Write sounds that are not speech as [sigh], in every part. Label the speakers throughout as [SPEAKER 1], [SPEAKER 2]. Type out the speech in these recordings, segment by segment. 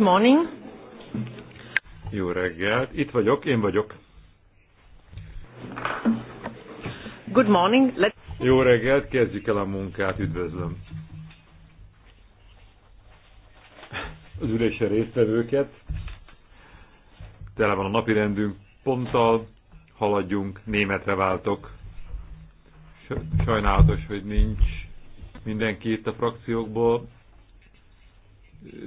[SPEAKER 1] morning.
[SPEAKER 2] Jó reggelt, itt vagyok, én vagyok.
[SPEAKER 3] Good morning. Let...
[SPEAKER 2] Jó reggelt, kezdjük el a munkát, üdvözlöm. Az ülésre résztvevőket. Tele van a napi rendünk, ponttal haladjunk, németre váltok. Sajnálatos, hogy nincs mindenki itt a frakciókból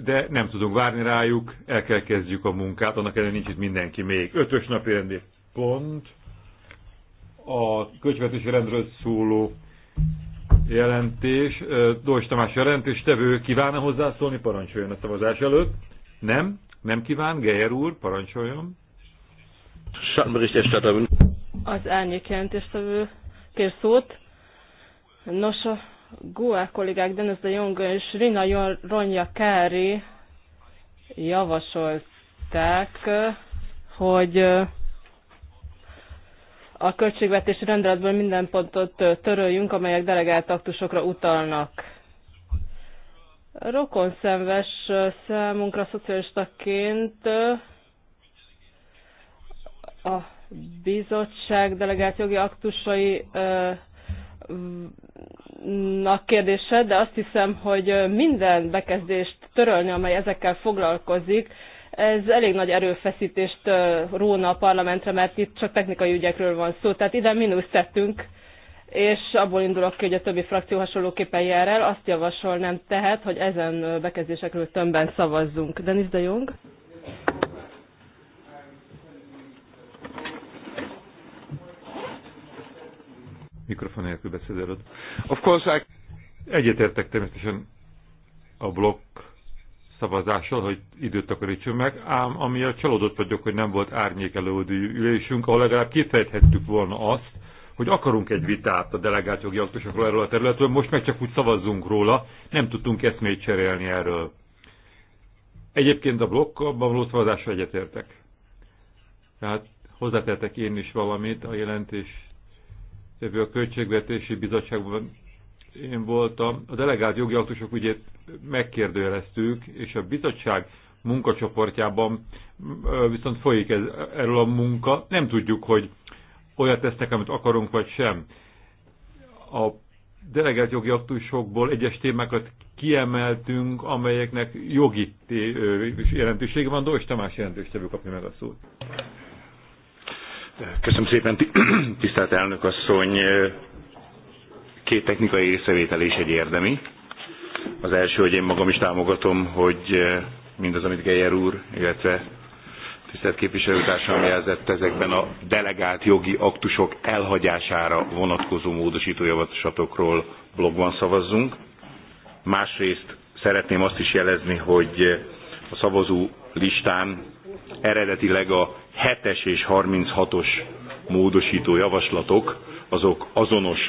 [SPEAKER 2] de nem tudunk várni rájuk, el kell kezdjük a munkát, annak ellen nincs itt mindenki még. Ötös napi rendi pont, a költségvetési rendről szóló jelentés, Dolcs Tamás jelentés, tevő kívánna hozzászólni, parancsoljon a szavazás előtt. Nem? Nem kíván? Geyer úr, parancsoljon.
[SPEAKER 1] Az árnyék jelentéstevő kér szót. Nos, a Goa kollégák Dennis de Jong és Rina Ronja Kári javasolták, hogy a költségvetési rendeletből minden pontot töröljünk, amelyek delegált aktusokra utalnak. Rokon szenves számunkra szocialistaként a bizottság delegált jogi aktusai a kérdése, de azt hiszem, hogy minden bekezdést törölni, amely ezekkel foglalkozik, ez elég nagy erőfeszítést róna a parlamentre, mert itt csak technikai ügyekről van szó. Tehát ide mínusz tettünk, és abból indulok ki, hogy a többi frakció hasonlóképpen jár el. Azt javasolnám tehát, hogy ezen bekezdésekről tömbben szavazzunk. Denis de Jong?
[SPEAKER 2] Mikrofon nélkül előtt. Of course, I... Egyetértek természetesen a blokk szavazással, hogy időt takarítsunk meg, ám a csalódott vagyok, hogy nem volt árnyék előadó ülésünk, ahol legalább kifejthettük volna azt, hogy akarunk egy vitát a delegációk jogi erről a területről, most meg csak úgy szavazzunk róla, nem tudtunk eszmét cserélni erről. Egyébként a abban való szavazásra egyetértek. Tehát hozzátettek én is valamit a jelentés jövő a Költségvetési Bizottságban én voltam, a delegált jogi aktusok ügyét megkérdőjeleztük, és a bizottság munkacsoportjában viszont folyik ez, erről a munka. Nem tudjuk, hogy olyat tesznek, amit akarunk, vagy sem. A delegált jogi aktusokból egyes témákat kiemeltünk, amelyeknek jogi jelentősége van. Dolcs Tamás jelentőstevő kapja meg a szót.
[SPEAKER 3] Köszönöm szépen, [clears throat] tisztelt elnök asszony. Két technikai észrevétel és egy érdemi. Az első, hogy én magam is támogatom, hogy eh, mindaz, amit Geyer úr, illetve tisztelt képviselőtársam jelzett, ezekben a delegált jogi aktusok elhagyására vonatkozó módosító javaslatokról blogban szavazzunk. Másrészt szeretném azt is jelezni, hogy a szavazó listán eredetileg a 7-es és 36-os módosító javaslatok, azok azonos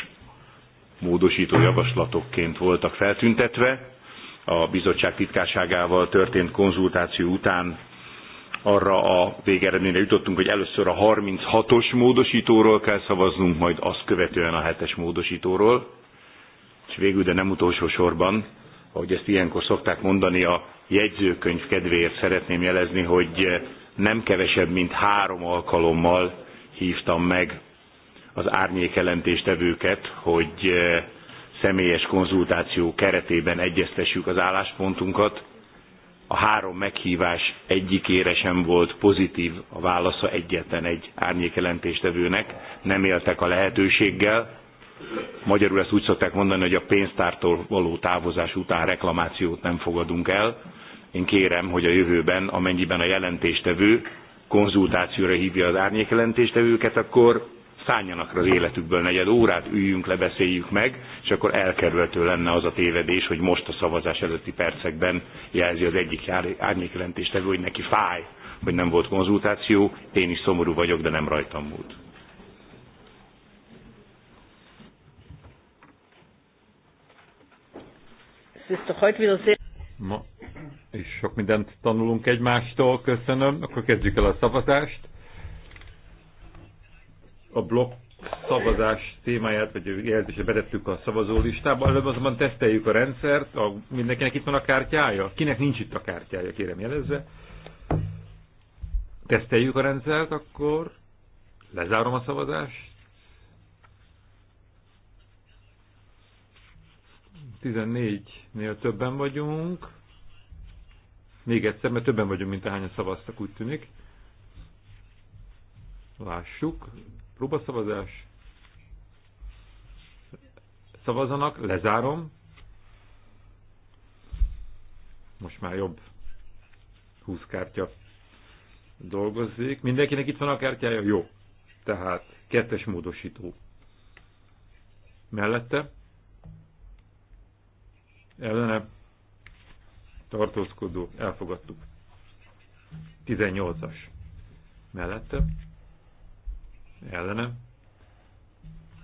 [SPEAKER 3] módosító javaslatokként voltak feltüntetve. A bizottság titkárságával történt konzultáció után arra a végeredményre jutottunk, hogy először a 36-os módosítóról kell szavaznunk, majd azt követően a 7-es módosítóról. És végül, de nem utolsó sorban, ahogy ezt ilyenkor szokták mondani, a jegyzőkönyv kedvéért szeretném jelezni, hogy nem kevesebb, mint három alkalommal hívtam meg az árnyékelentéstevőket, hogy eh, személyes konzultáció keretében egyeztessük az álláspontunkat. A három meghívás egyikére sem volt pozitív a válasza egyetlen egy árnyékelentéstevőnek, nem éltek a lehetőséggel. Magyarul ezt úgy szokták mondani, hogy a pénztártól való távozás után reklamációt nem fogadunk el. Én kérem, hogy a jövőben, amennyiben a jelentéstevő konzultációra hívja az jelentéstevőket, akkor szálljanak az életükből negyed órát, üljünk le, beszéljük meg, és akkor elkerülhető lenne az a tévedés, hogy most a szavazás előtti percekben jelzi az egyik jelentéstevő, hogy neki fáj, hogy nem volt konzultáció. Én is szomorú vagyok, de nem rajtam múlt.
[SPEAKER 2] Ma és sok mindent tanulunk egymástól, köszönöm. Akkor kezdjük el a szavazást. A blokk szavazás témáját, vagy jelzésre bedettük a szavazólistába. Előbb azonban teszteljük a rendszert, a, mindenkinek itt van a kártyája. Kinek nincs itt a kártyája, kérem jelezze. Teszteljük a rendszert, akkor lezárom a szavazást. 14-nél többen vagyunk. Még egyszer, mert többen vagyunk, mint ahányan szavaztak, úgy tűnik. Lássuk. Próbaszavazás. Szavazanak, lezárom. Most már jobb. 20 kártya dolgozik. Mindenkinek itt van a kártyája? Jó. Tehát kettes módosító. Mellette? Ellene? tartózkodó, elfogadtuk. 18-as mellette, ellene,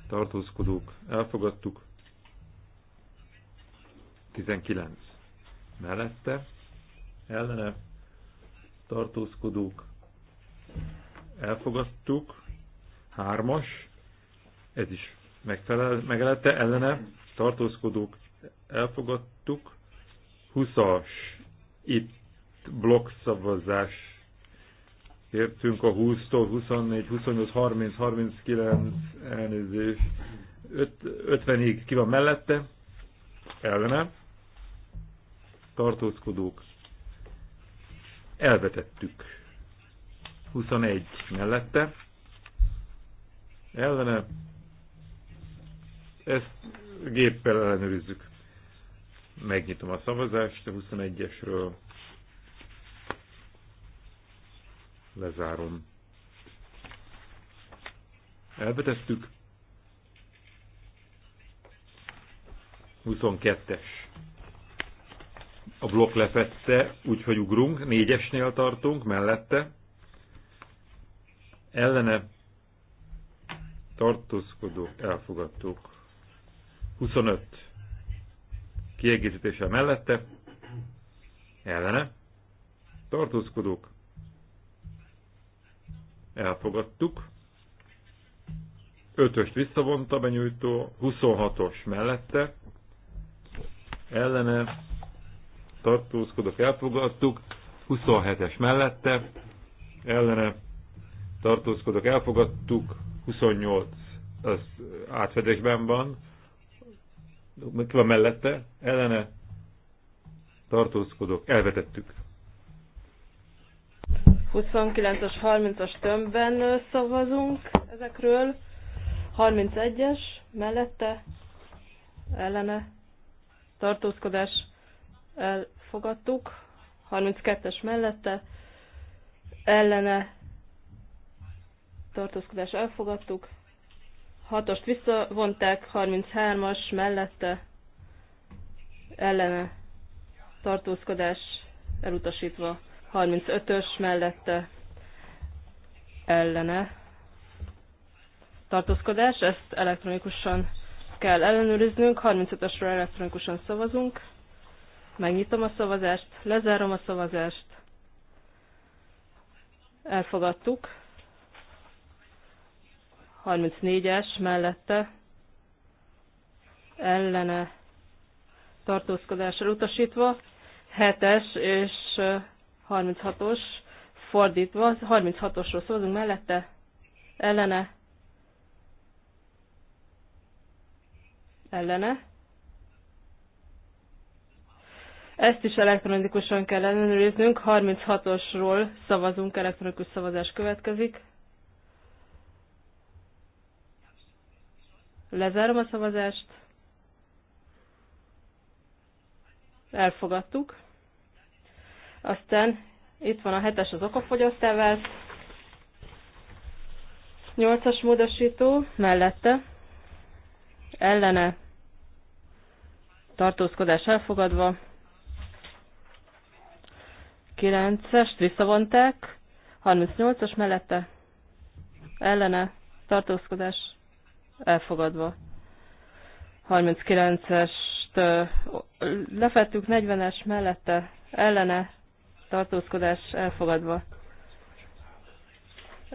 [SPEAKER 2] tartózkodók, elfogadtuk. 19 mellette, ellene, tartózkodók, elfogadtuk. 3-as, ez is megfelel, megelette, ellene, tartózkodók, elfogadtuk. 20-as, itt blokkszavazás. Értünk a 20-tól 24, 28, 30, 39, elnézés, 50-ig ki van mellette, ellene, tartózkodók, elvetettük. 21 mellette, ellene, ezt géppel ellenőrizzük. Megnyitom a szavazást a 21-esről. Lezárom. Elveteztük. 22-es. A blokk lefette, úgyhogy ugrunk, négyesnél tartunk, mellette. Ellene tartózkodók elfogadtuk. 25 kiegészítése mellette, ellene, tartózkodók, elfogadtuk, 5-öst visszavonta benyújtó, 26-os mellette, ellene, tartózkodók, elfogadtuk,
[SPEAKER 4] 27-es
[SPEAKER 2] mellette, ellene, tartózkodók, elfogadtuk, 28 az átfedésben van, ki van mellette, ellene tartózkodok, elvetettük.
[SPEAKER 1] 29-as, 30-as tömbben szavazunk ezekről. 31-es mellette ellene tartózkodás elfogadtuk. 32-es mellette ellene tartózkodás elfogadtuk. Hatost visszavonták, 33-as mellette ellene tartózkodás elutasítva, 35-ös mellette ellene tartózkodás, ezt elektronikusan kell ellenőriznünk, 35 ösre elektronikusan szavazunk, megnyitom a szavazást, lezárom a szavazást, elfogadtuk, 34-es mellette ellene tartózkodásra utasítva, 7-es és 36-os fordítva, 36-osról szólunk mellette, ellene, ellene. Ezt is elektronikusan kell ellenőriznünk, 36-osról szavazunk, elektronikus szavazás következik. Lezárom a szavazást. Elfogadtuk. Aztán itt van a hetes az okafogyasztával. Nyolcas módosító mellette. Ellene. Tartózkodás elfogadva. Kilences, visszavonták. 38-as mellette. Ellene. Tartózkodás elfogadva. 39-est lefettük, 40-es mellette ellene tartózkodás elfogadva.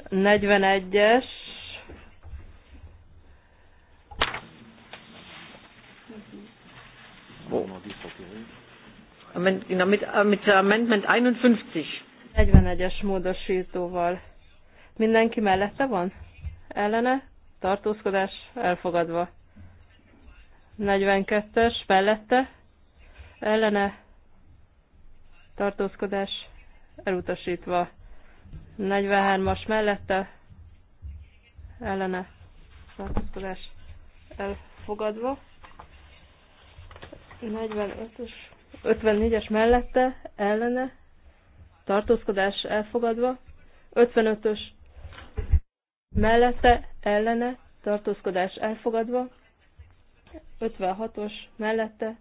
[SPEAKER 1] 41-es Mit, äh, mit Amendment 51. 41-es módosítóval. Mindenki mellette van? Ellene? tartózkodás elfogadva. 42-es mellette ellene tartózkodás elutasítva. 43-as mellette ellene tartózkodás elfogadva. 45-ös, 54-es mellette ellene tartózkodás elfogadva. 55-ös mellette ellene tartózkodás elfogadva, 56-os mellette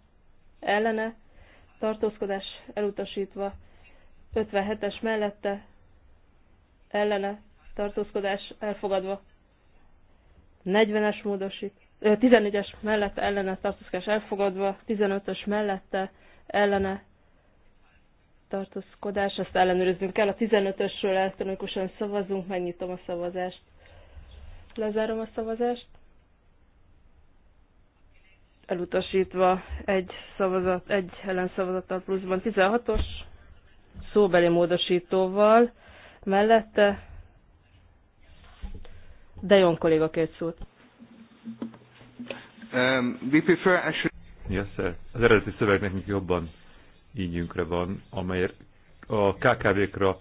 [SPEAKER 1] ellene tartózkodás elutasítva, 57-es mellette ellene tartózkodás elfogadva, 40-es módosít, 14-es mellette ellene tartózkodás elfogadva, 15-ös mellette ellene tartózkodás, ezt ellenőrizünk kell. A 15-ösről elektronikusan szavazunk, megnyitom a szavazást. Lezárom a szavazást. Elutasítva egy szavazat, egy ellen szavazattal pluszban 16-os szóbeli módosítóval mellette de jó kolléga két szót.
[SPEAKER 4] Um, we prefer actually... Yes,
[SPEAKER 2] sir. Az eredeti szöveg nekünk jobban ígyünkre van, amely a KKV-kra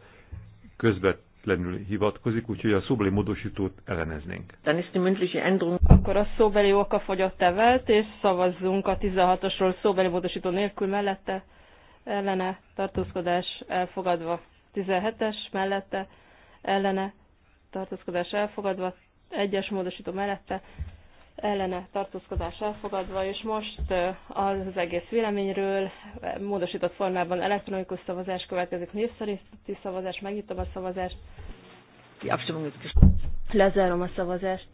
[SPEAKER 2] közvet közvetlenül hivatkozik, úgyhogy a szóbeli módosítót elleneznénk.
[SPEAKER 1] Akkor a szóbeli oka fogyott evelt, és szavazzunk a 16-osról szóbeli módosító nélkül mellette ellene tartózkodás elfogadva. 17-es mellette ellene tartózkodás elfogadva, egyes módosító mellette ellene tartózkodás elfogadva, és most az egész véleményről módosított formában elektronikus szavazás következik, név szerinti szavazás, megnyitom a szavazást. Lezárom a szavazást.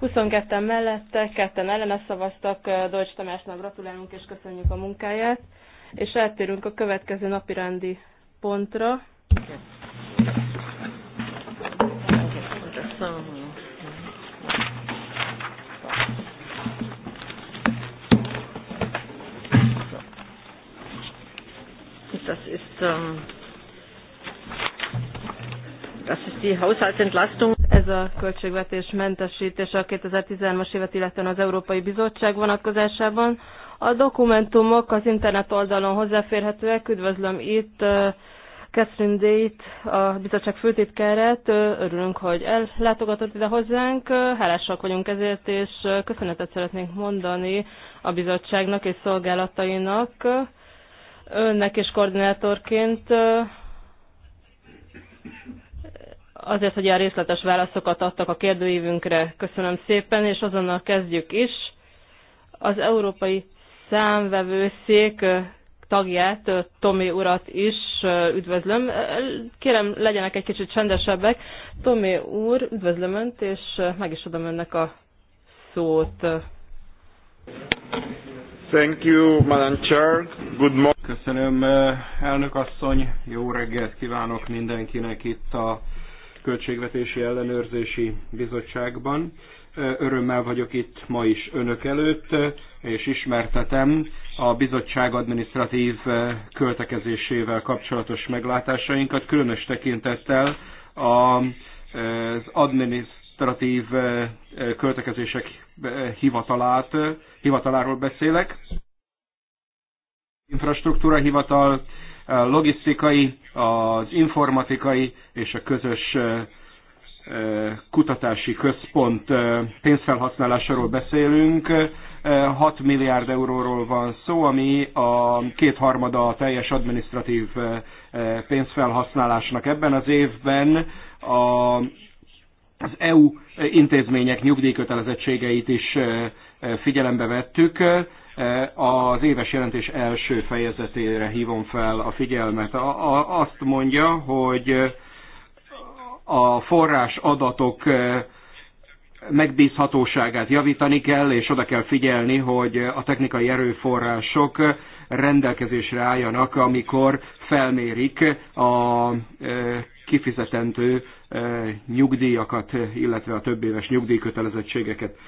[SPEAKER 1] 22-en mellette, ketten ellene szavaztak, Dolcs Tamásnak gratulálunk és köszönjük a munkáját, és eltérünk a következő napirendi pontra. Köszönöm. Das ist, ähm, das ist die Haushaltsentlastung. Ez a költségvetés mentesítése a 2013-as évet, illetően az Európai Bizottság vonatkozásában. A dokumentumok az internet oldalon hozzáférhetőek. Üdvözlöm itt Catherine Date, a bizottság főtitkárát. Örülünk, hogy ellátogatott ide hozzánk. Hálásak vagyunk ezért, és köszönetet szeretnénk mondani a bizottságnak és szolgálatainak önnek és koordinátorként azért, hogy ilyen részletes válaszokat adtak a kérdőívünkre. Köszönöm szépen, és azonnal kezdjük is. Az Európai Számvevőszék tagját, Tomi urat is üdvözlöm. Kérem, legyenek egy kicsit csendesebbek. Tomi úr, üdvözlöm Önt, és meg is adom Önnek a szót.
[SPEAKER 4] Thank you, Madam Chair. Good morning. Köszönöm, eh, elnök asszony. Jó reggelt kívánok mindenkinek itt a Költségvetési Ellenőrzési Bizottságban. Eh, örömmel vagyok itt ma is önök előtt, eh, és ismertetem a bizottság adminisztratív költekezésével kapcsolatos meglátásainkat, különös tekintettel az adminisz administratív eh, eh, költekezések eh, hivatalát, hivataláról beszélek. Infrastruktúra hivatal, logisztikai, az informatikai és a közös kutatási központ pénzfelhasználásáról beszélünk. 6 milliárd euróról van szó, ami a kétharmada a teljes administratív pénzfelhasználásnak ebben az évben. A az EU intézmények nyugdíjkötelezettségeit is e, e, figyelembe vettük. E, az éves jelentés első fejezetére hívom fel a figyelmet. Azt mondja, hogy a forrás adatok megbízhatóságát javítani kell, és oda kell figyelni, hogy a technikai erőforrások rendelkezésre álljanak, amikor felmérik a kifizetendő nyugdíjakat, illetve a éves nyugdíjkötelezettségeket.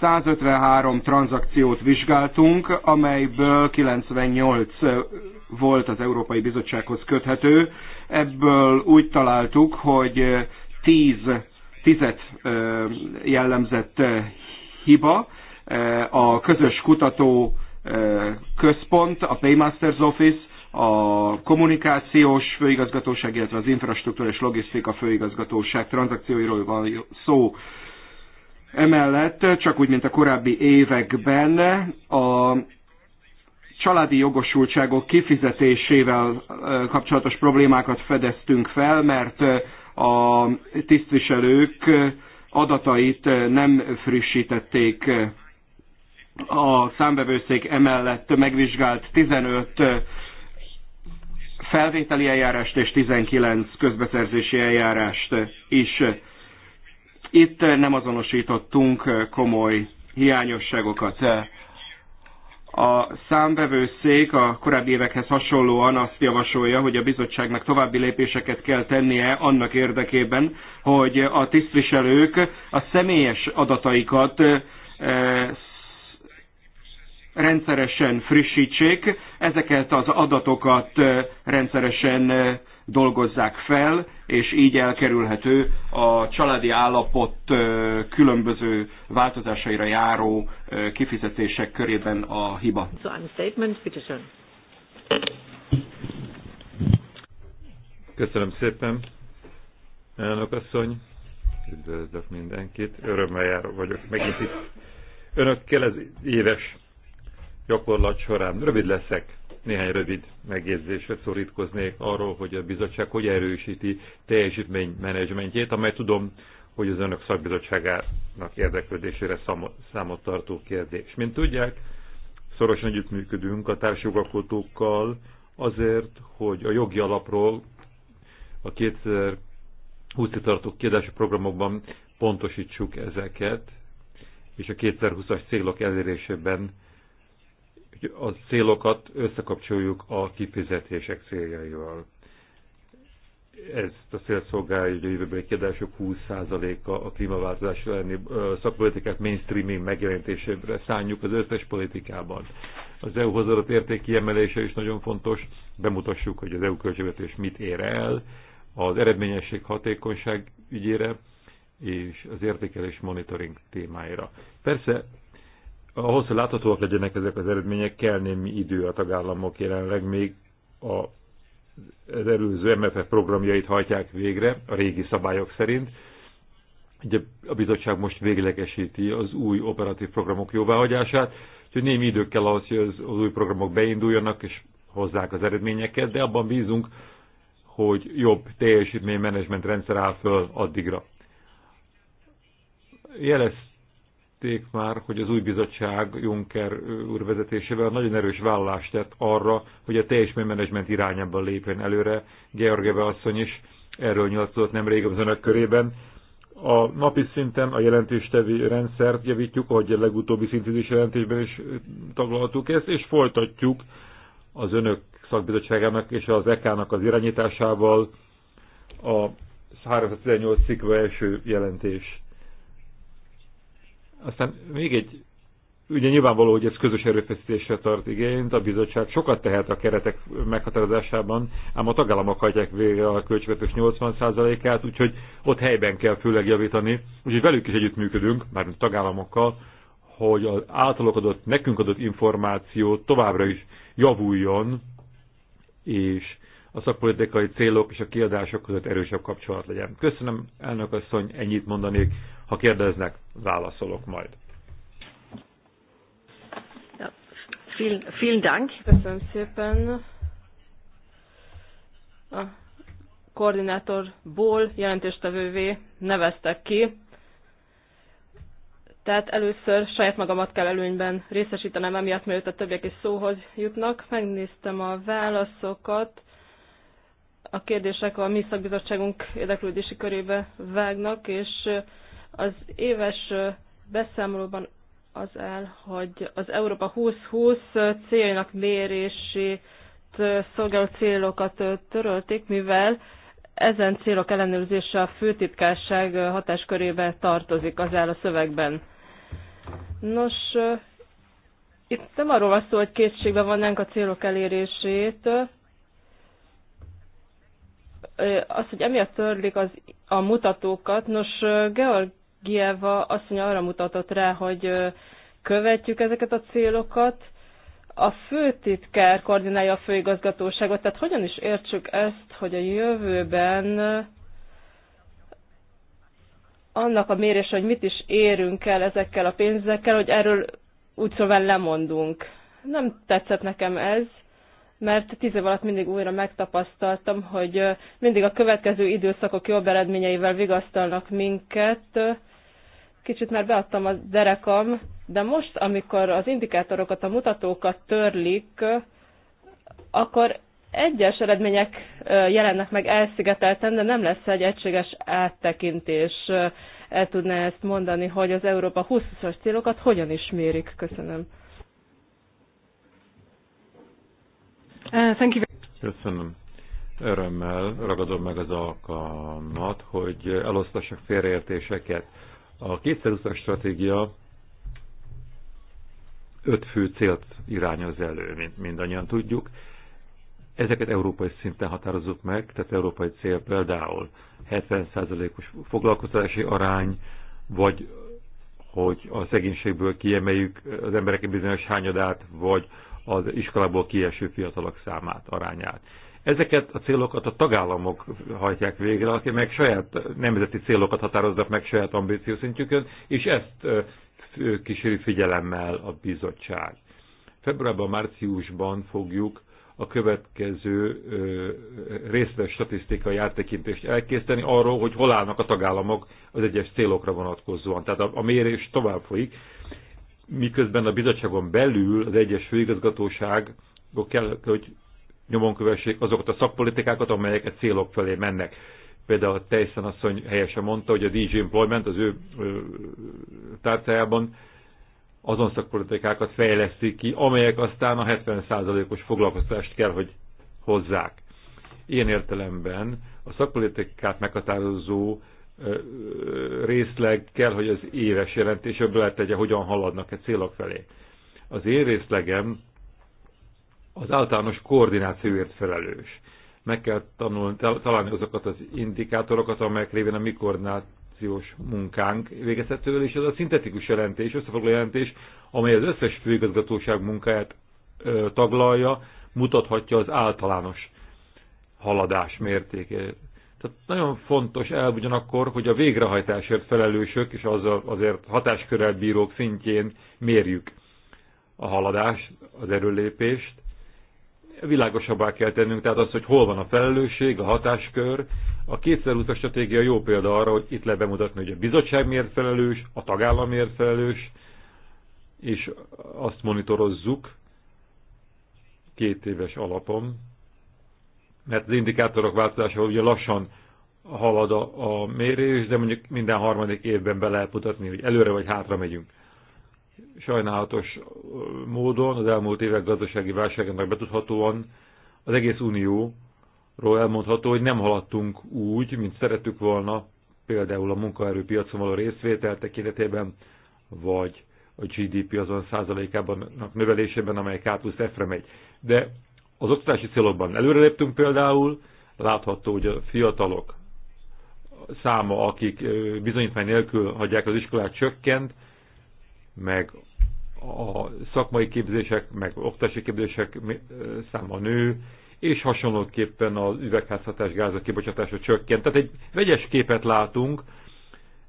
[SPEAKER 4] 153 tranzakciót vizsgáltunk, amelyből 98 volt az Európai Bizottsághoz köthető. Ebből úgy találtuk, hogy 10 tizet jellemzett hiba. A közös kutató központ, a Paymasters Office a kommunikációs főigazgatóság, illetve az infrastruktúra és logisztika főigazgatóság tranzakcióiról van szó. Emellett, csak úgy, mint a korábbi években, a családi jogosultságok kifizetésével kapcsolatos problémákat fedeztünk fel, mert a tisztviselők adatait nem frissítették a számbevőszék emellett megvizsgált 15 felvételi eljárást és 19 közbeszerzési eljárást is. Itt nem azonosítottunk komoly hiányosságokat. A számbevőszék a korábbi évekhez hasonlóan azt javasolja, hogy a bizottságnak további lépéseket kell tennie annak érdekében, hogy a tisztviselők a személyes adataikat eh, rendszeresen frissítsék, ezeket az adatokat rendszeresen dolgozzák fel, és így elkerülhető a családi állapot különböző változásaira járó kifizetések körében a hiba. Köszönöm szépen,
[SPEAKER 2] elnök asszony, üdvözlök mindenkit, örömmel jár vagyok megint itt önökkel, az éves gyakorlat során. Rövid leszek, néhány rövid megjegyzésre szorítkoznék arról, hogy a bizottság hogy erősíti teljesítménymenedzsmentjét, amely tudom, hogy az önök szakbizottságának érdeklődésére számot tartó kérdés. Mint tudják, szorosan együttműködünk a társjogalkotókkal azért, hogy a jogi alapról a 2020 tartó kérdési programokban pontosítsuk ezeket, és a 2020-as célok elérésében a célokat összekapcsoljuk a kifizetések céljaival. Ezt a cél szolgálja, hogy a jövőbeli kiadások 20%-a a klímaváltozás elleni szakpolitikát mainstreaming megjelentésére szálljuk az összes politikában. Az EU hozzáadott érték kiemelése is nagyon fontos. Bemutassuk, hogy az EU költségvetés mit ér el az eredményesség hatékonyság ügyére és az értékelés monitoring témáira. Persze ahhoz, hogy láthatóak legyenek ezek az eredmények, kell némi idő a tagállamok jelenleg még a, az előző MFF programjait hajtják végre, a régi szabályok szerint. Ugye a bizottság most véglegesíti az új operatív programok jóváhagyását, úgyhogy némi idő kell ahhoz, hogy az, az új programok beinduljanak és hozzák az eredményeket, de abban bízunk, hogy jobb teljesítménymenedzsment rendszer áll föl addigra. Jelezt említették már, hogy az új bizottság Juncker úr vezetésével nagyon erős vállást tett arra, hogy a teljes menedzsment irányában lépjen előre. Georgeve asszony is erről nyilatkozott nemrég az önök körében. A napi szinten a jelentéstevő rendszert javítjuk, ahogy a legutóbbi szintűzés jelentésben is taglaltuk ezt, és folytatjuk az önök szakbizottságának és az EK-nak az irányításával a 318 cikkbe első jelentés aztán még egy, ugye nyilvánvaló, hogy ez közös erőfeszítésre tart igényt, a bizottság sokat tehet a keretek meghatározásában, ám a tagállamok hagyják végre a költségvetés 80%-át, úgyhogy ott helyben kell főleg javítani. Úgyhogy velük is együttműködünk, már tagállamokkal, hogy az általuk adott, nekünk adott információ továbbra is javuljon, és a szakpolitikai célok és a kiadások között erősebb kapcsolat legyen. Köszönöm, elnök asszony, ennyit mondanék ha kérdeznek, válaszolok
[SPEAKER 1] majd. Ja, vielen, vielen Dank. Köszönöm szépen. A koordinátorból jelentéstevővé neveztek ki. Tehát először saját magamat kell előnyben részesítenem, emiatt mielőtt a többiek is szóhoz jutnak. Megnéztem a válaszokat. A kérdések a mi szakbizottságunk érdeklődési körébe vágnak, és az éves beszámolóban az el, hogy az Európa 2020 céljainak mérését szolgáló célokat törölték, mivel ezen célok ellenőrzése a főtitkárság hatáskörébe tartozik, az el a szövegben. Nos, itt nem arról van szó, hogy kétségbe vannánk a célok elérését, az, hogy emiatt törlik az, a mutatókat. Nos, Georg Gieva asszony arra mutatott rá, hogy követjük ezeket a célokat. A főtitkár koordinálja a főigazgatóságot, tehát hogyan is értsük ezt, hogy a jövőben annak a mérés, hogy mit is érünk el ezekkel a pénzekkel, hogy erről úgy szóval lemondunk. Nem tetszett nekem ez, mert tíz év alatt mindig újra megtapasztaltam, hogy mindig a következő időszakok jobb eredményeivel vigasztalnak minket, kicsit már beadtam a derekam, de most, amikor az indikátorokat, a mutatókat törlik, akkor egyes eredmények jelennek meg elszigetelten, de nem lesz egy egységes áttekintés. El tudná ezt mondani, hogy az Európa 20-as célokat hogyan is mérik? Köszönöm. Uh,
[SPEAKER 2] Köszönöm. Örömmel ragadom meg az alkalmat, hogy elosztassak félreértéseket a kétszerúszás stratégia öt fő célt irányoz elő, mint mindannyian tudjuk. Ezeket európai szinten határozzuk meg, tehát európai cél például 70%-os foglalkoztatási arány, vagy hogy a szegénységből kiemeljük az emberek bizonyos hányadát, vagy az iskolából kieső fiatalok számát, arányát. Ezeket a célokat a tagállamok hajtják végre, akik meg saját nemzeti célokat határoznak meg saját ambíciószintjükön, és ezt kíséri figyelemmel a bizottság. Februárban-márciusban fogjuk a következő részletes statisztikai áttekintést elkészíteni arról, hogy hol állnak a tagállamok az egyes célokra vonatkozóan. Tehát a, a mérés tovább folyik, miközben a bizottságon belül az egyes főigazgatóság kell, hogy nyomon kövessék azokat a szakpolitikákat, amelyeket célok felé mennek. Például a Tyson asszony helyesen mondta, hogy a DG Employment az ő tárcájában azon szakpolitikákat fejlesztik ki, amelyek aztán a 70%-os foglalkoztást kell, hogy hozzák. Ilyen értelemben a szakpolitikát meghatározó részleg kell, hogy az éves lehet tegye, hogyan haladnak a célok felé. Az én részlegem az általános koordinációért felelős. Meg kell tanulni, találni azokat az indikátorokat, amelyek révén a mi koordinációs munkánk végezhető és ez a szintetikus jelentés, összefoglaló jelentés, amely az összes főigazgatóság munkáját ö, taglalja, mutathatja az általános haladás mértékét. Tehát nagyon fontos el ugyanakkor, hogy a végrehajtásért felelősök és az azért hatáskörrel bírók szintjén mérjük a haladást, az erőlépést, világosabbá kell tennünk, tehát az, hogy hol van a felelősség, a hatáskör. A kétszer as stratégia jó példa arra, hogy itt lehet bemutatni, hogy a bizottság miért felelős, a tagállam miért felelős, és azt monitorozzuk két éves alapon, mert az indikátorok változása ugye lassan halad a, a mérés, de mondjuk minden harmadik évben be lehet mutatni, hogy előre vagy hátra megyünk sajnálatos módon az elmúlt évek gazdasági válságának betudhatóan az egész unióról elmondható, hogy nem haladtunk úgy, mint szerettük volna, például a munkaerőpiacon való részvétel tekintetében, vagy a GDP azon százalékában növelésében, amely K plusz F-re megy. De az oktatási célokban előreléptünk például, látható, hogy a fiatalok száma, akik bizonyítvány nélkül hagyják az iskolát, csökkent, meg a szakmai képzések, meg oktatási képzések száma nő, és hasonlóképpen az üvegházhatás gázok kibocsátása csökkent. Tehát egy vegyes képet látunk,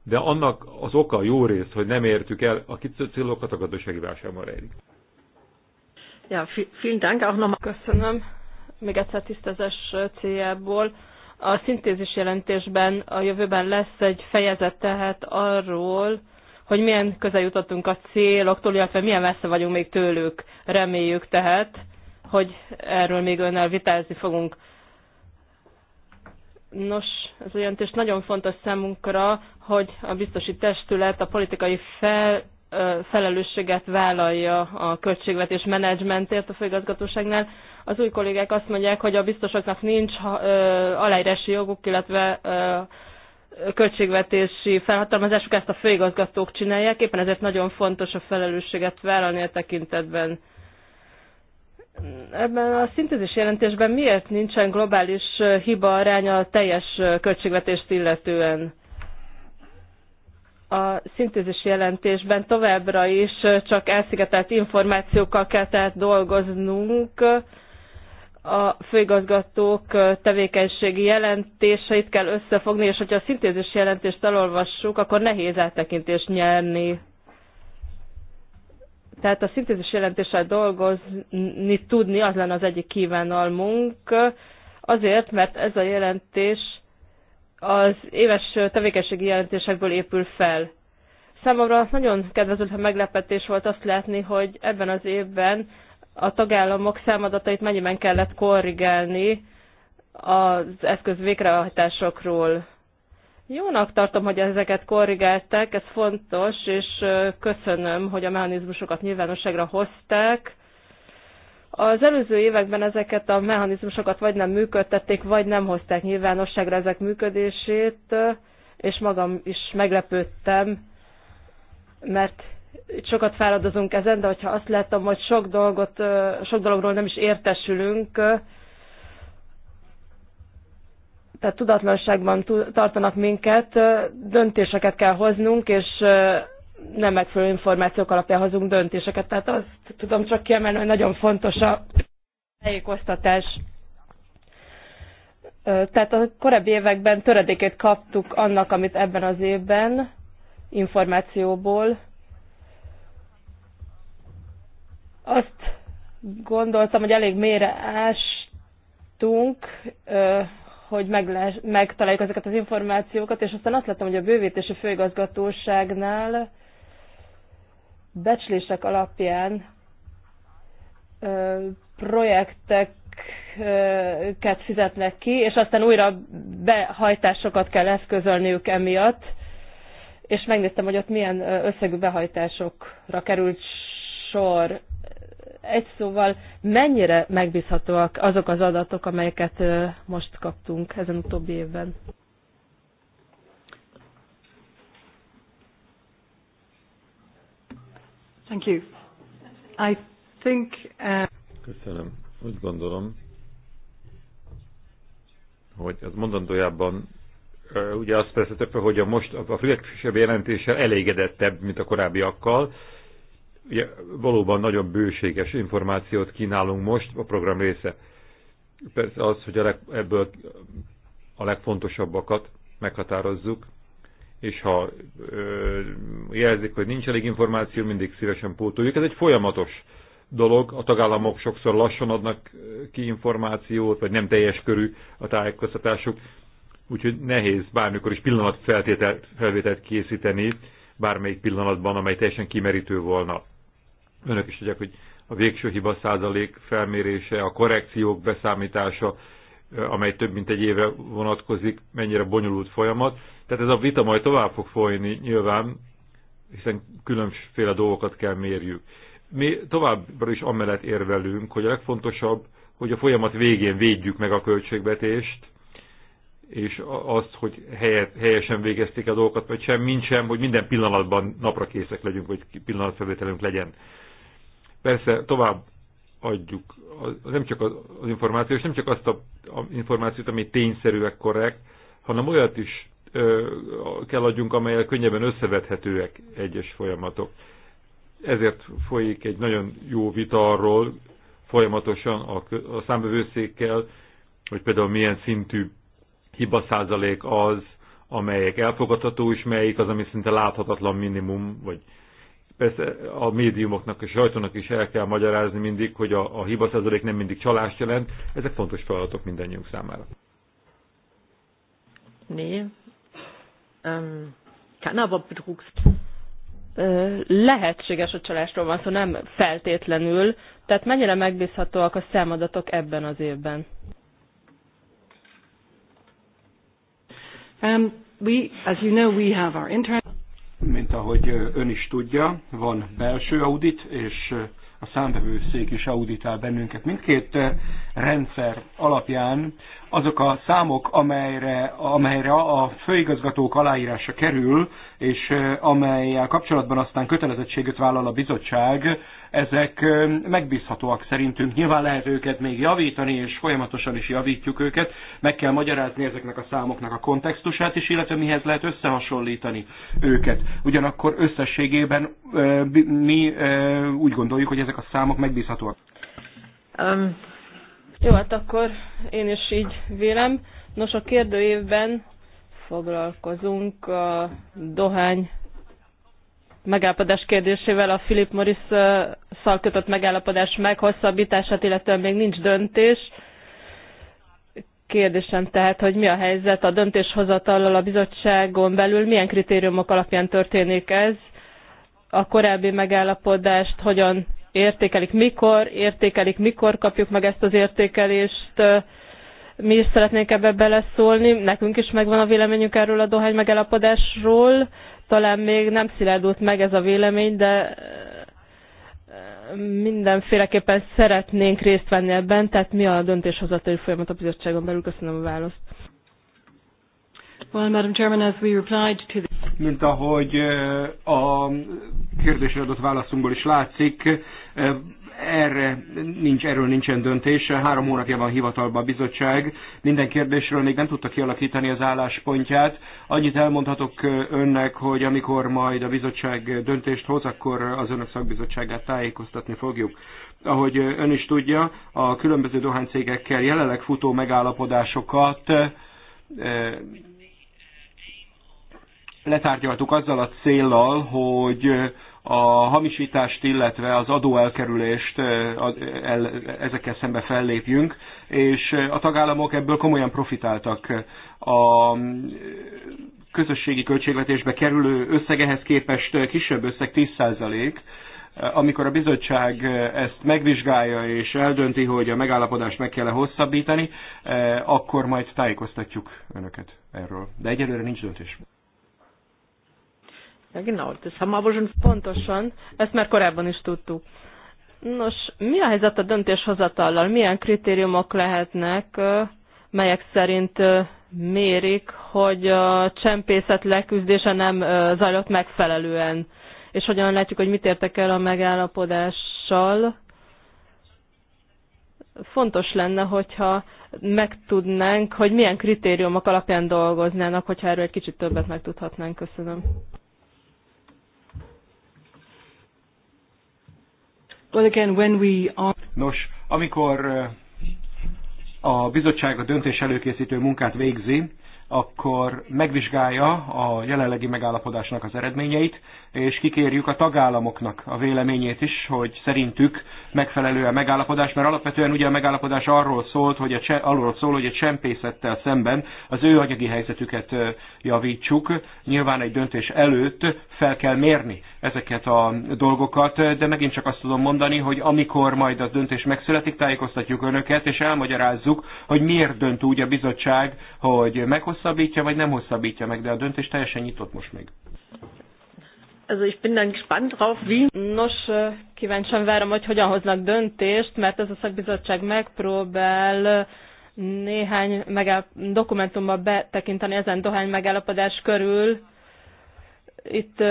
[SPEAKER 2] de annak az oka jó rész, hogy nem értük el a kitűzött célokat, a gazdasági válságban rejlik.
[SPEAKER 1] Ja, vielen Dank auch nochmal. Köszönöm. Még egyszer tisztezes céljából. A szintézis jelentésben a jövőben lesz egy fejezet tehát arról, hogy milyen közel jutottunk a céloktól, illetve milyen messze vagyunk még tőlük. Reméljük tehát, hogy erről még önnel vitázni fogunk. Nos, ez olyan jelentés nagyon fontos számunkra, hogy a biztosi testület a politikai fel, felelősséget vállalja a költségvetés menedzsmentért a főigazgatóságnál. Az új kollégák azt mondják, hogy a biztosoknak nincs aláírási joguk, illetve költségvetési felhatalmazásuk, ezt a főigazgatók csinálják, éppen ezért nagyon fontos a felelősséget vállalni a e tekintetben. Ebben a szintézis jelentésben miért nincsen globális hiba aránya a teljes költségvetést illetően? A szintézis jelentésben továbbra is csak elszigetelt információkkal kell tehát dolgoznunk, a főigazgatók tevékenységi jelentéseit kell összefogni, és hogyha a szintézis jelentést elolvassuk, akkor nehéz áttekintést nyerni. Tehát a szintézis jelentéssel dolgozni tudni, az lenne az egyik kívánalmunk, azért, mert ez a jelentés az éves tevékenységi jelentésekből épül fel. Számomra nagyon kedvező meglepetés volt azt látni, hogy ebben az évben a tagállamok számadatait mennyiben kellett korrigálni az eszköz végrehajtásokról. Jónak tartom, hogy ezeket korrigálták, ez fontos, és köszönöm, hogy a mechanizmusokat nyilvánosságra hozták. Az előző években ezeket a mechanizmusokat vagy nem működtették, vagy nem hozták nyilvánosságra ezek működését, és magam is meglepődtem, mert sokat fáradozunk ezen, de hogyha azt látom, hogy sok, dolgot, sok dologról nem is értesülünk, tehát tudatlanságban tartanak minket, döntéseket kell hoznunk, és nem megfelelő információk alapján hozunk döntéseket. Tehát azt tudom csak kiemelni, hogy nagyon fontos a tájékoztatás. Tehát a korábbi években töredékét kaptuk annak, amit ebben az évben információból Azt gondoltam, hogy elég mélyre ástunk, hogy megtaláljuk ezeket az információkat, és aztán azt láttam, hogy a bővítési főigazgatóságnál becslések alapján projekteket fizetnek ki, és aztán újra behajtásokat kell eszközölniük emiatt, és megnéztem, hogy ott milyen összegű behajtásokra került sor egy szóval, mennyire megbízhatóak azok az adatok, amelyeket most kaptunk ezen utóbbi évben? Thank you. I think, uh...
[SPEAKER 2] Köszönöm. Úgy gondolom, hogy az mondandójában ugye azt persze hogy a most a frissebb jelentéssel elégedettebb, mint a korábbiakkal, ugye valóban nagyon bőséges információt kínálunk most, a program része. Persze az, hogy a leg, ebből a legfontosabbakat meghatározzuk, és ha ö, jelzik, hogy nincs elég információ, mindig szívesen pótoljuk. Ez egy folyamatos dolog, a tagállamok sokszor lassan adnak ki információt, vagy nem teljes körű a tájékoztatásuk, úgyhogy nehéz bármikor is pillanatfelvételt készíteni, bármelyik pillanatban, amely teljesen kimerítő volna önök is tudják, hogy a végső hiba százalék felmérése, a korrekciók beszámítása, amely több mint egy éve vonatkozik, mennyire bonyolult folyamat. Tehát ez a vita majd tovább fog folyni nyilván, hiszen különféle dolgokat kell mérjük. Mi továbbra is amellett érvelünk, hogy a legfontosabb, hogy a folyamat végén védjük meg a költségvetést, és azt, hogy helyet, helyesen végezték a dolgokat, vagy sem, mint sem, hogy minden pillanatban napra készek legyünk, hogy pillanatfelvételünk legyen. Persze tovább adjuk az, nem csak az, az információt, és nem csak azt a, a információt, ami tényszerűek, korrekt, hanem olyat is ö, kell adjunk, amelyel könnyebben összevethetőek egyes folyamatok. Ezért folyik egy nagyon jó vita arról folyamatosan a, a számbevőszékkel, hogy például milyen szintű hiba százalék az, amelyek elfogadható, és melyik az, ami szinte láthatatlan minimum, vagy persze a médiumoknak és sajtónak is el kell magyarázni mindig, hogy a, a hiba százalék nem mindig csalást jelent. Ezek fontos feladatok mindannyiunk számára.
[SPEAKER 1] Né, Um, kann aber Betrugs. Lehetséges, a csalásról van szó, nem feltétlenül. Tehát mennyire megbízhatóak a számadatok ebben az évben? Um, we, as you know, we have our internet
[SPEAKER 4] mint ahogy ön is tudja, van belső audit, és a számbevőszék is auditál bennünket. Mindkét rendszer alapján azok a számok, amelyre, amelyre a főigazgatók aláírása kerül, és amelyel kapcsolatban aztán kötelezettséget vállal a bizottság, ezek megbízhatóak szerintünk. Nyilván lehet őket még javítani, és folyamatosan is javítjuk őket. Meg kell magyarázni ezeknek a számoknak a kontextusát is, illetve mihez lehet összehasonlítani őket. Ugyanakkor összességében mi úgy gondoljuk, hogy ezek a számok megbízhatóak. Um,
[SPEAKER 1] jó, hát akkor én is így vélem. Nos, a kérdőévben foglalkozunk a dohány megállapodás kérdésével a Philip Morris szal kötött megállapodás meghosszabbítását, illetve még nincs döntés. Kérdésem tehát, hogy mi a helyzet a döntéshozatallal a bizottságon belül, milyen kritériumok alapján történik ez, a korábbi megállapodást hogyan értékelik, mikor értékelik, mikor kapjuk meg ezt az értékelést, mi is szeretnénk ebbe beleszólni, nekünk is megvan a véleményünk erről a dohány megállapodásról, talán még nem szilárdult meg ez a vélemény, de eh, mindenféleképpen szeretnénk részt venni ebben, tehát mi a döntéshozatai folyamat a bizottságon belül? Köszönöm a választ.
[SPEAKER 4] Well, Madam Chairman, as we replied to the... Mint ahogy eh, a kérdésre adott válaszunkból is látszik, eh, erre nincs, erről nincsen döntés. Három hónapja van hivatalban a bizottság. Minden kérdésről még nem tudta kialakítani az álláspontját. Annyit elmondhatok önnek, hogy amikor majd a bizottság döntést hoz, akkor az önök szakbizottságát tájékoztatni fogjuk ahogy ön is tudja, a különböző dohánycégekkel jelenleg futó megállapodásokat eh, letárgyaltuk azzal a céllal, hogy a hamisítást, illetve az adóelkerülést, ezekkel szembe fellépjünk, és a tagállamok ebből komolyan profitáltak. A közösségi költségvetésbe kerülő összegehez képest kisebb összeg 10%, amikor a bizottság ezt megvizsgálja és eldönti, hogy a megállapodást meg kell -e hosszabbítani, akkor majd tájékoztatjuk önöket erről. De egyelőre nincs döntés.
[SPEAKER 1] Ja, genau, das haben wir aber schon pontosan, ezt már korábban is tudtuk. Nos, mi a helyzet a döntéshozatallal? Milyen kritériumok lehetnek, melyek szerint mérik, hogy a csempészet leküzdése nem zajlott megfelelően? És hogyan látjuk, hogy mit értek el a megállapodással? Fontos lenne, hogyha megtudnánk, hogy milyen kritériumok alapján dolgoznának, hogyha erről egy kicsit többet megtudhatnánk. Köszönöm.
[SPEAKER 4] But again, when we are... Nos, amikor eh, a bizottság a döntés előkészítő munkát végzi, akkor megvizsgálja a jelenlegi megállapodásnak az eredményeit, és kikérjük a tagállamoknak a véleményét is, hogy szerintük megfelelő a megállapodás, mert alapvetően ugye a megállapodás arról szólt, hogy a, arról szól, hogy a csempészettel szemben az ő anyagi helyzetüket javítsuk. Nyilván egy döntés előtt fel kell mérni ezeket a dolgokat, de megint csak azt tudom mondani, hogy amikor majd a döntés megszületik, tájékoztatjuk önöket, és elmagyarázzuk, hogy miért dönt úgy a bizottság, hogy meghosszabbítja, vagy nem hosszabbítja meg, de a döntés teljesen nyitott most még.
[SPEAKER 1] Also ich bin dann gespannt drauf, wie... Nos, kíváncsian várom, hogy hogyan hoznak döntést, mert ez a szakbizottság megpróbál néhány megáll... dokumentumba betekinteni ezen dohány megállapodás körül. Itt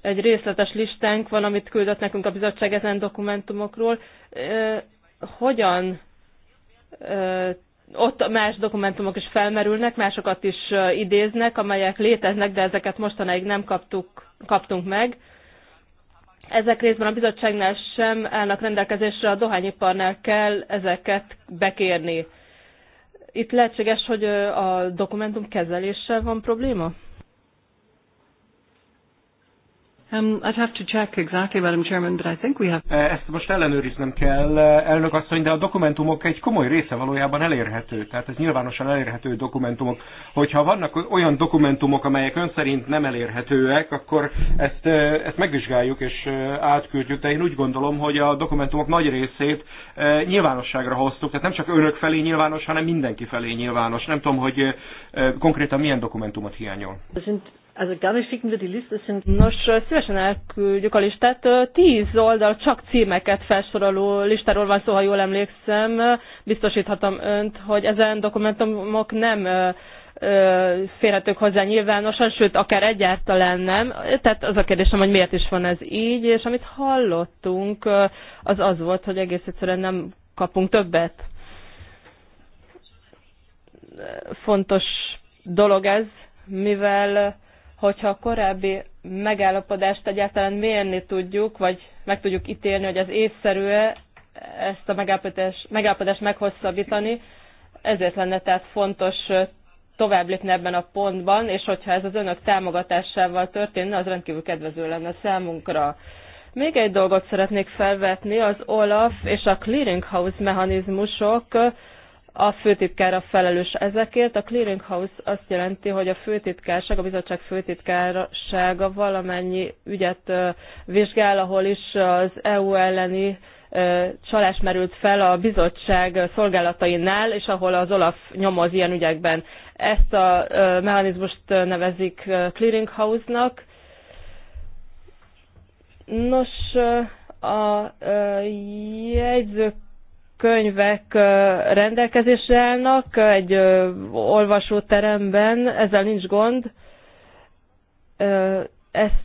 [SPEAKER 1] egy részletes listánk van, amit küldött nekünk a bizottság ezen dokumentumokról. Hogyan ott más dokumentumok is felmerülnek, másokat is idéznek, amelyek léteznek, de ezeket mostanáig nem kaptuk, kaptunk meg. Ezek részben a bizottságnál sem állnak rendelkezésre, a dohányiparnál kell ezeket bekérni. Itt lehetséges, hogy a dokumentum kezeléssel van probléma?
[SPEAKER 4] Um, I'd have to check exactly, Madam Chairman, but I think we have... Eh, ezt most ellenőriznem kell, eh, elnök asszony, de a dokumentumok egy komoly része valójában elérhető. Tehát ez nyilvánosan elérhető dokumentumok. Hogyha vannak olyan dokumentumok, amelyek ön szerint nem elérhetőek, akkor ezt, eh, ezt megvizsgáljuk és átküldjük. De én úgy gondolom, hogy a dokumentumok nagy részét nyilvánosságra hoztuk. Tehát nem csak önök felé nyilvános, hanem mindenki felé nyilvános. Nem tudom, hogy konkrétan milyen dokumentumot hiányol.
[SPEAKER 1] Nos, szívesen elküldjük a listát. Tíz oldal csak címeket felsoroló listáról van szó, ha jól emlékszem. Biztosíthatom önt, hogy ezen dokumentumok nem férhetők hozzá nyilvánosan, sőt, akár egyáltalán nem. Tehát az a kérdésem, hogy miért is van ez így, és amit hallottunk, az az volt, hogy egész egyszerűen nem kapunk többet. Fontos dolog ez, mivel hogyha a korábbi megállapodást egyáltalán mérni tudjuk, vagy meg tudjuk ítélni, hogy az észszerű-e ezt a megállapodást, megállapodást meghosszabbítani, ezért lenne tehát fontos tovább lépni ebben a pontban, és hogyha ez az önök támogatásával történne, az rendkívül kedvező lenne számunkra. Még egy dolgot szeretnék felvetni, az OLAF és a clearinghouse mechanizmusok, a főtitkár a felelős ezekért. A clearinghouse azt jelenti, hogy a főtitkárság, a bizottság főtitkársága valamennyi ügyet vizsgál, ahol is az EU elleni csalás merült fel a bizottság szolgálatainál, és ahol az Olaf nyomoz ilyen ügyekben. Ezt a mechanizmust nevezik clearinghouse-nak. Nos, a jegyzők könyvek rendelkezésre állnak egy olvasóteremben, ezzel nincs gond. Ezt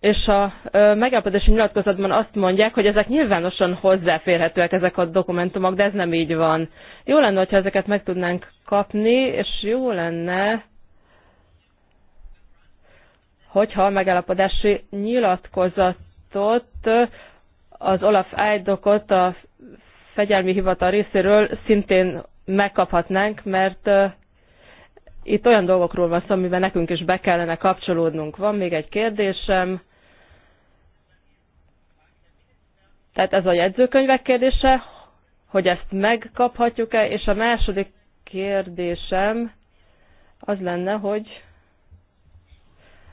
[SPEAKER 1] és a megállapodási nyilatkozatban azt mondják, hogy ezek nyilvánosan hozzáférhetőek ezek a dokumentumok, de ez nem így van. Jó lenne, hogyha ezeket meg tudnánk kapni, és jó lenne, hogyha a megállapodási nyilatkozatot az Olaf Eidokot a fegyelmi hivatal részéről szintén megkaphatnánk, mert itt olyan dolgokról van szó, amiben nekünk is be kellene kapcsolódnunk. Van még egy kérdésem. Tehát ez a jegyzőkönyvek kérdése, hogy ezt megkaphatjuk-e, és a második kérdésem az lenne, hogy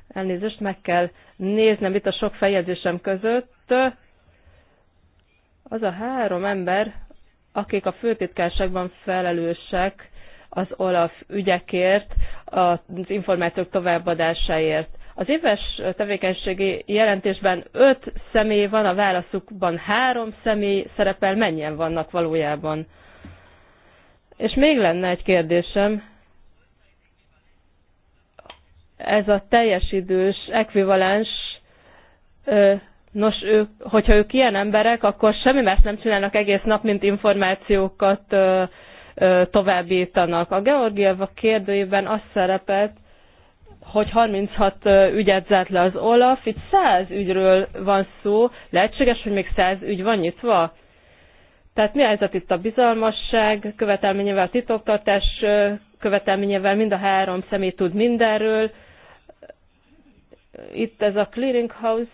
[SPEAKER 1] elnézést meg kell néznem itt a sok feljegyzésem között, az a három ember, akik a főtitkárságban felelősek az OLAF ügyekért, az információk továbbadásáért. Az éves tevékenységi jelentésben öt személy van, a válaszukban három személy szerepel, mennyien vannak valójában? És még lenne egy kérdésem. Ez a teljes idős, ekvivalens Nos, ők, hogyha ők ilyen emberek, akkor semmi más nem csinálnak egész nap, mint információkat ö, ö, továbbítanak. A Georgieva kérdőjében az szerepelt, hogy 36 ügyet zárt le az Olaf, itt 100 ügyről van szó, lehetséges, hogy még 100 ügy van nyitva? Tehát mi a helyzet itt a bizalmasság követelményével, a titoktartás követelményével, mind a három személy tud mindenről. Itt ez a clearinghouse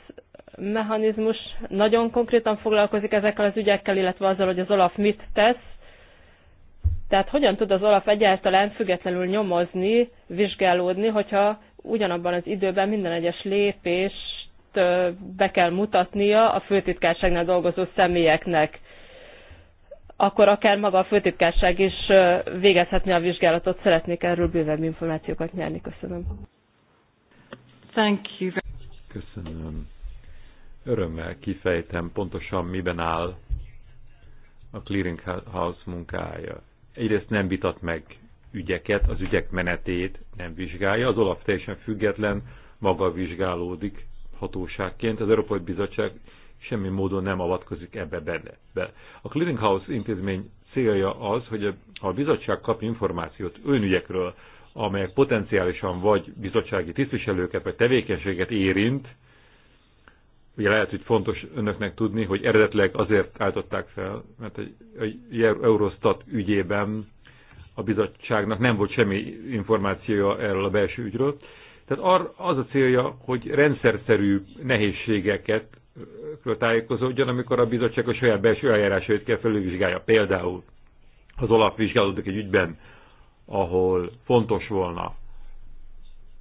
[SPEAKER 1] mechanizmus nagyon konkrétan foglalkozik ezekkel az ügyekkel, illetve azzal, hogy az Olaf mit tesz. Tehát hogyan tud az Olaf egyáltalán függetlenül nyomozni, vizsgálódni, hogyha ugyanabban az időben minden egyes lépést be kell mutatnia a főtitkárságnál dolgozó személyeknek akkor akár maga a főtitkárság is végezhetné a vizsgálatot. Szeretnék erről bővebb információkat nyerni. Köszönöm. Thank you.
[SPEAKER 2] Köszönöm. Örömmel kifejtem pontosan miben áll a House munkája. Egyrészt nem vitat meg ügyeket, az ügyek menetét nem vizsgálja, az Olaf teljesen független, maga vizsgálódik hatóságként, az Európai Bizottság semmi módon nem avatkozik ebbe benne. Be. A House intézmény célja az, hogy ha a bizottság kap információt önügyekről, amelyek potenciálisan vagy bizottsági tisztviselőket vagy tevékenységet érint, Ugye lehet, hogy fontos önöknek tudni, hogy eredetileg azért álltották fel, mert egy, egy Eurostat ügyében a bizottságnak nem volt semmi információja erről a belső ügyről. Tehát az a célja, hogy rendszerszerű nehézségeket tájékozódjon, amikor a bizottság a saját belső eljárásait kell felülvizsgálja. Például az olap vizsgálódik egy ügyben, ahol fontos volna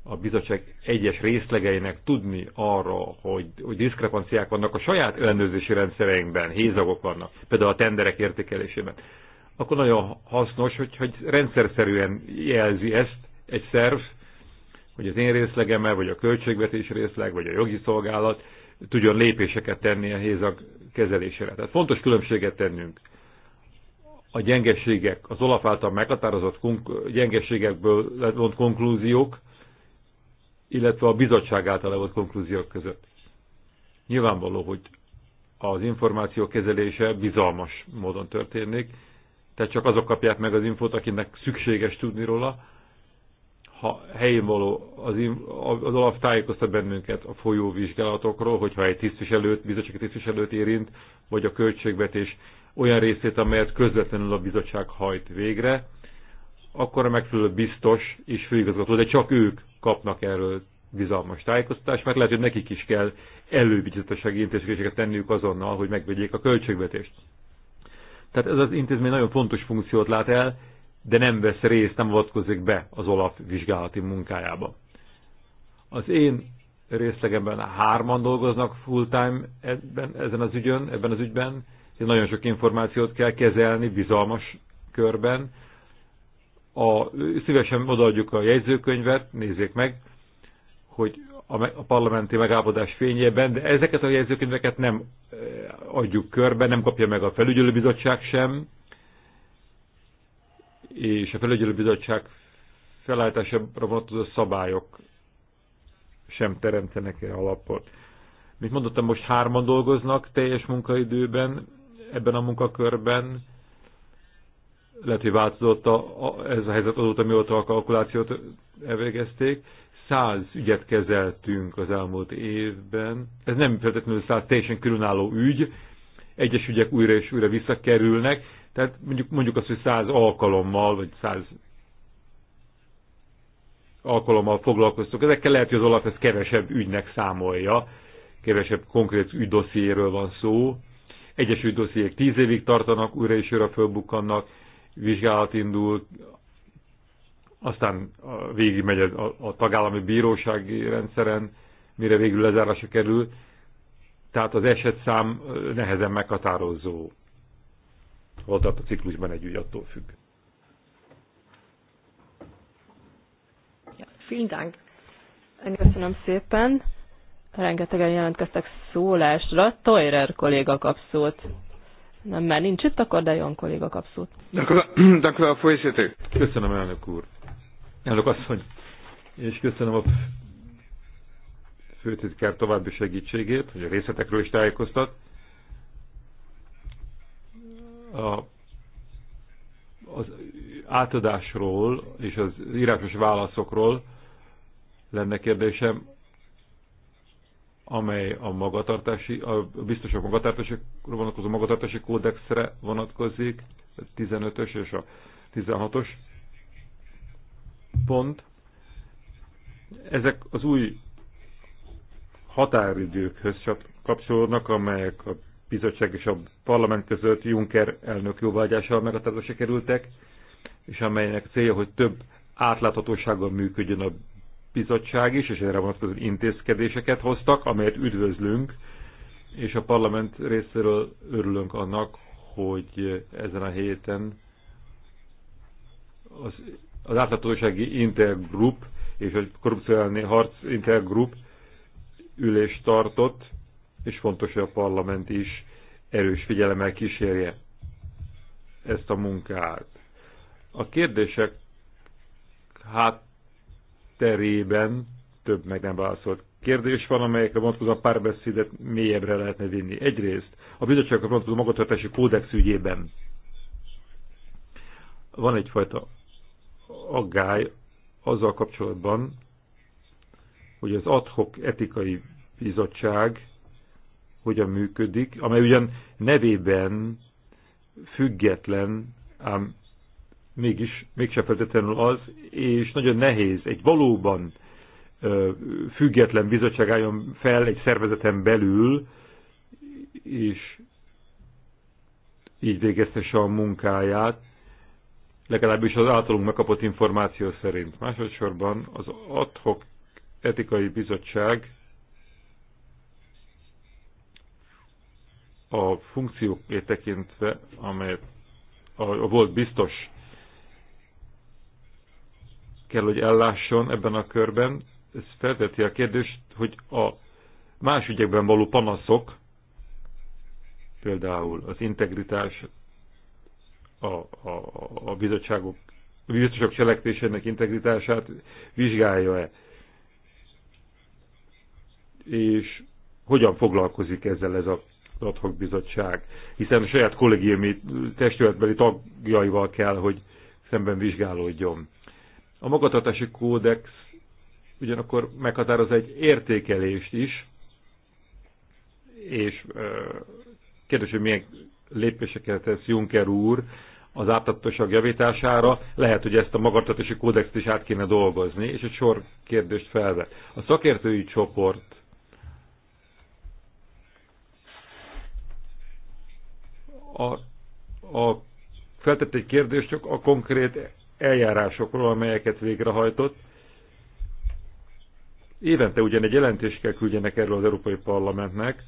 [SPEAKER 2] a bizottság egyes részlegeinek tudni arra, hogy, hogy diszkrepanciák vannak a saját ellenőrzési rendszereinkben, hézagok vannak, például a tenderek értékelésében, akkor nagyon hasznos, hogy, hogy rendszerszerűen jelzi ezt egy szerv, hogy az én részlegemmel, vagy a költségvetés részleg, vagy a jogi szolgálat tudjon lépéseket tenni a hézag kezelésére. Tehát fontos különbséget tennünk a gyengeségek, az Olaf által meghatározott gyengeségekből levont konklúziók, illetve a bizottság által levott konklúziók között. Nyilvánvaló, hogy az információ kezelése bizalmas módon történik, tehát csak azok kapják meg az infót, akinek szükséges tudni róla. Ha helyén való, az, az alap tájékoztat bennünket a folyóvizsgálatokról, hogyha egy tisztviselőt, bizottsági tisztviselőt érint, vagy a költségvetés olyan részét, amelyet közvetlenül a bizottság hajt végre, akkor a megfelelő biztos és főigazgató, de csak ők kapnak erről bizalmas tájékoztatást, mert lehet, hogy nekik is kell elővigyazatossági intézkedéseket tenniük azonnal, hogy megvegyék a költségvetést. Tehát ez az intézmény nagyon fontos funkciót lát el, de nem vesz részt, nem avatkozik be az OLAF vizsgálati munkájába. Az én részlegemben hárman dolgoznak full-time ebben, ezen az ügyön, ebben az ügyben, nagyon sok információt kell kezelni bizalmas körben, a, szívesen odaadjuk a jegyzőkönyvet, nézzék meg, hogy a, a parlamenti megállapodás fényében, de ezeket a jegyzőkönyveket nem eh, adjuk körbe, nem kapja meg a felügyelőbizottság sem, és a felügyelőbizottság felállításra vonatkozó szabályok sem teremtenek el alapot. Mint mondottam, most hárman dolgoznak teljes munkaidőben ebben a munkakörben, lehet, hogy változott a, a, ez a helyzet azóta, mióta a kalkulációt elvégezték. Száz ügyet kezeltünk az elmúlt évben. Ez nem feltétlenül száz teljesen különálló ügy. Egyes ügyek újra és újra visszakerülnek. Tehát mondjuk, mondjuk azt, hogy száz alkalommal, vagy száz alkalommal foglalkoztunk. Ezekkel lehet, hogy az Olaf ezt kevesebb ügynek számolja, kevesebb konkrét ügydossziéről van szó. Egyes ügydossziék tíz évig tartanak, újra és újra fölbukkannak, vizsgálat indul, aztán végigmegy a, a tagállami bírósági rendszeren, mire végül lezárása kerül. Tehát az esetszám nehezen meghatározó. volt a ciklusban egy ügy, attól függ.
[SPEAKER 1] Ja, vielen Dank. Köszönöm szépen. Rengetegen jelentkeztek szólásra. Toirer kolléga kap szót nem mert nincs itt, akkor de jön kolléga kap szót.
[SPEAKER 2] [clears throat] Köszönöm, elnök úr. Elnök asszony. És köszönöm a főtitkár további segítségét, hogy a részletekről is tájékoztat. A, az átadásról és az írásos válaszokról lenne kérdésem amely a magatartási, a biztosok magatartási, vonatkozó magatartási kódexre vonatkozik, a 15-ös és a 16-os pont. Ezek az új határidőkhöz kapcsolódnak, amelyek a bizottság és a parlament között Juncker elnök jóvágyással megatározásra kerültek, és amelynek célja, hogy több átláthatósággal működjön a bizottság is, és erre vonatkozó intézkedéseket hoztak, amelyet üdvözlünk, és a parlament részéről örülünk annak, hogy ezen a héten az, az átláthatósági intergroup és a korrupció harc intergroup ülést tartott, és fontos, hogy a parlament is erős figyelemmel kísérje ezt a munkát. A kérdések hát terében több meg nem válaszolt kérdés van, amelyekre vonatkozó a párbeszédet mélyebbre lehetne vinni. Egyrészt a a vonatkozó magatartási kódex ügyében van egyfajta aggály azzal kapcsolatban, hogy az adhok etikai bizottság hogyan működik, amely ugyan nevében független, ám mégis, mégse feltétlenül az, és nagyon nehéz egy valóban független bizottság álljon fel egy szervezeten belül, és így végeztesse a munkáját, legalábbis az általunk megkapott információ szerint. Másodszorban az adhok etikai bizottság a funkciók tekintve, amelyet a volt biztos kell, hogy ellásson ebben a körben. Ez felteti a kérdést, hogy a más ügyekben való panaszok, például az integritás, a, a, a bizottságok a bizottságok cselekvésének integritását vizsgálja-e, és hogyan foglalkozik ezzel ez a adhok bizottság, hiszen a saját kollégiumi testületbeli tagjaival kell, hogy szemben vizsgálódjon. A magatartási kódex ugyanakkor meghatároz egy értékelést is, és kérdés, hogy milyen lépéseket tesz Juncker úr az átadatosság javítására, lehet, hogy ezt a magatartási kódexet is át kéne dolgozni, és egy sor kérdést felvet. A szakértői csoport a, a feltett egy kérdést csak a konkrét eljárásokról, amelyeket végrehajtott. Évente ugyan egy jelentést kell küldjenek erről az Európai Parlamentnek,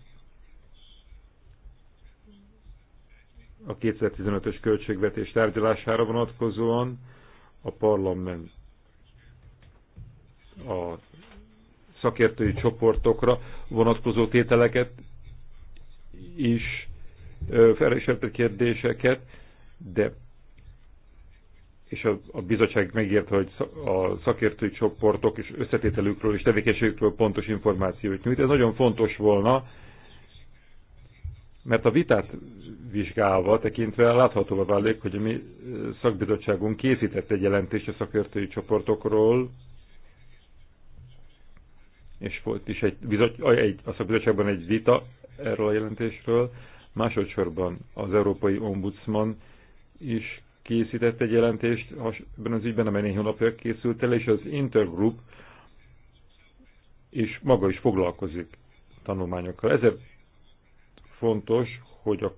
[SPEAKER 2] a 2015-ös költségvetés tárgyalására vonatkozóan a parlament a szakértői csoportokra vonatkozó tételeket is felesett kérdéseket, de és a, a bizottság megírta, hogy a szakértői csoportok és összetételükről és tevékenységükről pontos információt nyújt. Ez nagyon fontos volna, mert a vitát vizsgálva tekintve láthatóvá válik, hogy a mi szakbizottságunk készített egy jelentést a szakértői csoportokról, és volt is egy, bizot, egy, a szakbizottságban egy vita erről a jelentésről, másodszorban az Európai Ombudsman is készített egy jelentést ebben az ügyben, amely néhány hónapja készült el, és az Intergroup és maga is foglalkozik tanulmányokkal. Ezért fontos, hogy a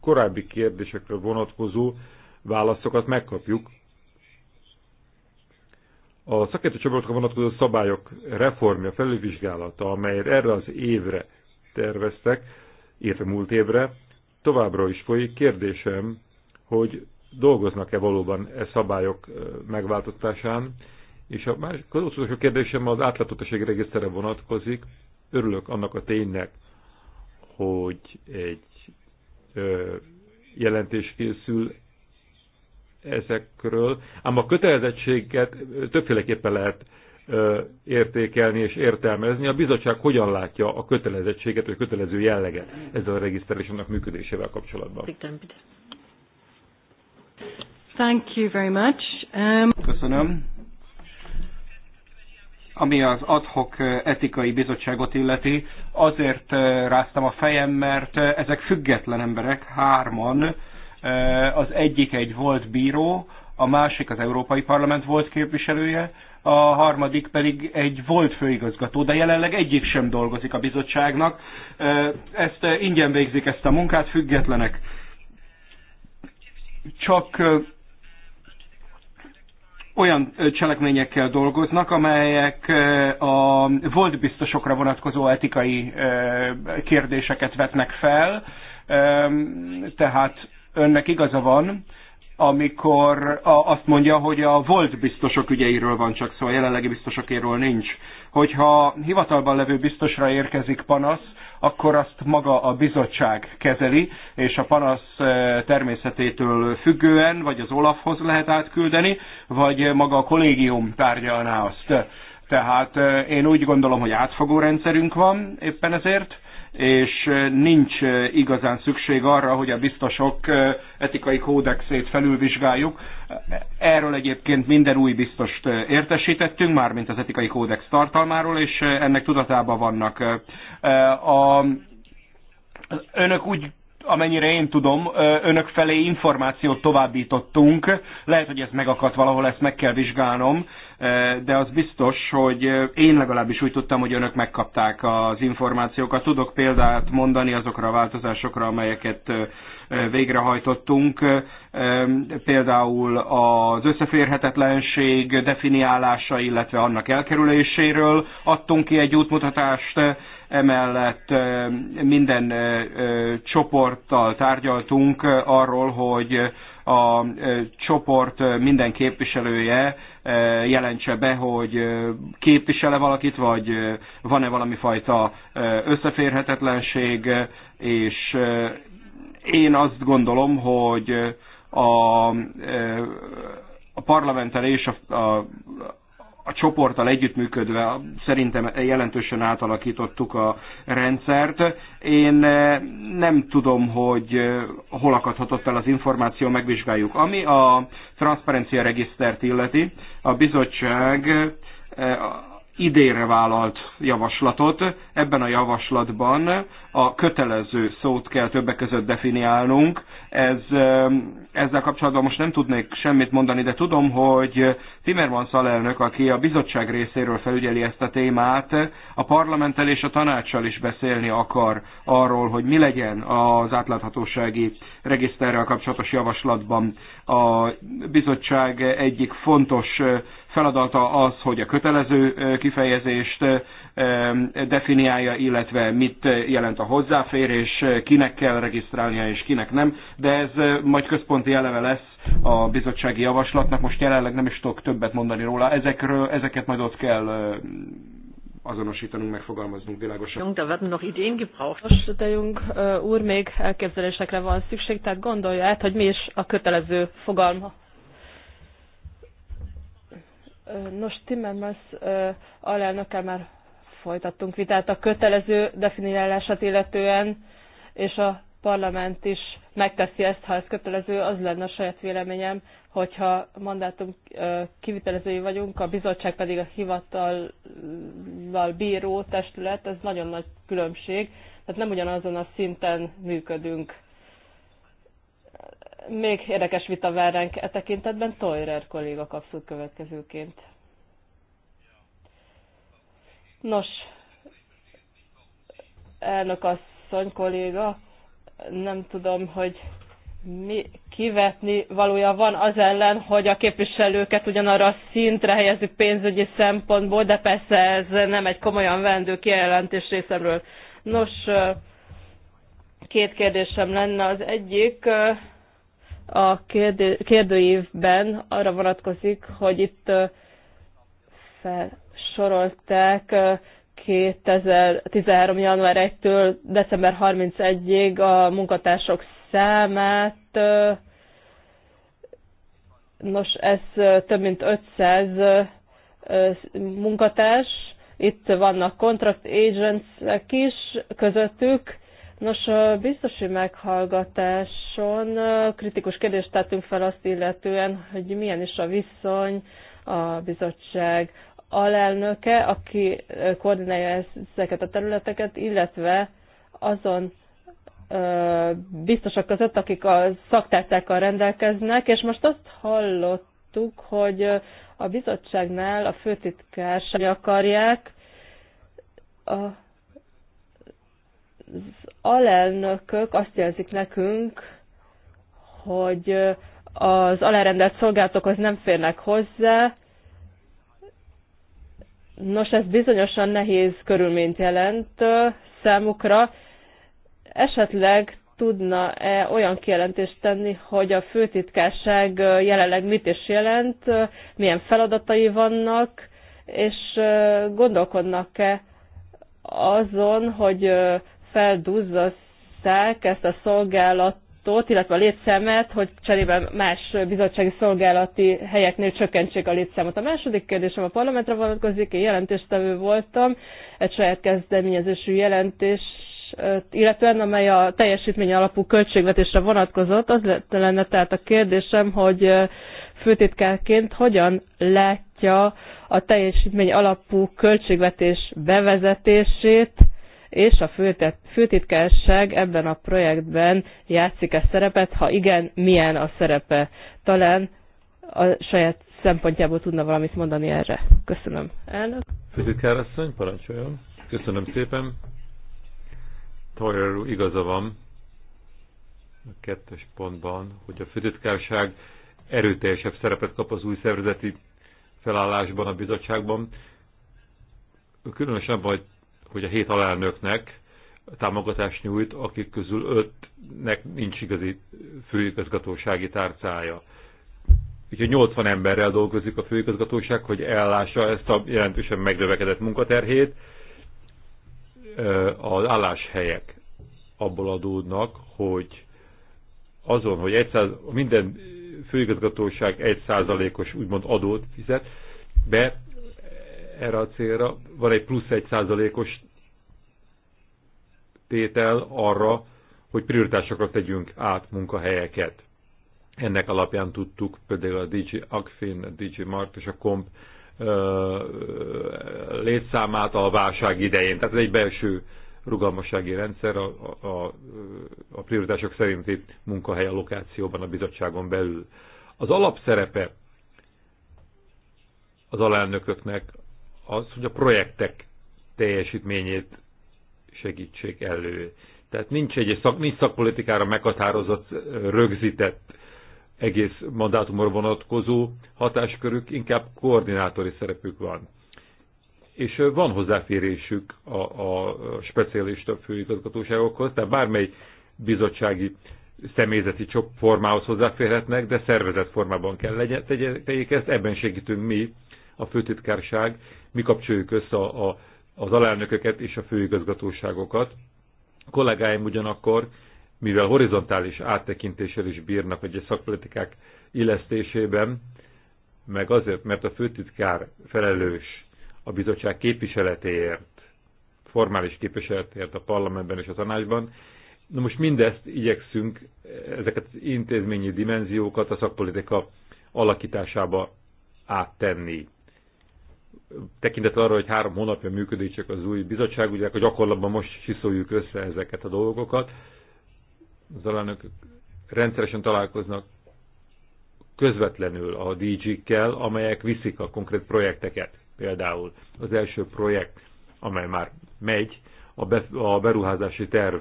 [SPEAKER 2] korábbi kérdésekre vonatkozó válaszokat megkapjuk. A szakértő csoportokra vonatkozó szabályok reformja, felülvizsgálata, amelyet erre az évre terveztek, illetve múlt évre, továbbra is folyik. Kérdésem, hogy dolgoznak-e valóban e szabályok megváltoztatásán, és a más, az utolsó kérdésem az átláthatósági regiszterre vonatkozik. Örülök annak a ténynek, hogy egy ö, jelentés készül ezekről, ám a kötelezettséget többféleképpen lehet ö, értékelni és értelmezni. A bizottság hogyan látja a kötelezettséget, vagy a kötelező jelleget ezzel a regiszterelés annak működésével kapcsolatban?
[SPEAKER 1] Thank you very much. Um...
[SPEAKER 4] Köszönöm. Ami az adhok etikai bizottságot illeti, azért ráztam a fejem, mert ezek független emberek, hárman. Az egyik egy volt bíró, a másik az Európai Parlament volt képviselője, a harmadik pedig egy volt főigazgató, de jelenleg egyik sem dolgozik a bizottságnak. Ezt ingyen végzik ezt a munkát, függetlenek. Csak olyan cselekményekkel dolgoznak, amelyek a volt biztosokra vonatkozó etikai kérdéseket vetnek fel, tehát önnek igaza van, amikor azt mondja, hogy a volt biztosok ügyeiről van csak szó, a jelenlegi biztosokéről nincs Hogyha hivatalban levő biztosra érkezik panasz, akkor azt maga a bizottság kezeli, és a panasz eh, természetétől függően, vagy az Olafhoz lehet átküldeni, vagy maga a kollégium tárgyalná azt. Tehát eh, én úgy gondolom, hogy átfogó rendszerünk van éppen ezért, és nincs igazán szükség arra, hogy a biztosok etikai kódexét felülvizsgáljuk. Erről egyébként minden új biztost értesítettünk, mármint az etikai kódex tartalmáról, és ennek tudatában vannak. A, önök úgy amennyire én tudom, önök felé információt továbbítottunk. Lehet, hogy ez megakadt valahol, ezt meg kell vizsgálnom, de az biztos, hogy én legalábbis úgy tudtam, hogy önök megkapták az információkat. Tudok példát mondani azokra a változásokra, amelyeket végrehajtottunk. Például az összeférhetetlenség definiálása, illetve annak elkerüléséről adtunk ki egy útmutatást, Emellett minden csoporttal tárgyaltunk arról, hogy a csoport minden képviselője jelentse be, hogy képvisele valakit, vagy van-e valami fajta összeférhetetlenség, és én azt gondolom, hogy a, a parlamenttel és a, a, a csoporttal együttműködve szerintem jelentősen átalakítottuk a rendszert. Én eh, nem tudom, hogy eh, hol akadhatott el az információ, megvizsgáljuk. Ami a transzparencia regisztert illeti, a bizottság eh, idénre vállalt javaslatot. Ebben a javaslatban a kötelező szót kell többek között definiálnunk. Ez, ezzel kapcsolatban most nem tudnék semmit mondani, de tudom, hogy Timmermans alelnök, aki a bizottság részéről felügyeli ezt a témát, a parlamenttel és a tanácssal is beszélni akar arról, hogy mi legyen az átláthatósági regiszterrel kapcsolatos javaslatban. A bizottság egyik fontos feladata az, hogy a kötelező kifejezést definiálja, illetve mit jelent a hozzáférés, kinek kell regisztrálnia és kinek nem, de ez majd központi eleve lesz a bizottsági javaslatnak, most jelenleg nem is tudok többet mondani róla, ezekről, ezeket majd ott kell azonosítanunk, megfogalmaznunk világosan. Jung, da werden
[SPEAKER 1] noch Ideen gebraucht. Most, de Jung úr, még elképzelésekre van szükség, tehát gondolja át, hogy mi is a kötelező fogalma Nos, Timmermans alelnöke már folytattunk vitát a kötelező definiálását illetően, és a parlament is megteszi ezt, ha ez kötelező, az lenne a saját véleményem, hogyha mandátum kivitelezői vagyunk, a bizottság pedig a hivatallal bíró testület, ez nagyon nagy különbség, tehát nem ugyanazon a szinten működünk még érdekes vita vár ránk e tekintetben. Toyrer kolléga kapszul következőként. Nos, elnök asszony kolléga, nem tudom, hogy mi kivetni valója van az ellen, hogy a képviselőket ugyanarra a szintre helyezzük pénzügyi szempontból, de persze ez nem egy komolyan vendő kijelentés részemről. Nos, két kérdésem lenne. Az egyik, a kérdő, kérdőívben arra vonatkozik, hogy itt felsorolták 2013. január 1-től december 31-ig a munkatársok számát. Nos, ez több mint 500 munkatárs. Itt vannak contract agents is közöttük, Nos, a biztosi meghallgatáson kritikus kérdést tettünk fel azt illetően, hogy milyen is a viszony a bizottság alelnöke, aki koordinálja ezeket a területeket, illetve azon biztosak között, akik a szaktártákkal rendelkeznek, és most azt hallottuk, hogy a bizottságnál a főtitkár akarják a alelnökök azt jelzik nekünk, hogy az alárendelt szolgálatokhoz nem férnek hozzá. Nos, ez bizonyosan nehéz körülményt jelent számukra. Esetleg tudna-e olyan kijelentést tenni, hogy a főtitkárság jelenleg mit is jelent, milyen feladatai vannak, és gondolkodnak-e azon, hogy felduzzaszták ezt a szolgálatot, illetve a létszámát, hogy cserébe más bizottsági szolgálati helyeknél csökkentsék a létszámot. A második kérdésem a parlamentre vonatkozik, én jelentéstevő voltam, egy saját kezdeményezésű jelentés illetően amely a teljesítmény alapú költségvetésre vonatkozott, az lenne tehát a kérdésem, hogy főtitkárként hogyan látja a teljesítmény alapú költségvetés bevezetését, és a főtitkárság ebben a projektben játszik-e szerepet, ha igen, milyen a szerepe. Talán a saját szempontjából tudna valamit mondani erre. Köszönöm. Elnök.
[SPEAKER 2] Főtitkárasszony, parancsoljon. Köszönöm szépen. Tajarú igaza van a kettes pontban, hogy a főtitkárság erőteljesebb szerepet kap az új szervezeti felállásban a bizottságban. Különösen, hogy hogy a hét alelnöknek támogatást nyújt, akik közül ötnek nincs igazi főigazgatósági tárcája. Úgyhogy 80 emberrel dolgozik a főigazgatóság, hogy ellássa ezt a jelentősen megdövekedett munkaterhét. Az álláshelyek abból adódnak, hogy azon, hogy 100, minden főigazgatóság egy százalékos úgymond adót fizet be, erre a célra. Van egy plusz egy százalékos tétel arra, hogy prioritásokra tegyünk át munkahelyeket. Ennek alapján tudtuk például a DJ Agfin, a DJ Mart és a Comp létszámát a válság idején. Tehát ez egy belső rugalmassági rendszer a, a, a prioritások szerinti munkahely a lokációban a bizottságon belül. Az alapszerepe az alelnököknek az, hogy a projektek teljesítményét segítsék elő. Tehát nincs egy szak, nincs szakpolitikára meghatározott, rögzített egész mandátumra vonatkozó hatáskörük, inkább koordinátori szerepük van. És van hozzáférésük a, a specialista főigazgatóságokhoz, tehát bármely bizottsági személyzeti formához hozzáférhetnek, de szervezet formában kell legyen, tegyék ezt, ebben segítünk mi, a főtitkárság, mi kapcsoljuk össze a, a, az alelnököket és a főigazgatóságokat. A kollégáim ugyanakkor, mivel horizontális áttekintéssel is bírnak hogy a szakpolitikák illesztésében, meg azért, mert a főtitkár felelős a bizottság képviseletéért, formális képviseletéért a parlamentben és a tanácsban, Na most mindezt igyekszünk, ezeket az intézményi dimenziókat a szakpolitika alakításába áttenni tekintet arra, hogy három hónapja működik csak az új bizottság, ugye a gyakorlatban most siszoljuk össze ezeket a dolgokat. Az alánök rendszeresen találkoznak közvetlenül a DG-kkel, amelyek viszik a konkrét projekteket. Például az első projekt, amely már megy, a, beruházási terv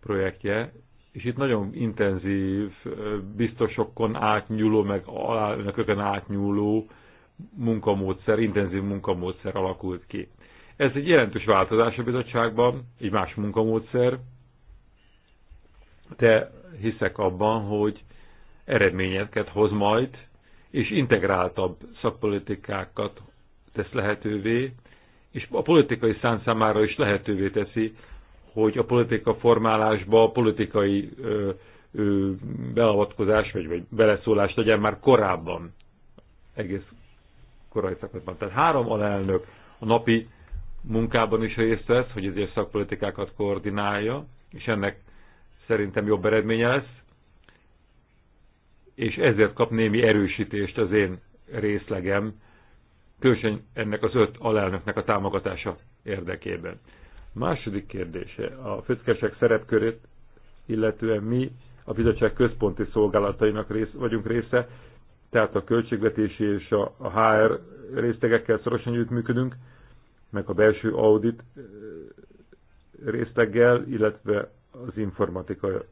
[SPEAKER 2] projektje, és itt nagyon intenzív, biztosokon átnyúló, meg alelnökökön átnyúló munkamódszer, intenzív munkamódszer alakult ki. Ez egy jelentős változás a bizottságban, egy más munkamódszer, de hiszek abban, hogy eredményeket hoz majd, és integráltabb szakpolitikákat tesz lehetővé, és a politikai szán számára is lehetővé teszi, hogy a politika formálásba a politikai ö, ö, beavatkozás vagy, vagy beleszólás legyen már korábban egész korai szakaszban. Tehát három alelnök a napi munkában is részt vesz, hogy ezért szakpolitikákat koordinálja, és ennek szerintem jobb eredménye lesz, és ezért kap némi erősítést az én részlegem, különösen ennek az öt alelnöknek a támogatása érdekében. második kérdése, a főzkesek szerepkörét, illetően mi a bizottság központi szolgálatainak rész, vagyunk része, tehát a költségvetési és a HR részlegekkel szorosan működünk, meg a belső audit részleggel, illetve az informatika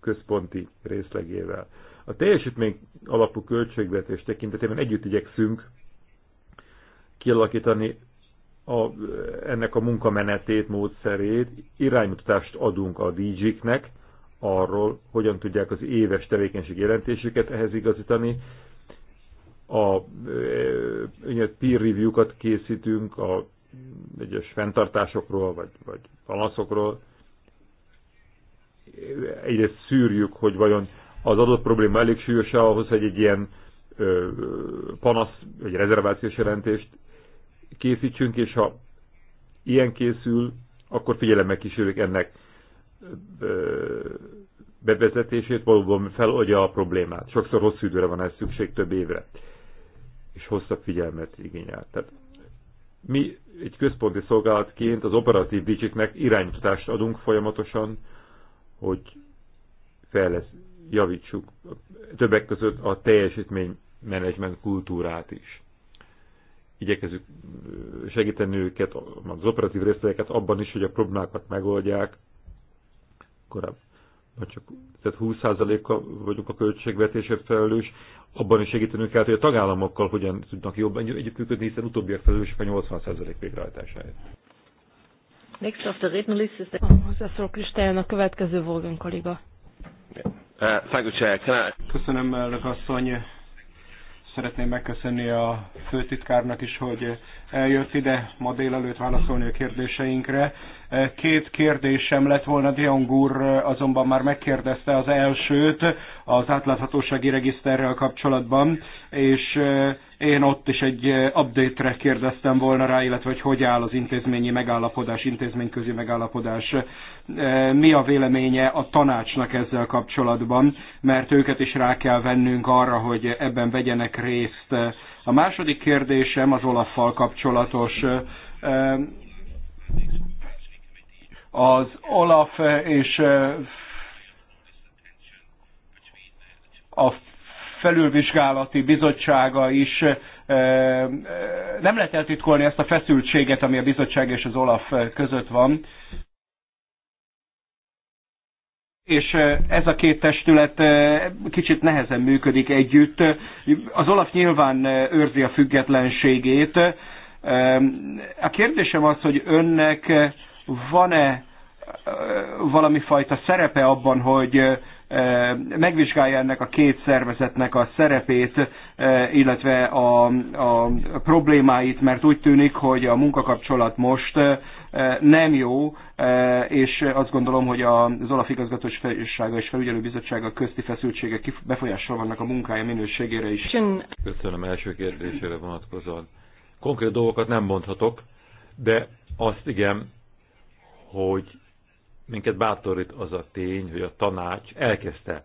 [SPEAKER 2] központi részlegével. A teljesítmény alapú költségvetés tekintetében együtt igyekszünk kialakítani a, ennek a munkamenetét, módszerét, iránymutatást adunk a DJ-knek, arról, hogyan tudják az éves tevékenység jelentésüket ehhez igazítani. A e, peer review-kat készítünk a egyes fenntartásokról, vagy, vagy panaszokról. Egyrészt szűrjük, hogy vajon az adott probléma elég súlyos -e ahhoz, hogy egy ilyen ö, panasz, vagy rezervációs jelentést készítsünk, és ha ilyen készül, akkor figyelemmel kísérjük ennek bevezetését valóban feloldja a problémát. Sokszor hosszú időre van ez szükség, több évre, és hosszabb figyelmet igényel. Tehát mi egy központi szolgálatként az operatív dicsiknek irányítást adunk folyamatosan, hogy fejlesz, javítsuk többek között a menedzsment kultúrát is. Igyekezünk segíteni őket, az operatív részleteket abban is, hogy a problémákat megoldják, korábban csak tehát 20%-a vagyunk a költségvetésért felelős, abban is segítenünk kell, hogy a tagállamokkal hogyan tudnak jobban együttműködni, hiszen utóbbiak felelősek a 80% végrehajtásáért.
[SPEAKER 1] Next of the written list is the... Hozzászóló Kristályán a következő Volgan kolléga.
[SPEAKER 4] Uh, Köszönöm, elnök asszony. Szeretném megköszönni a főtitkárnak is, hogy eljött ide ma délelőtt válaszolni a kérdéseinkre. Két kérdésem lett volna, Dion úr azonban már megkérdezte az elsőt az átláthatósági regiszterrel kapcsolatban, és én ott is egy update-re kérdeztem volna rá, illetve hogy hogy áll az intézményi megállapodás, intézményközi megállapodás. Mi a véleménye a tanácsnak ezzel kapcsolatban, mert őket is rá kell vennünk arra, hogy ebben vegyenek részt. A második kérdésem az Olaffal kapcsolatos az Olaf és a felülvizsgálati bizottsága is nem lehet eltitkolni ezt a feszültséget, ami a bizottság és az Olaf között van. És ez a két testület kicsit nehezen működik együtt. Az Olaf nyilván őrzi a függetlenségét. A kérdésem az, hogy önnek van-e valami fajta szerepe abban, hogy megvizsgálja ennek a két szervezetnek a szerepét, illetve a, a problémáit, mert úgy tűnik, hogy a munkakapcsolat most nem jó, és azt gondolom, hogy az Olaf igazgatósága és felügyelőbizottsága közti feszültségek befolyással vannak a munkája minőségére is.
[SPEAKER 2] Köszönöm első kérdésére vonatkozóan. Konkrét dolgokat nem mondhatok, de azt igen, hogy minket bátorít az a tény, hogy a tanács elkezdte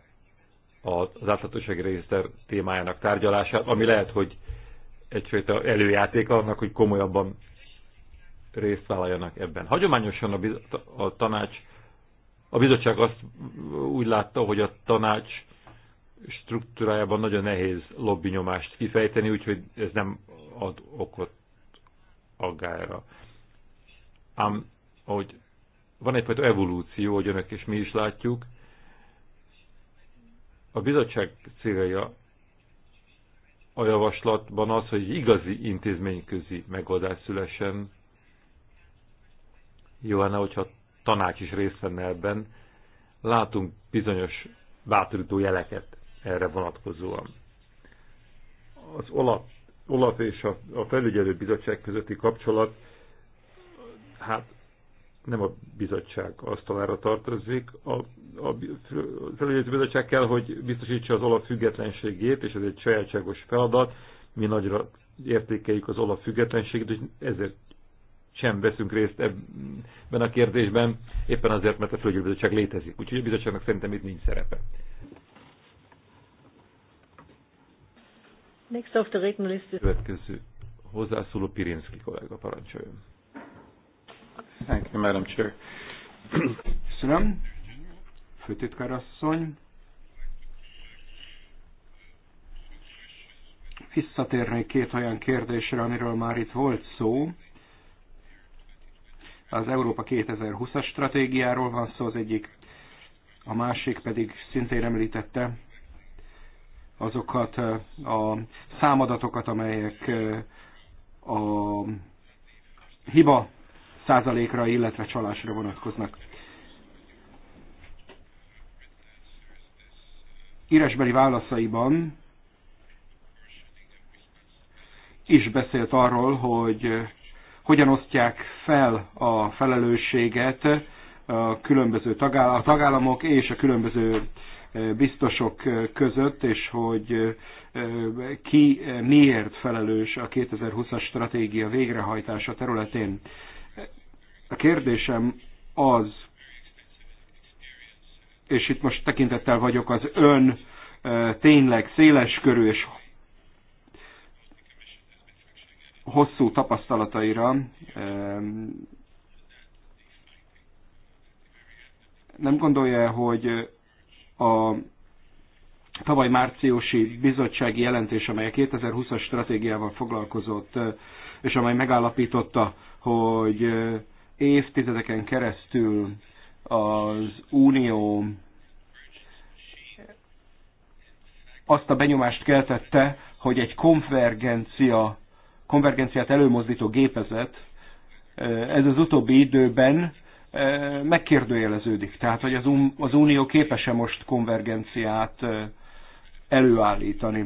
[SPEAKER 2] az átláthatósági regiszter témájának tárgyalását, ami lehet, hogy egyfajta előjáték annak, hogy komolyabban részt vállaljanak ebben. Hagyományosan a, a tanács, a bizottság azt úgy látta, hogy a tanács struktúrájában nagyon nehéz lobby nyomást kifejteni, úgyhogy ez nem ad okot aggályra. Ám, ahogy van egyfajta evolúció, hogy önök és mi is látjuk. A bizottság célja a javaslatban az, hogy igazi intézményközi megoldás szülessen. Jó lenne, hogyha tanács is részt venne ebben. Látunk bizonyos bátorító jeleket erre vonatkozóan. Az Olaf, Olaf és a, a felügyelő bizottság közötti kapcsolat, hát nem a bizottság asztalára tartozik. A, a felügyeleti bizottság kell, hogy biztosítsa az olaf függetlenségét, és ez egy sajátságos feladat. Mi nagyra értékeljük az olaf függetlenségét, és ezért sem veszünk részt ebben a kérdésben, éppen azért, mert a felügyeleti bizottság létezik. Úgyhogy a bizottságnak szerintem itt nincs szerepe.
[SPEAKER 1] Next of the
[SPEAKER 2] Következő hozzászóló Pirinszki kollega parancsoljon. Thank you, Madam
[SPEAKER 4] Chair. Köszönöm. asszony. Visszatérnék két olyan kérdésre, amiről már itt volt szó. Az Európa 2020-as stratégiáról van szó az egyik, a másik pedig szintén említette azokat eh, a számadatokat, amelyek eh, a hiba százalékra, illetve csalásra vonatkoznak. Íresbeli válaszaiban is beszélt arról, hogy hogyan osztják fel a felelősséget a különböző tagállamok és a különböző e, biztosok e, között, és hogy e, ki miért felelős a 2020-as stratégia végrehajtása területén. A kérdésem az, és itt most tekintettel vagyok az ön tényleg széles körű és hosszú tapasztalataira, nem gondolja, hogy a tavaly márciusi bizottsági jelentés, amely a 2020-as stratégiával foglalkozott, és amely megállapította, hogy évtizedeken keresztül az Unió azt a benyomást keltette, hogy egy konvergencia, konvergenciát előmozdító gépezet eh, ez az utóbbi időben eh, megkérdőjeleződik. Tehát, hogy az, um-, az Unió képes-e most konvergenciát eh, előállítani.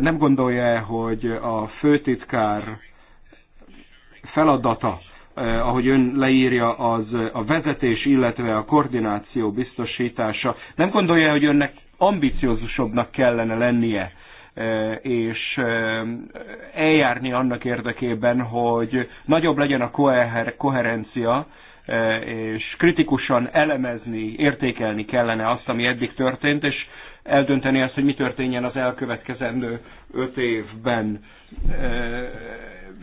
[SPEAKER 4] nem gondolja, hogy a főtitkár feladata, ahogy ön leírja, az a vezetés, illetve a koordináció biztosítása. Nem gondolja, hogy önnek ambiciózusabbnak kellene lennie, és eljárni annak érdekében, hogy nagyobb legyen a koherencia, és kritikusan elemezni, értékelni kellene azt, ami eddig történt, és eldönteni azt, hogy mi történjen az elkövetkezendő öt évben,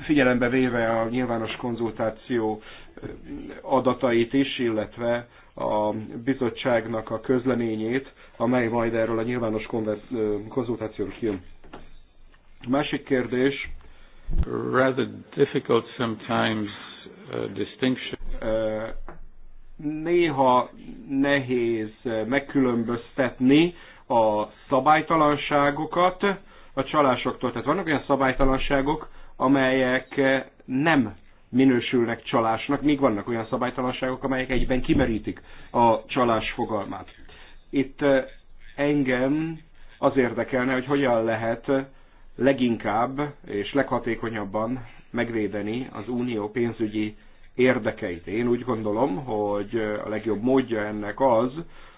[SPEAKER 4] figyelembe véve a nyilvános konzultáció adatait is, illetve a bizottságnak a közleményét, amely majd erről a nyilvános konzultáción kijön. Másik kérdés. Rather difficult sometimes uh, distinction. Uh, néha nehéz megkülönböztetni a szabálytalanságokat a csalásoktól. Tehát vannak olyan szabálytalanságok, amelyek nem minősülnek csalásnak, míg vannak olyan szabálytalanságok, amelyek egyben kimerítik a csalás fogalmát. Itt eh, engem az érdekelne, hogy hogyan lehet leginkább és leghatékonyabban megvédeni az unió pénzügyi érdekeit. Én úgy gondolom, hogy a legjobb módja ennek az,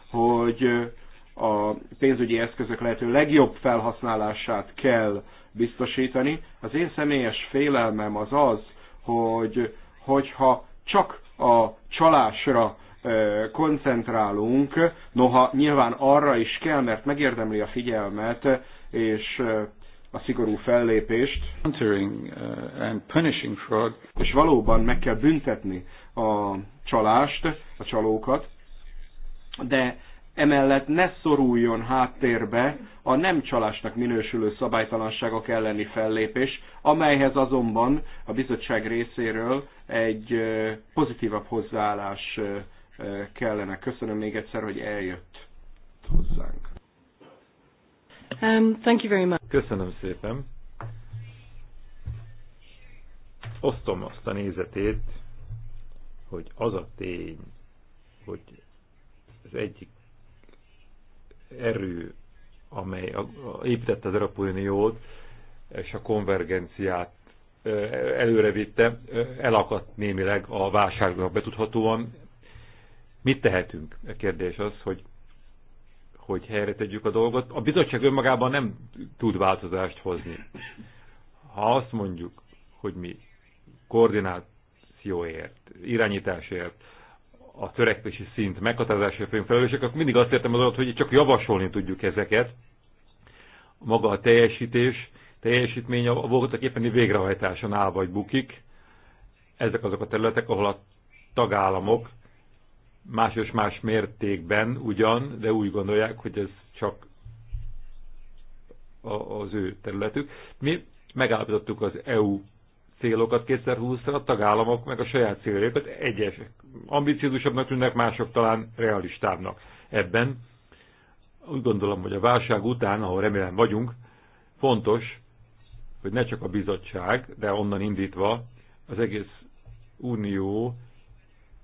[SPEAKER 4] hogy a pénzügyi eszközök lehető legjobb felhasználását kell biztosítani. Az én személyes félelmem az az, hogy hogyha csak a csalásra koncentrálunk, noha nyilván arra is kell, mert megérdemli a figyelmet és a szigorú fellépést, uh, és valóban meg kell büntetni a csalást, a csalókat, de emellett ne szoruljon háttérbe a nem csalásnak minősülő szabálytalanságok elleni fellépés, amelyhez azonban a bizottság részéről egy pozitívabb hozzáállás kellene. Köszönöm még egyszer, hogy eljött hozzánk.
[SPEAKER 2] Um, thank you very much. Köszönöm szépen. Osztom azt a nézetét, hogy az a tény, hogy az egyik erő, amely a, a, építette az Európai Uniót, és a konvergenciát előrevitte, elakadt némileg a válságnak betudhatóan. Mit tehetünk? A kérdés az, hogy, hogy helyre tegyük a dolgot. A bizottság önmagában nem tud változást hozni. Ha azt mondjuk, hogy mi koordinációért, irányításért, a törekvési szint meghatározási felelősek, akkor mindig azt értem az alatt, hogy csak javasolni tudjuk ezeket. Maga a teljesítés, teljesítmény a voltak éppen végrehajtáson áll vagy bukik. Ezek azok a területek, ahol a tagállamok más és más mértékben ugyan, de úgy gondolják, hogy ez csak az ő területük. Mi megállapítottuk az EU célokat 2020-ra, a tagállamok meg a saját céljaikat egyes ambiciózusabbnak tűnnek, mások talán realistábbnak. Ebben úgy gondolom, hogy a válság után, ahol remélem vagyunk, fontos, hogy ne csak a bizottság, de onnan indítva az egész unió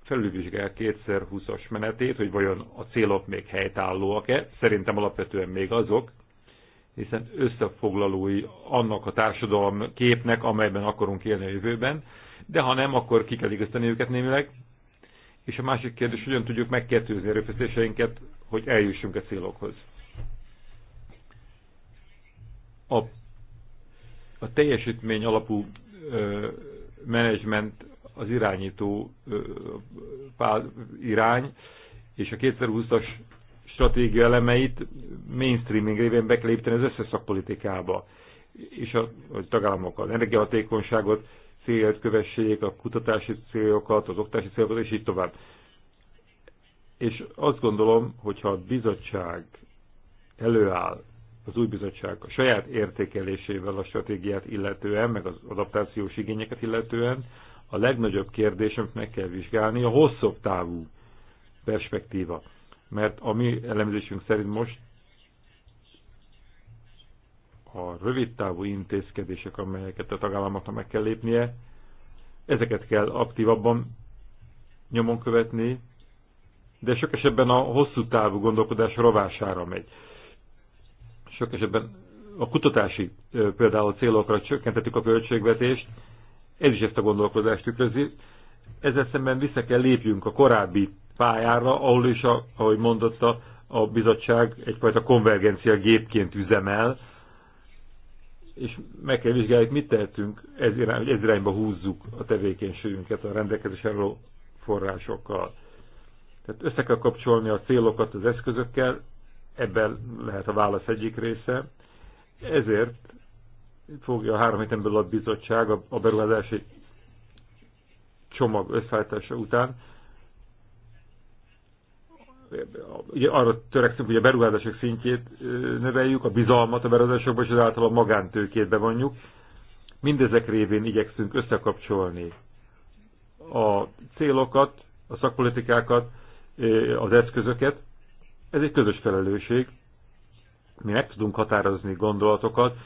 [SPEAKER 2] felülvizsgál 2020-as menetét, hogy vajon a célok még helytállóak-e. Szerintem alapvetően még azok, hiszen összefoglalói annak a társadalom képnek, amelyben akarunk élni a jövőben, de ha nem, akkor ki kell igazítani őket némileg. És a másik kérdés, hogyan tudjuk megkettőzni erőfeszítéseinket, hogy eljussunk a célokhoz. A, a teljesítmény alapú ö, menedzsment az irányító ö, pál, irány, és a 2020-as stratégia elemeit mainstreaming révén be kell építeni az összes szakpolitikába, és a, a az energiahatékonyságot, célját kövessék, a kutatási célokat, az oktatási célokat, és így tovább. És azt gondolom, hogyha a bizottság előáll, az új bizottság a saját értékelésével a stratégiát illetően, meg az adaptációs igényeket illetően, a legnagyobb kérdés, amit meg kell vizsgálni, a hosszabb távú perspektíva mert a mi elemzésünk szerint most a rövidtávú intézkedések, amelyeket a tagállamoknak meg kell lépnie, ezeket kell aktívabban nyomon követni, de sok esetben a hosszú távú gondolkodás rovására megy. Sok esetben a kutatási például célokra csökkentettük a költségvetést, ez is ezt a gondolkodást tükrözi. Ezzel szemben vissza kell lépjünk a korábbi pályára, ahol is, a, ahogy mondotta, a bizottság egyfajta konvergencia gépként üzemel, és meg kell vizsgálni, mit tehetünk, ez, irány, hogy ez irányba húzzuk a tevékenységünket a rendelkezés álló forrásokkal. Tehát össze kell kapcsolni a célokat az eszközökkel, ebben lehet a válasz egyik része. Ezért fogja a három héten belül a bizottság a beruházási csomag összeállítása után ugye arra törekszünk, hogy a beruházások szintjét növeljük, a bizalmat a beruházásokba, és ezáltal a magántőkét bevonjuk. Mindezek révén igyekszünk összekapcsolni a célokat, a szakpolitikákat, az eszközöket. Ez egy közös felelősség. Mi meg tudunk határozni gondolatokat,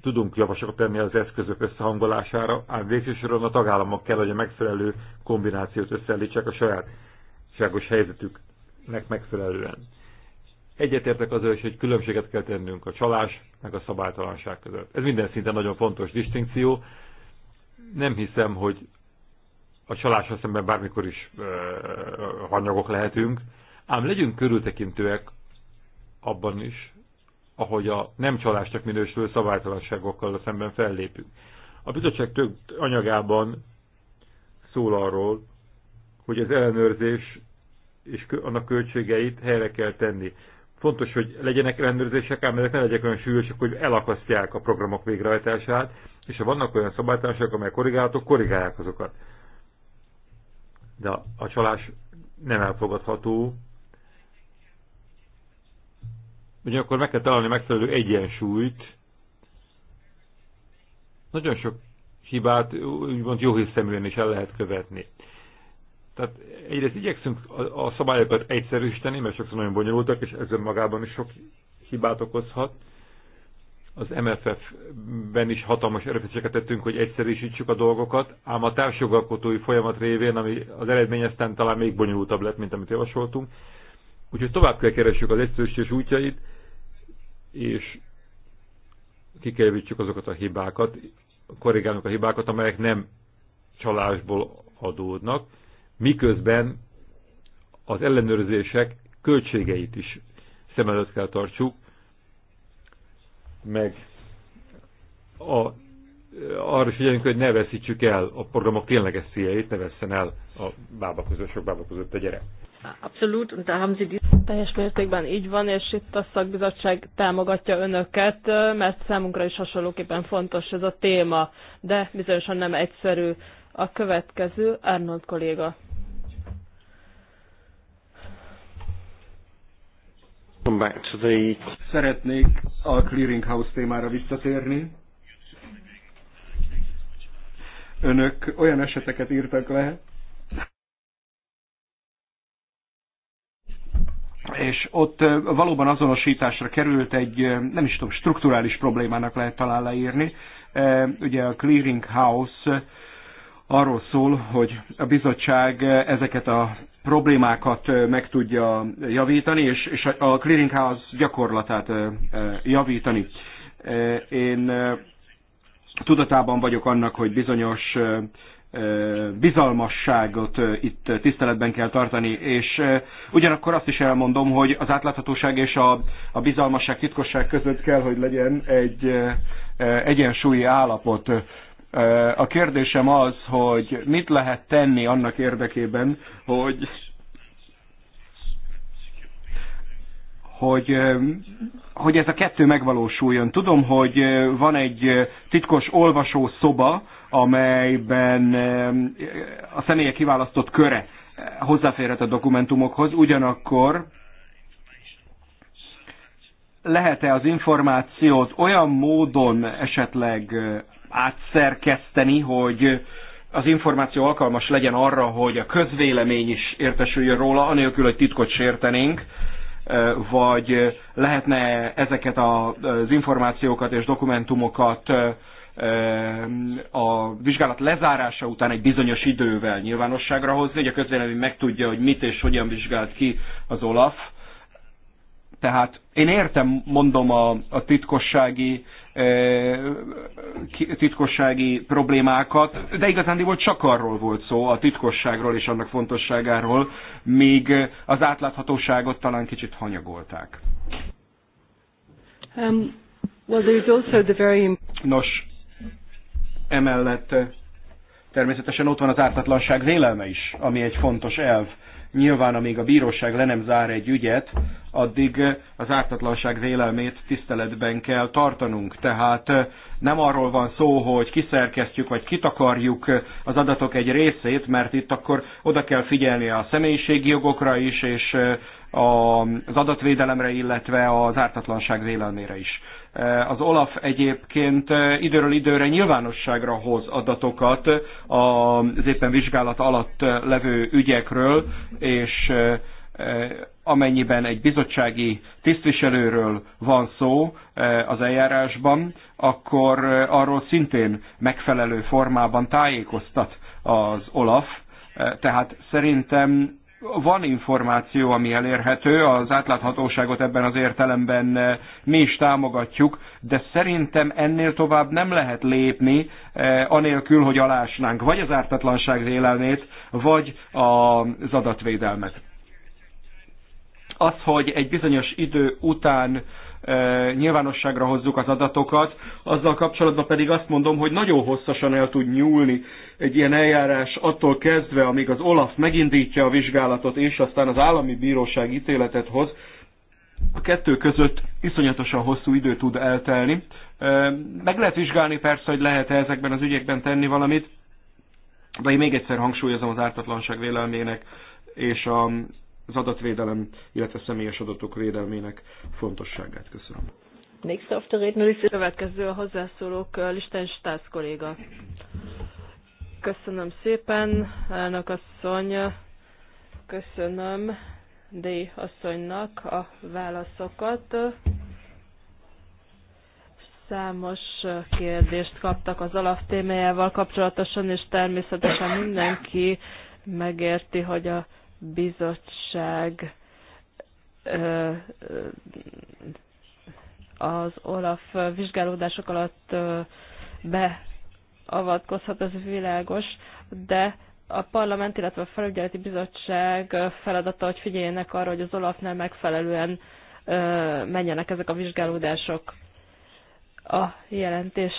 [SPEAKER 2] tudunk javaslatokat tenni az eszközök összehangolására, ám végső a tagállamok kell, hogy a megfelelő kombinációt összeállítsák a saját ságos helyzetük nek megfelelően. Egyetértek azzal is, hogy különbséget kell tennünk a csalás meg a szabálytalanság között. Ez minden szinten nagyon fontos distinkció. Nem hiszem, hogy a csalással szemben bármikor is e, hanyagok lehetünk, ám legyünk körültekintőek abban is, ahogy a nem csalásnak minősülő szabálytalanságokkal szemben fellépünk. A bizottság több anyagában szól arról, hogy az ellenőrzés és annak költségeit helyre kell tenni. Fontos, hogy legyenek rendőrzések, ám ezek ne legyenek olyan súlyosak, hogy elakasztják a programok végrehajtását, és ha vannak olyan szabálytársak, amelyek korrigálhatók, korrigálják azokat. De a csalás nem elfogadható. Ugyanakkor meg kell találni megfelelő egyensúlyt. Nagyon sok hibát úgymond jó hiszeműen is el lehet követni. Tehát egyrészt igyekszünk a, a szabályokat egyszerűsíteni, mert sokszor nagyon bonyolultak, és ez önmagában is sok hibát okozhat. Az MFF-ben is hatalmas erőfeszítéseket tettünk, hogy egyszerűsítsük a dolgokat, ám a társjogalkotói folyamat révén, ami az eredmény aztán talán még bonyolultabb lett, mint amit javasoltunk. Úgyhogy tovább kell keressük az egyszerűsítés útjait, és kikerüljük azokat a hibákat, korrigálunk a hibákat, amelyek nem csalásból adódnak miközben az ellenőrzések költségeit is szem előtt kell tartsuk, meg a, arra figyeljünk, hogy ne veszítsük el a programok tényleges céljait, ne vesszen el a bába között, sok bába között a gyerek.
[SPEAKER 1] Abszolút, de hamzidi teljes mértékben így van, és itt a szakbizottság támogatja önöket, mert számunkra is hasonlóképpen fontos ez a téma, de bizonyosan nem egyszerű. A következő Arnold kolléga.
[SPEAKER 4] come back to the... Szeretnék a clearinghouse témára visszatérni. Önök olyan eseteket írtak le, és ott valóban azonosításra került egy, nem is tudom, strukturális problémának lehet talán leírni. Ugye a clearinghouse arról szól, hogy a bizottság ezeket a problémákat meg tudja javítani, és, és a clearinghouse gyakorlatát javítani. Én tudatában vagyok annak, hogy bizonyos bizalmasságot itt tiszteletben kell tartani, és ugyanakkor azt is elmondom, hogy az átláthatóság és a, a bizalmasság, titkosság között kell, hogy legyen egy egyensúlyi állapot. A kérdésem az, hogy mit lehet tenni annak érdekében, hogy hogy, hogy ez a kettő megvalósuljon. Tudom, hogy van egy titkos olvasó szoba, amelyben a személye kiválasztott köre hozzáférhet a dokumentumokhoz, ugyanakkor lehet-e az információt olyan módon esetleg átszerkeszteni, hogy az információ alkalmas legyen arra, hogy a közvélemény is értesüljön róla, anélkül, hogy titkot sértenénk, vagy lehetne ezeket az információkat és dokumentumokat a vizsgálat lezárása után egy bizonyos idővel nyilvánosságra hozni, hogy a közvélemény megtudja, hogy mit és hogyan vizsgált ki az Olaf. Tehát én értem, mondom, a, a titkossági titkossági problémákat, de igazán volt csak arról volt szó, a titkosságról és annak fontosságáról, míg az átláthatóságot talán kicsit hanyagolták. Um, well, there's also the very... Nos, emellett természetesen ott van az ártatlanság vélelme is, ami egy fontos elv Nyilván, amíg a bíróság le nem zár egy ügyet, addig eh, az ártatlanság vélelmét tiszteletben kell tartanunk. Tehát eh, nem arról van szó, hogy kiszerkesztjük vagy kitakarjuk eh, az adatok egy részét, mert itt akkor oda kell figyelni a személyiségi jogokra is, és az adatvédelemre, illetve az ártatlanság vélelmére is. Az Olaf egyébként időről időre nyilvánosságra hoz adatokat az éppen vizsgálat alatt levő ügyekről, és amennyiben egy bizottsági tisztviselőről van szó az eljárásban, akkor arról szintén megfelelő formában tájékoztat az Olaf. Tehát szerintem van információ, ami elérhető, az átláthatóságot ebben az értelemben eh, mi is támogatjuk, de szerintem ennél tovább nem lehet lépni, eh, anélkül, hogy alásnánk vagy az ártatlanság vélelmét, vagy az adatvédelmet. Az, hogy egy bizonyos idő után nyilvánosságra hozzuk az adatokat, azzal kapcsolatban pedig azt mondom, hogy nagyon hosszasan el tud nyúlni egy ilyen eljárás attól kezdve, amíg az OLAF megindítja a vizsgálatot, és aztán az állami bíróság ítéletet hoz, a kettő között iszonyatosan hosszú idő tud eltelni. Meg lehet vizsgálni persze, hogy lehet-e ezekben az ügyekben tenni valamit, de én még egyszer hangsúlyozom az ártatlanság vélelmének és a az adatvédelem, illetve személyes adatok védelmének fontosságát. Köszönöm.
[SPEAKER 1] Next a the Következő a hozzászólók eh, Listen Stász kolléga. Köszönöm szépen, elnök asszony. Köszönöm D. asszonynak a válaszokat. Számos kérdést kaptak az alaptémájával kapcsolatosan, és természetesen mindenki megérti, hogy a bizottság az Olaf vizsgálódások alatt beavatkozhat, az világos, de a parlament, illetve a felügyeleti bizottság feladata, hogy figyeljenek arra, hogy az Olafnál megfelelően menjenek ezek a vizsgálódások. A jelentés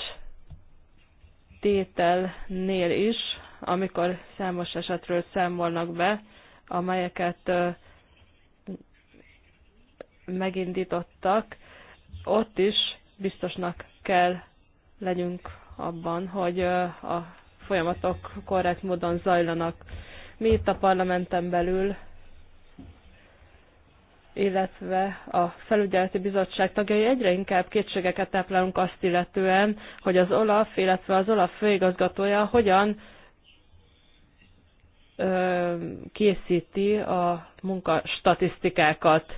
[SPEAKER 1] tételnél is, amikor számos esetről számolnak be, amelyeket megindítottak, ott is biztosnak kell legyünk abban, hogy a folyamatok korrekt módon zajlanak. Mi itt a parlamenten belül, illetve a felügyeleti bizottság tagjai egyre inkább kétségeket táplálunk azt illetően, hogy az OLAF, illetve az OLAF főigazgatója hogyan készíti a munkastatisztikákat.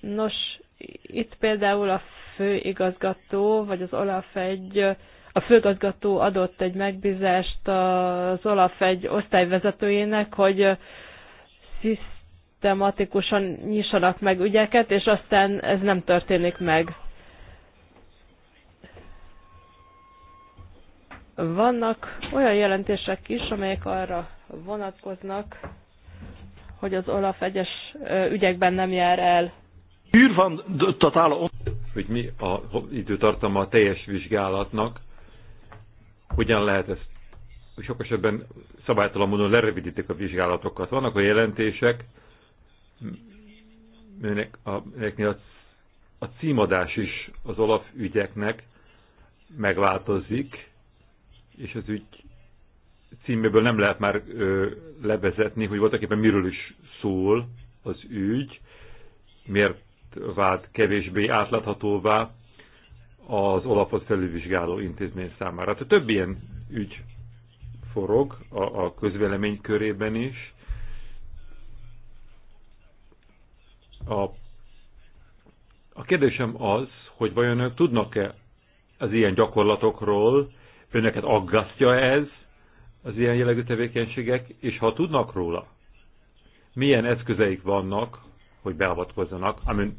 [SPEAKER 1] Nos, itt például a főigazgató, vagy az Olaf egy, a főigazgató adott egy megbízást az Olaf egy osztályvezetőjének, hogy szisztematikusan nyissanak meg ügyeket, és aztán ez nem történik meg. Vannak olyan jelentések is, amelyek arra vonatkoznak, hogy az Olaf egyes ügyekben nem jár el.
[SPEAKER 2] Hűr van totale Hogy mi a időtartama a teljes vizsgálatnak, hogyan lehet ezt sok esetben szabálytalan módon lerövidítik a vizsgálatokat. Vannak olyan jelentések, melyek a, melyeknél a, a címadás is az Olaf ügyeknek megváltozik, és az ügy címéből nem lehet már ö, levezetni, hogy voltak éppen miről is szól az ügy, miért vált kevésbé átláthatóvá az olapot felülvizsgáló intézmény számára. Tehát több ilyen ügy forog a, a közvélemény körében is. A, a kérdésem az, hogy vajon ők tudnak-e az ilyen gyakorlatokról, Önöket aggasztja ez, az ilyen jellegű tevékenységek, és ha tudnak róla, milyen eszközeik vannak, hogy beavatkozzanak, amin,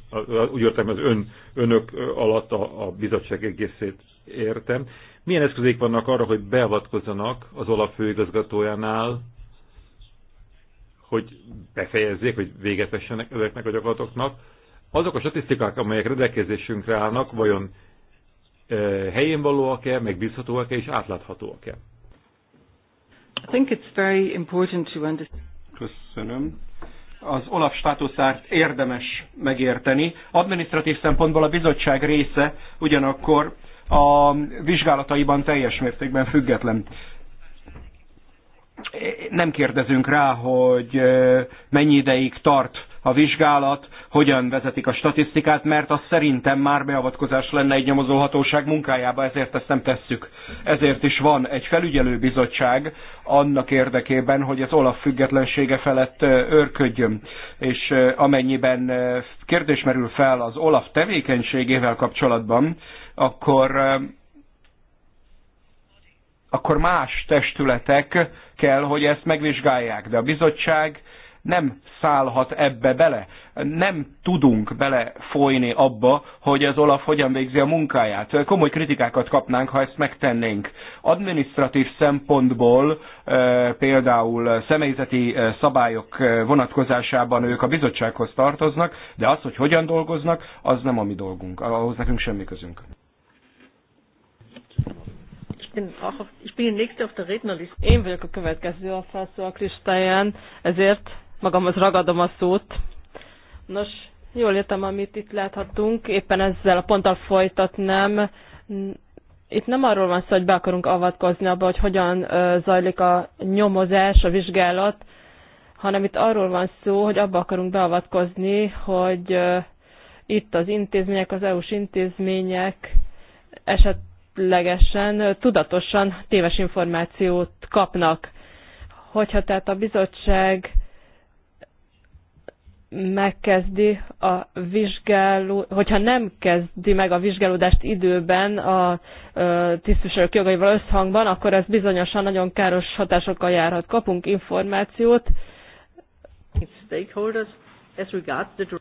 [SPEAKER 2] úgy értem, az ön, önök alatt a, a bizottság egészét értem, milyen eszközeik vannak arra, hogy beavatkozzanak az olaf főigazgatójánál, hogy befejezzék, hogy véget vessenek ezeknek a gyakorlatoknak. Azok a statisztikák, amelyek rendelkezésünkre állnak, vajon helyén valóak-e, megbízhatóak-e és átláthatóak-e.
[SPEAKER 1] I think it's very important to understand.
[SPEAKER 4] Köszönöm. Az Olaf státuszát érdemes megérteni. Administratív szempontból a bizottság része, ugyanakkor a vizsgálataiban teljes mértékben független. Nem kérdezünk rá, hogy mennyi ideig tart a vizsgálat, hogyan vezetik a statisztikát, mert az szerintem már beavatkozás lenne egy nyomozóhatóság munkájába, ezért ezt nem tesszük. Ezért is van egy felügyelőbizottság annak érdekében, hogy az Olaf függetlensége felett őrködjön. És amennyiben kérdés merül fel az Olaf tevékenységével kapcsolatban, akkor akkor más testületek kell, hogy ezt megvizsgálják. De a bizottság nem szállhat ebbe bele. Nem tudunk belefolyni abba, hogy az Olaf hogyan végzi a munkáját. Komoly kritikákat kapnánk, ha ezt megtennénk. Administratív szempontból eh, például személyzeti eh, szabályok eh, vonatkozásában ők a bizottsághoz tartoznak, de az, hogy hogyan dolgoznak, az nem a mi dolgunk. Ahhoz nekünk semmi közünk.
[SPEAKER 1] Én vagyok a következő a felszólalk listáján, ezért magamhoz ragadom a szót. Nos, jól értem, amit itt láthatunk, éppen ezzel a ponttal folytatnám. Itt nem arról van szó, hogy be akarunk avatkozni abba, hogy hogyan zajlik a nyomozás, a vizsgálat, hanem itt arról van szó, hogy abba akarunk beavatkozni, hogy itt az intézmények, az EU-s intézmények esetlegesen tudatosan téves információt kapnak. Hogyha tehát a bizottság megkezdi a vizsgáló, hogyha nem kezdi meg a vizsgálódást időben a tisztviselők jogaival összhangban, akkor ez bizonyosan nagyon káros hatásokkal járhat. Kapunk információt.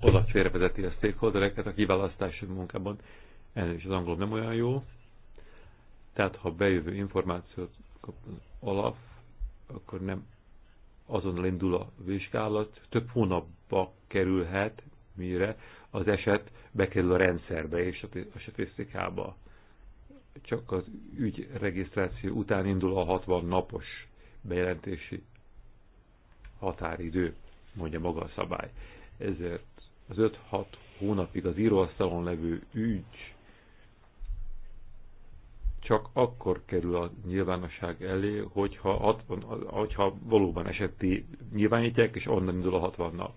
[SPEAKER 1] Oda
[SPEAKER 2] félrevezeti a stakeholdereket a kiválasztási munkában. Ennél is az angol nem olyan jó. Tehát, ha bejövő információt kap az alap, akkor nem azonnal indul a vizsgálat, több hónapba kerülhet, mire az eset bekerül a rendszerbe és a statisztikába. Csak az ügy regisztráció után indul a 60 napos bejelentési határidő, mondja maga a szabály. Ezért az 5-6 hónapig az íróasztalon levő ügy csak akkor kerül a nyilvánosság elé, hogyha, 60, hogyha valóban eseti nyilvánítják, és onnan indul a 60 nap.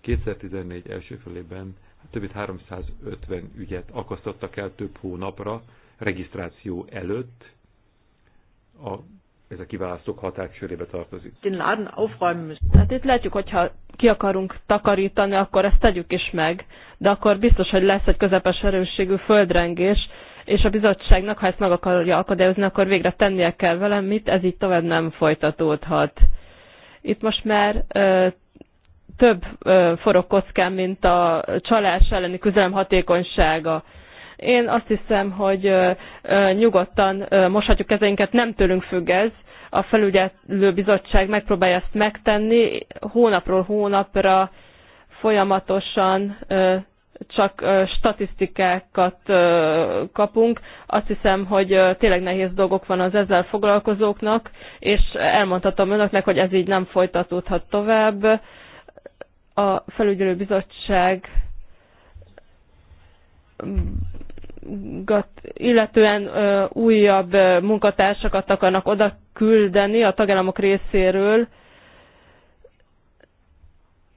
[SPEAKER 2] 2014 első felében több mint 350 ügyet akasztottak el több hónapra regisztráció előtt. A, ez a kiválasztók hatáskörébe tartozik.
[SPEAKER 1] Tehát itt látjuk, hogyha ki akarunk takarítani, akkor ezt tegyük is meg, de akkor biztos, hogy lesz egy közepes erősségű földrengés, és a bizottságnak, ha ezt meg akarja akadályozni, akkor végre tennie kell velem, mit ez így tovább nem folytatódhat. Itt most már több forog kockán, mint a csalás elleni küzdelem hatékonysága. Én azt hiszem, hogy nyugodtan moshatjuk kezeinket, nem tőlünk függ ez. A felügyelő bizottság megpróbálja ezt megtenni hónapról hónapra, folyamatosan csak statisztikákat kapunk. Azt hiszem, hogy tényleg nehéz dolgok van az ezzel foglalkozóknak, és elmondhatom önöknek, hogy ez így nem folytatódhat tovább a felügyelőbizottság illetően ö, újabb ö, munkatársakat akarnak oda küldeni a tagállamok részéről.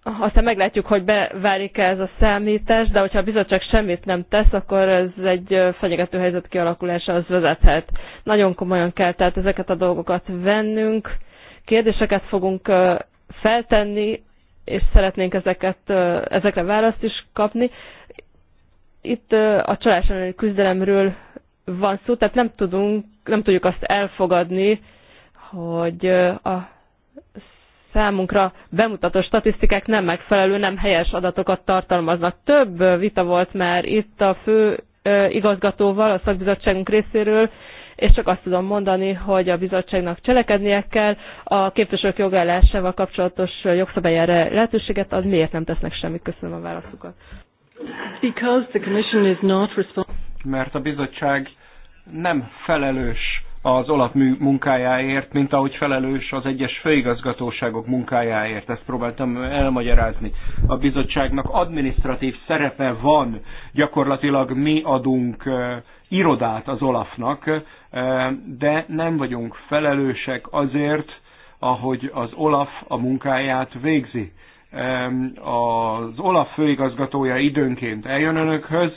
[SPEAKER 1] Aztán meglátjuk, hogy beválik-e ez a számítás, de hogyha a bizottság semmit nem tesz, akkor ez egy fenyegető helyzet kialakulása az vezethet. Nagyon komolyan kell tehát ezeket a dolgokat vennünk, kérdéseket fogunk feltenni és szeretnénk ezeket, ezekre választ is kapni. Itt a csalás elleni küzdelemről van szó, tehát nem, tudunk, nem tudjuk azt elfogadni, hogy a számunkra bemutató statisztikák nem megfelelő, nem helyes adatokat tartalmaznak. Több vita volt már itt a fő igazgatóval, a szakbizottságunk részéről, és csak azt tudom mondani, hogy a bizottságnak cselekednie kell, a képviselők jogállásával kapcsolatos jogszabályára lehetőséget ad, miért nem tesznek semmit. Köszönöm a válaszukat.
[SPEAKER 4] the is not Mert a bizottság nem felelős az olap munkájáért, mint ahogy felelős az egyes főigazgatóságok munkájáért. Ezt próbáltam elmagyarázni. A bizottságnak administratív szerepe van, gyakorlatilag mi adunk eh, irodát az olafnak, de nem vagyunk felelősek azért, ahogy az Olaf a munkáját végzi. Az Olaf főigazgatója időnként eljön önökhöz,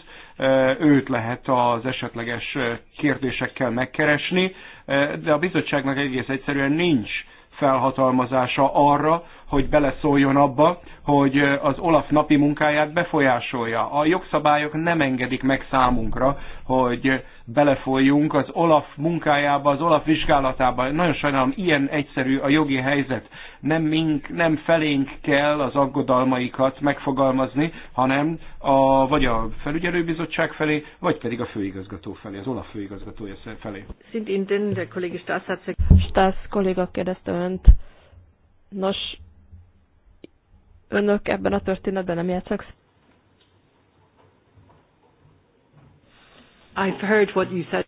[SPEAKER 4] őt lehet az esetleges kérdésekkel megkeresni, de a bizottságnak egész egyszerűen nincs felhatalmazása arra, hogy beleszóljon abba, hogy az Olaf napi munkáját befolyásolja. A jogszabályok nem engedik meg számunkra, hogy belefolyjunk az Olaf munkájába, az Olaf vizsgálatába. Nagyon sajnálom, ilyen egyszerű a jogi helyzet. Nem, mink, nem felénk kell az aggodalmaikat megfogalmazni, hanem a, vagy a felügyelőbizottság felé, vagy pedig a főigazgató felé, az Olaf főigazgatója felé.
[SPEAKER 1] Szintén, de kollégi hát Stász kolléga kérdezte önt. Nos, önök ebben a történetben nem játszak? I've heard what you said.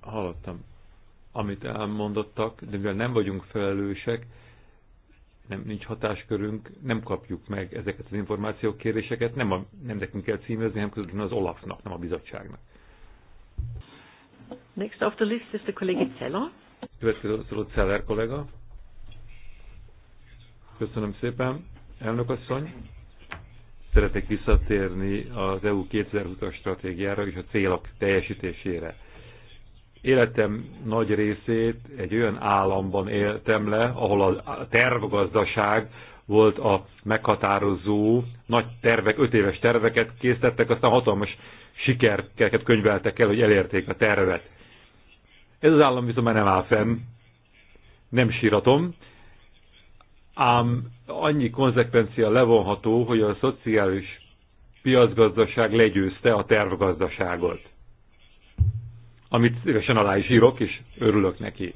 [SPEAKER 2] Hallottam, amit elmondottak, de mivel nem vagyunk felelősek, nem, nincs hatáskörünk, nem kapjuk meg ezeket az információk kéréseket, nem, a, nem nekünk kell címezni, hanem közben az Olafnak, nem a bizottságnak.
[SPEAKER 1] Next off the list is the colleague Cella.
[SPEAKER 2] Következő a Zeller kollega. Köszönöm szépen. Elnök asszony, szeretnék visszatérni az EU 2020-as stratégiára és a célok teljesítésére. Életem nagy részét egy olyan államban éltem le, ahol a tervgazdaság volt a meghatározó, nagy tervek, öt éves terveket készítettek, aztán hatalmas sikereket könyveltek el, hogy elérték a tervet. Ez az állam viszont már nem áll fenn, nem síratom, ám annyi konzekvencia levonható, hogy a szociális piacgazdaság legyőzte a tervgazdaságot, amit szívesen alá is írok, és örülök neki.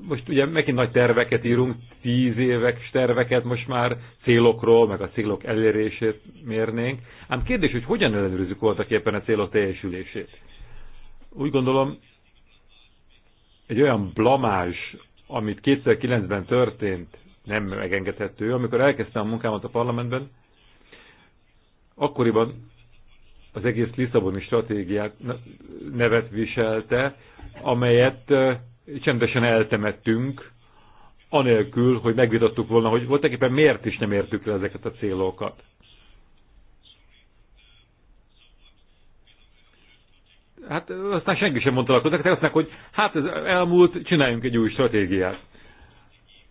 [SPEAKER 2] Most ugye megint nagy terveket írunk, tíz évek terveket most már célokról, meg a célok elérését mérnénk. Ám kérdés, hogy hogyan ellenőrizzük voltak éppen a célok teljesülését? Úgy gondolom, egy olyan blamás, amit 2009-ben történt, nem megengedhető. Amikor elkezdtem a munkámat a parlamentben, akkoriban az egész Lisszaboni stratégiát nevet viselte, amelyet csendesen eltemettünk, anélkül, hogy megvitattuk volna, hogy voltak éppen miért is nem értük le ezeket a célokat. Hát aztán senki sem mondta a de azt hogy hát ez elmúlt, csináljunk egy új stratégiát.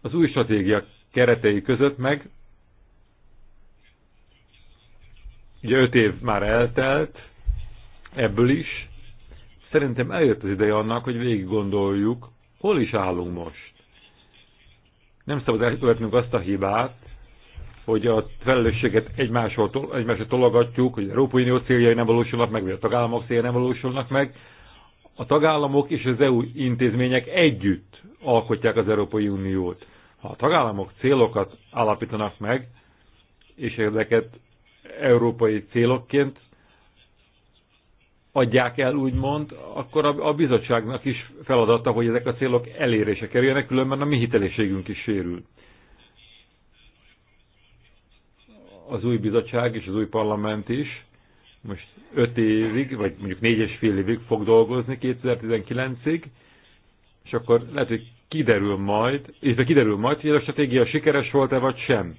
[SPEAKER 2] Az új stratégia keretei között meg ugye öt év már eltelt ebből is. Szerintem eljött az ideje annak, hogy végig gondoljuk, hol is állunk most. Nem szabad elkövetnünk azt a hibát, hogy a felelősséget egymástól, egymástól tologatjuk, hogy a Európai Unió céljai nem valósulnak meg, vagy a tagállamok céljai nem valósulnak meg. A tagállamok és az EU intézmények együtt alkotják az Európai Uniót. Ha a tagállamok célokat állapítanak meg, és ezeket európai célokként adják el, úgymond, akkor a bizottságnak is feladata, hogy ezek a célok elérése kerüljenek, különben a mi hitelességünk is sérül. Az új bizottság és az új parlament is most 5 évig, vagy mondjuk 4 és fél évig fog dolgozni 2019-ig, és akkor lehet, hogy kiderül majd, és kiderül majd, hogy a stratégia sikeres volt-e vagy sem.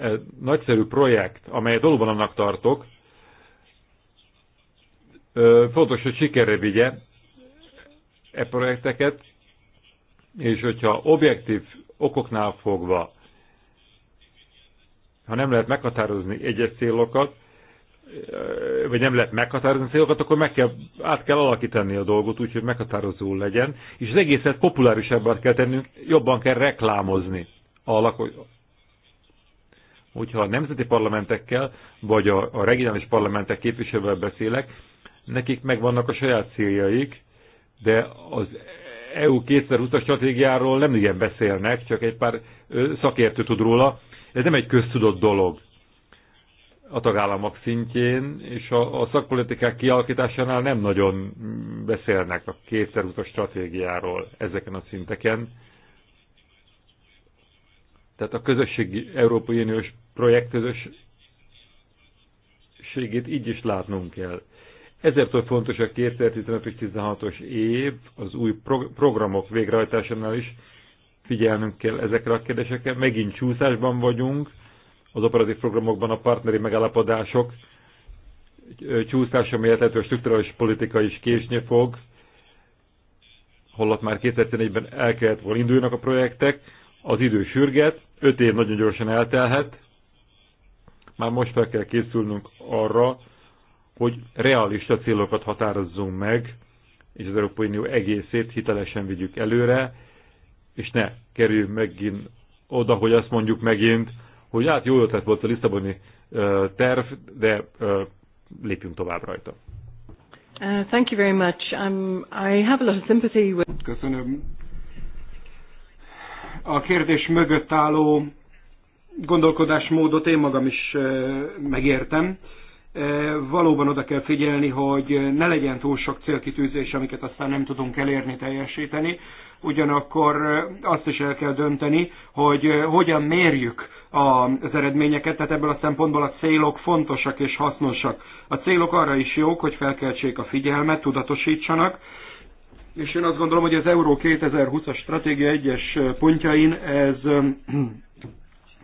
[SPEAKER 2] Ez nagyszerű projekt, amelyet valóban annak tartok, fontos, hogy sikerre vigye e projekteket, és hogyha objektív okoknál fogva, ha nem lehet meghatározni egyes célokat, vagy nem lehet meghatározni célokat, akkor meg kell, át kell alakítani a dolgot úgy, hogy meghatározó legyen, és az egészet populárisabbá kell tennünk, jobban kell reklámozni a lakos, hogyha a nemzeti parlamentekkel, vagy a, a regionális parlamentek képviselővel beszélek, nekik megvannak a saját céljaik, de az EU 2020-as stratégiáról nem igen beszélnek, csak egy pár szakértő tud róla. Ez nem egy köztudott dolog a tagállamok szintjén, és a, a szakpolitikák kialakításánál nem nagyon beszélnek a kétszerúta stratégiáról ezeken a szinteken. Tehát a közösségi Európai Uniós projekt közösségét így is látnunk kell. Ezért fontos a 2015 16-os év, az új pro programok végrehajtásánál is figyelnünk kell ezekre a kérdésekre. Megint csúszásban vagyunk, az operatív programokban a partneri megállapodások csúszása miatt lehető strukturális politika is késni fog, holott már 2014-ben el kellett volna induljanak a projektek, az idő sürget, 5 év nagyon gyorsan eltelhet, már most fel kell készülnünk arra, hogy realista célokat határozzunk meg, és az Európai Unió egészét hitelesen vigyük előre, és ne kerüljünk megint oda, hogy azt mondjuk megint, hogy hát jó ötlet volt a Lisszaboni terv, de lépjünk tovább rajta.
[SPEAKER 1] Uh, thank you very much. I'm, um, I have a lot of sympathy with... Köszönöm.
[SPEAKER 4] A kérdés mögött álló gondolkodásmódot én magam is megértem valóban oda kell figyelni, hogy ne legyen túl sok célkitűzés, amiket aztán nem tudunk elérni, teljesíteni. Ugyanakkor azt is el kell dönteni, hogy hogyan mérjük az eredményeket, tehát ebből a szempontból a célok fontosak és hasznosak. A célok arra is jók, hogy felkeltsék a figyelmet, tudatosítsanak, és én azt gondolom, hogy az Euró 2020-as stratégia egyes pontjain ez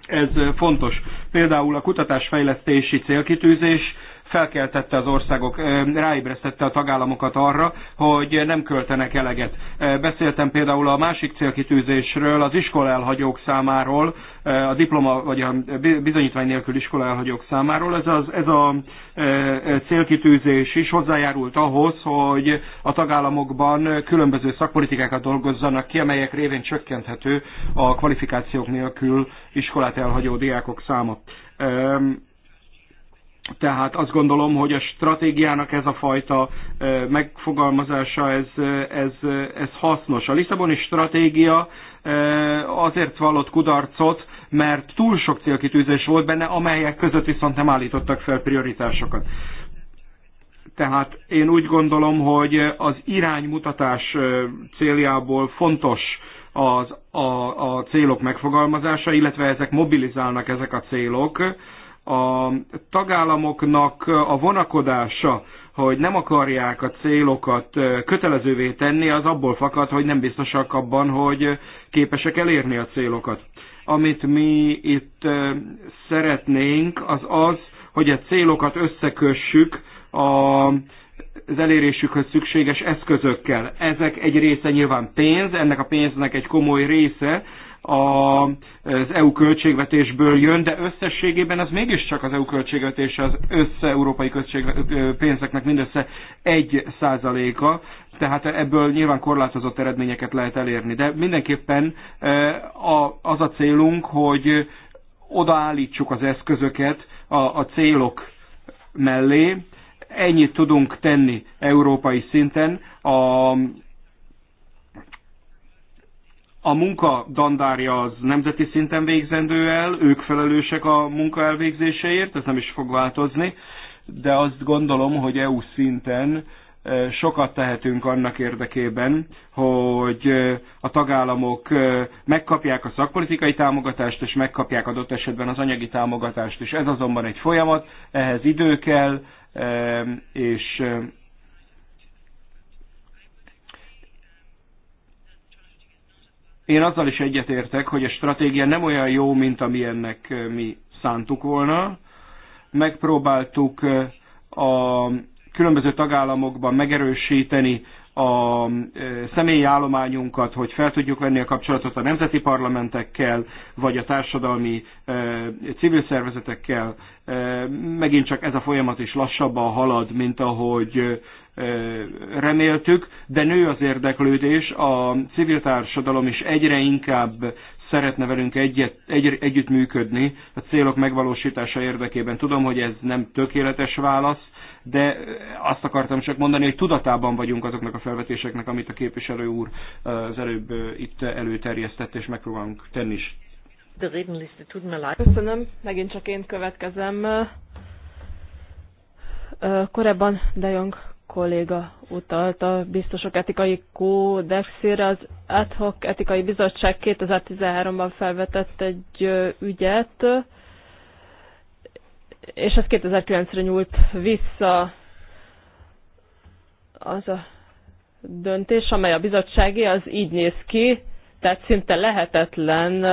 [SPEAKER 4] ez fontos. Például a kutatásfejlesztési célkitűzés felkeltette az országok, ráébresztette a tagállamokat arra, hogy nem költenek eleget. Beszéltem például a másik célkitűzésről, az iskolaelhagyók számáról, a diploma vagy a bizonyítvány nélkül iskolaelhagyók számáról. Ez, az, ez a célkitűzés is hozzájárult ahhoz, hogy a tagállamokban különböző szakpolitikákat dolgozzanak ki, amelyek révén csökkenthető a kvalifikációk nélkül iskolát elhagyó diákok száma. Tehát azt gondolom, hogy a stratégiának ez a fajta megfogalmazása, ez, ez, ez hasznos. A Lisszaboni stratégia azért vallott kudarcot, mert túl sok célkitűzés volt benne, amelyek között viszont nem állítottak fel prioritásokat. Tehát én úgy gondolom, hogy az iránymutatás céljából fontos az, a, a célok megfogalmazása, illetve ezek mobilizálnak ezek a célok, a tagállamoknak a vonakodása, hogy nem akarják a célokat kötelezővé tenni, az abból fakad, hogy nem biztosak abban, hogy képesek elérni a célokat. Amit mi itt szeretnénk, az az, hogy a célokat összekössük a az elérésükhöz szükséges eszközökkel. Ezek egy része nyilván pénz, ennek a pénznek egy komoly része az EU költségvetésből jön, de összességében az mégiscsak az EU költségvetése az össze-európai pénzeknek mindössze 1 százaléka, tehát ebből nyilván korlátozott eredményeket lehet elérni. De mindenképpen az a célunk, hogy odaállítsuk az eszközöket a célok mellé, ennyit tudunk tenni európai szinten a a munka dandárja az nemzeti szinten végzendő el, ők felelősek a munka elvégzéseért, ez nem is fog változni, de azt gondolom, hogy EU szinten eh, sokat tehetünk annak érdekében, hogy eh, a tagállamok eh, megkapják a szakpolitikai támogatást, és megkapják adott esetben az anyagi támogatást és Ez azonban egy folyamat, ehhez idő kell, és Én azzal is egyetértek, hogy a stratégia nem olyan jó, mint amilyennek mi szántuk volna. Megpróbáltuk a különböző tagállamokban megerősíteni a személyi állományunkat, hogy fel tudjuk venni a kapcsolatot a nemzeti parlamentekkel, vagy a társadalmi civil szervezetekkel. Megint csak ez a folyamat is lassabban halad, mint ahogy reméltük, de nő az érdeklődés, a civil társadalom is egyre inkább szeretne velünk egyet, egy, együttműködni a célok megvalósítása érdekében. Tudom, hogy ez nem tökéletes válasz, de azt akartam csak mondani, hogy tudatában vagyunk azoknak a felvetéseknek, amit a képviselő úr az előbb itt előterjesztett, és megpróbálunk tenni is.
[SPEAKER 1] Köszönöm, megint csak én következem. Korábban De Jong kolléga utalt a biztosok etikai kódexére. Az Adhok Etikai Bizottság 2013-ban felvetett egy ügyet, és ez 2009-re nyúlt vissza az a döntés, amely a bizottsági, az így néz ki, tehát szinte lehetetlen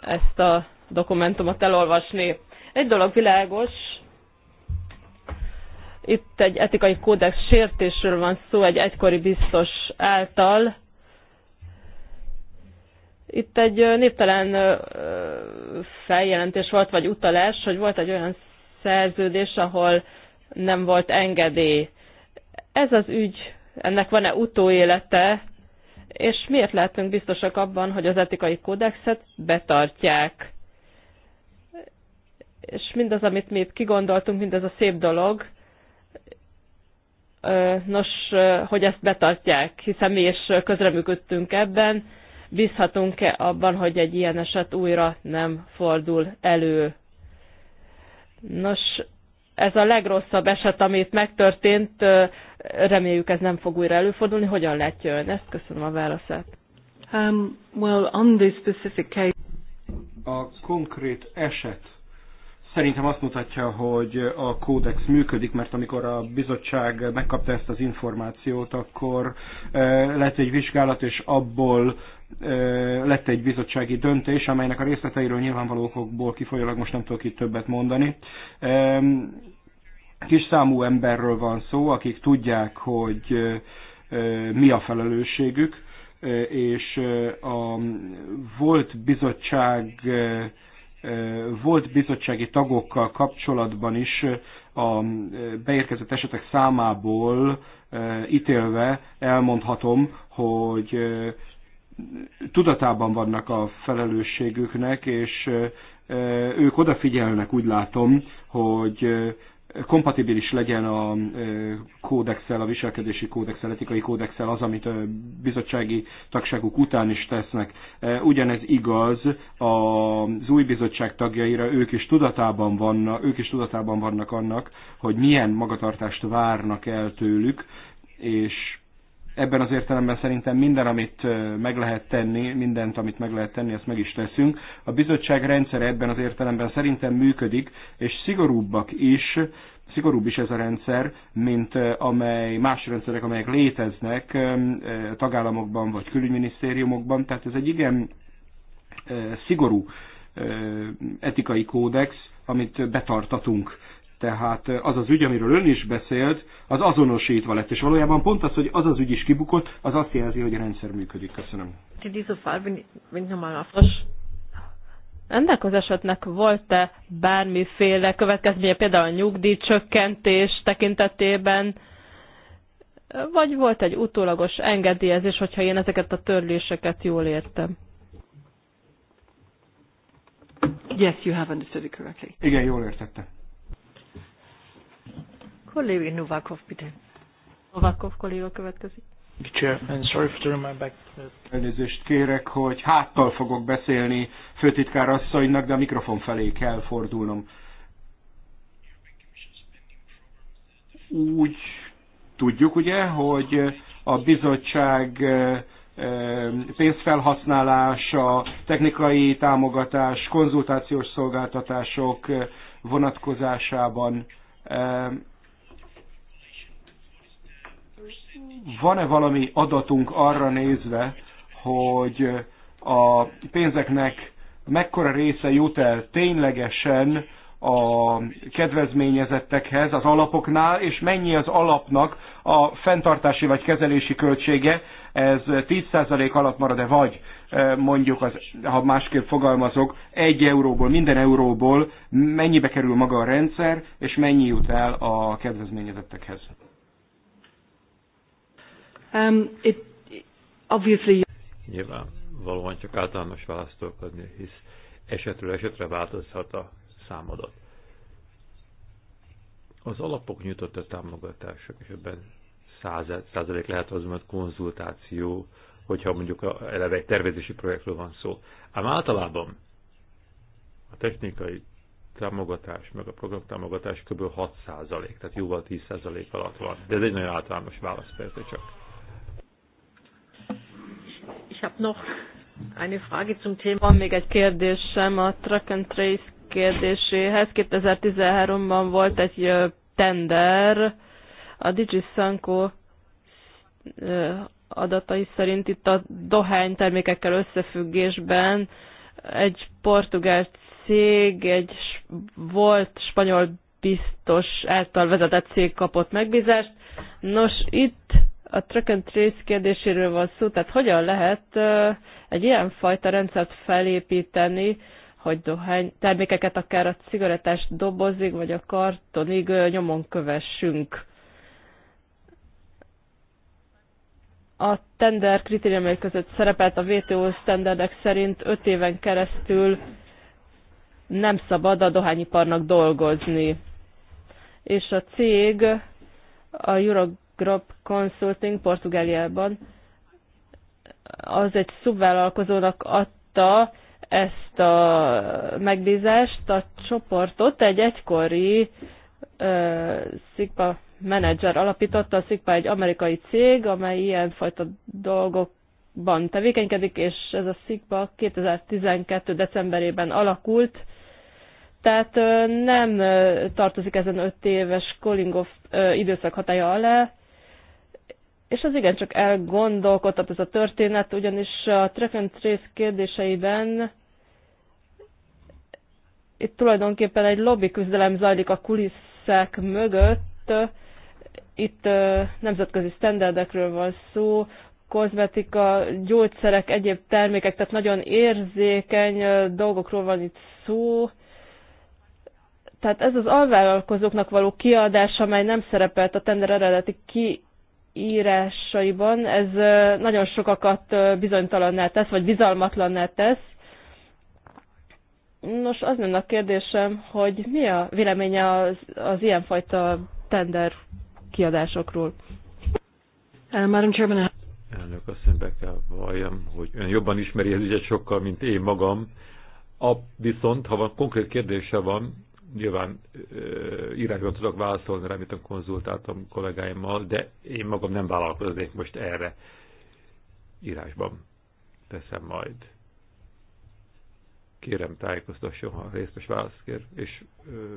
[SPEAKER 1] ezt a dokumentumot elolvasni. Egy dolog világos, itt egy etikai kódex sértésről van szó egy egykori biztos által, itt egy néptelen feljelentés volt, vagy utalás, hogy volt egy olyan szerződés, ahol nem volt engedély. Ez az ügy, ennek van-e utóélete, és miért lehetünk biztosak abban, hogy az etikai kódexet betartják? És mindaz, amit mi itt kigondoltunk, mindez a szép dolog, nos, hogy ezt betartják, hiszen mi is közreműködtünk ebben, bízhatunk-e abban, hogy egy ilyen eset újra nem fordul elő. Nos, ez a legrosszabb eset, amit megtörtént, reméljük ez nem fog újra előfordulni. Hogyan lehet ön ezt? Köszönöm a válaszát. Um, well, on this specific case...
[SPEAKER 4] A konkrét eset szerintem azt mutatja, hogy a kódex működik, mert amikor a bizottság megkapta ezt az információt, akkor lett egy vizsgálat, és abból lett egy bizottsági döntés, amelynek a részleteiről nyilvánvaló kifolyólag most nem tudok itt többet mondani. Kis számú emberről van szó, akik tudják, hogy mi a felelősségük, és a volt bizottság volt bizottsági tagokkal kapcsolatban is a beérkezett esetek számából ítélve elmondhatom, hogy tudatában vannak a felelősségüknek, és ők odafigyelnek, úgy látom, hogy kompatibilis legyen a kódexel, a viselkedési kódexel, etikai kódexel az, amit a bizottsági tagságuk után is tesznek. Ugyanez igaz az új bizottság tagjaira, ők is tudatában vannak, ők is tudatában vannak annak, hogy milyen magatartást várnak el tőlük, és ebben az értelemben szerintem minden, amit meg lehet tenni, mindent, amit meg lehet tenni, ezt meg is teszünk. A bizottság rendszere ebben az értelemben szerintem működik, és szigorúbbak is, szigorúbb is ez a rendszer, mint amely más rendszerek, amelyek léteznek tagállamokban vagy külügyminisztériumokban. Tehát ez egy igen szigorú etikai kódex, amit betartatunk tehát az az ügy, amiről ön is beszélt, az azonosítva lett. És valójában pont az, hogy az az ügy is kibukott, az azt jelzi, hogy a rendszer működik. Köszönöm.
[SPEAKER 1] Rendelkozásodnak ennek az esetnek volt-e bármiféle következménye, például a nyugdíjcsökkentés tekintetében, vagy volt egy utólagos engedélyezés, hogyha én ezeket a törléseket jól értem? Yes, you have understood it correctly.
[SPEAKER 4] Igen, jól értettem.
[SPEAKER 1] Kollégi Novakov, bitte. Novakov kolléga következik.
[SPEAKER 4] Elnézést kérek, hogy háttal fogok beszélni főtitkár asszonynak, de a mikrofon felé kell fordulnom. Úgy tudjuk ugye, hogy a bizottság eh, eh, pénzfelhasználása, technikai támogatás, konzultációs szolgáltatások eh, vonatkozásában van-e valami adatunk arra nézve, hogy a pénzeknek mekkora része jut el ténylegesen a kedvezményezettekhez az alapoknál, és mennyi az alapnak a fenntartási vagy kezelési költsége, ez 10% alatt marad-e, vagy e, mondjuk, az, ha másképp fogalmazok, egy euróból, minden euróból mennyibe kerül maga a rendszer, és mennyi jut el a kedvezményezettekhez?
[SPEAKER 1] Um, it, obviously...
[SPEAKER 2] Nyilván valóan csak általános választ adni, hisz esetről esetre változhat a számodat. Az alapok nyújtott a támogatások, és ebben százalék lehet az, mert konzultáció, hogyha mondjuk eleve egy tervezési projektről van szó. Ám általában a technikai támogatás, meg a programtámogatás kb. 6 százalék, tehát jóval 10 százalék alatt van. De ez egy nagyon általános válasz persze csak.
[SPEAKER 1] Ich habe noch eine Frage zum Thema. még egy kérdésem a Truck and Trace kérdéséhez. 2013-ban volt egy tender, a DigiSanko adatai szerint itt a dohány termékekkel összefüggésben egy portugál cég, egy volt spanyol biztos által vezetett cég kapott megbízást. Nos, itt a track and trace kérdéséről van szó, tehát hogyan lehet egy ilyen fajta rendszert felépíteni, hogy dohány termékeket akár a cigarettás dobozig, vagy a kartonig nyomon kövessünk. A tender kritériumai között szerepelt a WTO standardek szerint 5 éven keresztül nem szabad a dohányiparnak dolgozni. És a cég a Europe Grab Consulting Portugáliában az egy szubvállalkozónak adta ezt a megbízást, a csoportot egy egykori uh, Szigpa menedzser alapította, a Szigpa egy amerikai cég, amely ilyenfajta dolgokban tevékenykedik, és ez a Szigpa 2012. decemberében alakult, tehát nem tartozik ezen öt éves calling uh, időszak hatája alá, és ez igencsak elgondolkodtat ez a történet, ugyanis a track and trace kérdéseiben itt tulajdonképpen egy lobby küzdelem zajlik a kulisszák mögött. Itt nemzetközi standardekről van szó, kozmetika, gyógyszerek, egyéb termékek, tehát nagyon érzékeny dolgokról van itt szó. Tehát ez az alvállalkozóknak való kiadás, amely nem szerepelt a tender eredeti ki írásaiban, ez nagyon sokakat bizonytalanná tesz, vagy bizalmatlanná tesz. Nos, az lenne a kérdésem, hogy mi a véleménye az, az ilyenfajta tender kiadásokról? Uh, Madam Chairman,
[SPEAKER 2] elnök, azt be kell valljam, hogy ön jobban ismeri az ügyet sokkal, mint én magam. A, viszont, ha van konkrét kérdése van, nyilván írásban tudok válaszolni rá, amit konzultáltam kollégáimmal, de én magam nem vállalkoznék most erre. Írásban teszem majd. Kérem, tájékoztasson, ha részes választ kér, és,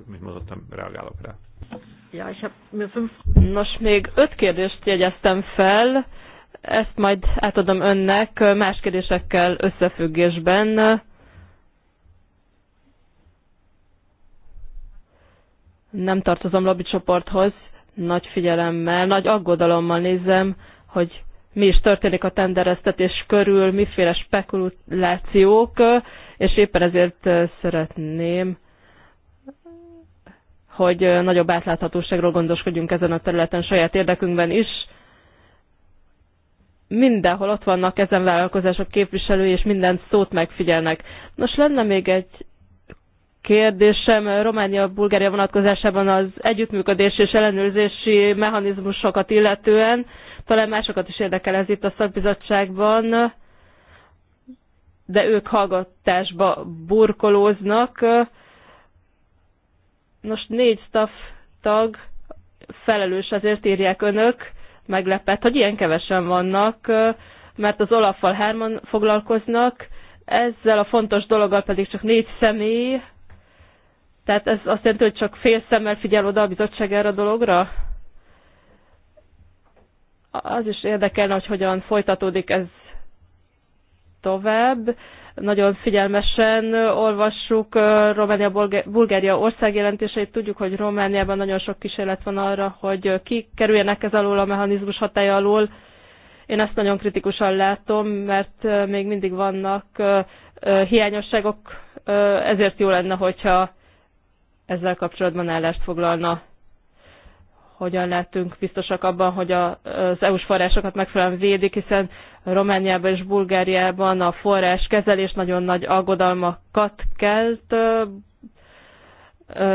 [SPEAKER 2] mint mondottam, reagálok rá.
[SPEAKER 1] Ja, és hát Nos, még öt kérdést jegyeztem fel, ezt majd átadom önnek más kérdésekkel összefüggésben nem tartozom csoporthoz, nagy figyelemmel, nagy aggodalommal nézem, hogy mi is történik a tendereztetés körül, miféle spekulációk, és éppen ezért szeretném, hogy nagyobb átláthatóságról gondoskodjunk ezen a területen saját érdekünkben is. Mindenhol ott vannak ezen vállalkozások képviselői, és minden szót megfigyelnek. Nos, lenne még egy kérdésem Románia-Bulgária vonatkozásában az együttműködés és ellenőrzési mechanizmusokat illetően. Talán másokat is érdekel ez itt a szakbizottságban, de ők hallgatásba burkolóznak. Most négy staff tag felelős, azért írják önök, meglepett, hogy ilyen kevesen vannak, mert az Olaffal hárman foglalkoznak, ezzel a fontos dologgal pedig csak négy személy, tehát ez azt jelenti, hogy csak fél szemmel figyel oda a bizottság erre a dologra? Az is érdekelne, hogy hogyan folytatódik ez tovább. Nagyon figyelmesen olvassuk Románia-Bulgária országjelentéseit. Tudjuk, hogy Romániában nagyon sok kísérlet van arra, hogy ki kerüljenek ez alól a mechanizmus hatája alól. Én ezt nagyon kritikusan látom, mert még mindig vannak hiányosságok, ezért jó lenne, hogyha ezzel kapcsolatban állást foglalna. Hogyan lehetünk biztosak abban, hogy az EU-s forrásokat megfelelően védik, hiszen Romániában és Bulgáriában a forrás kezelés nagyon nagy aggodalmakat kelt.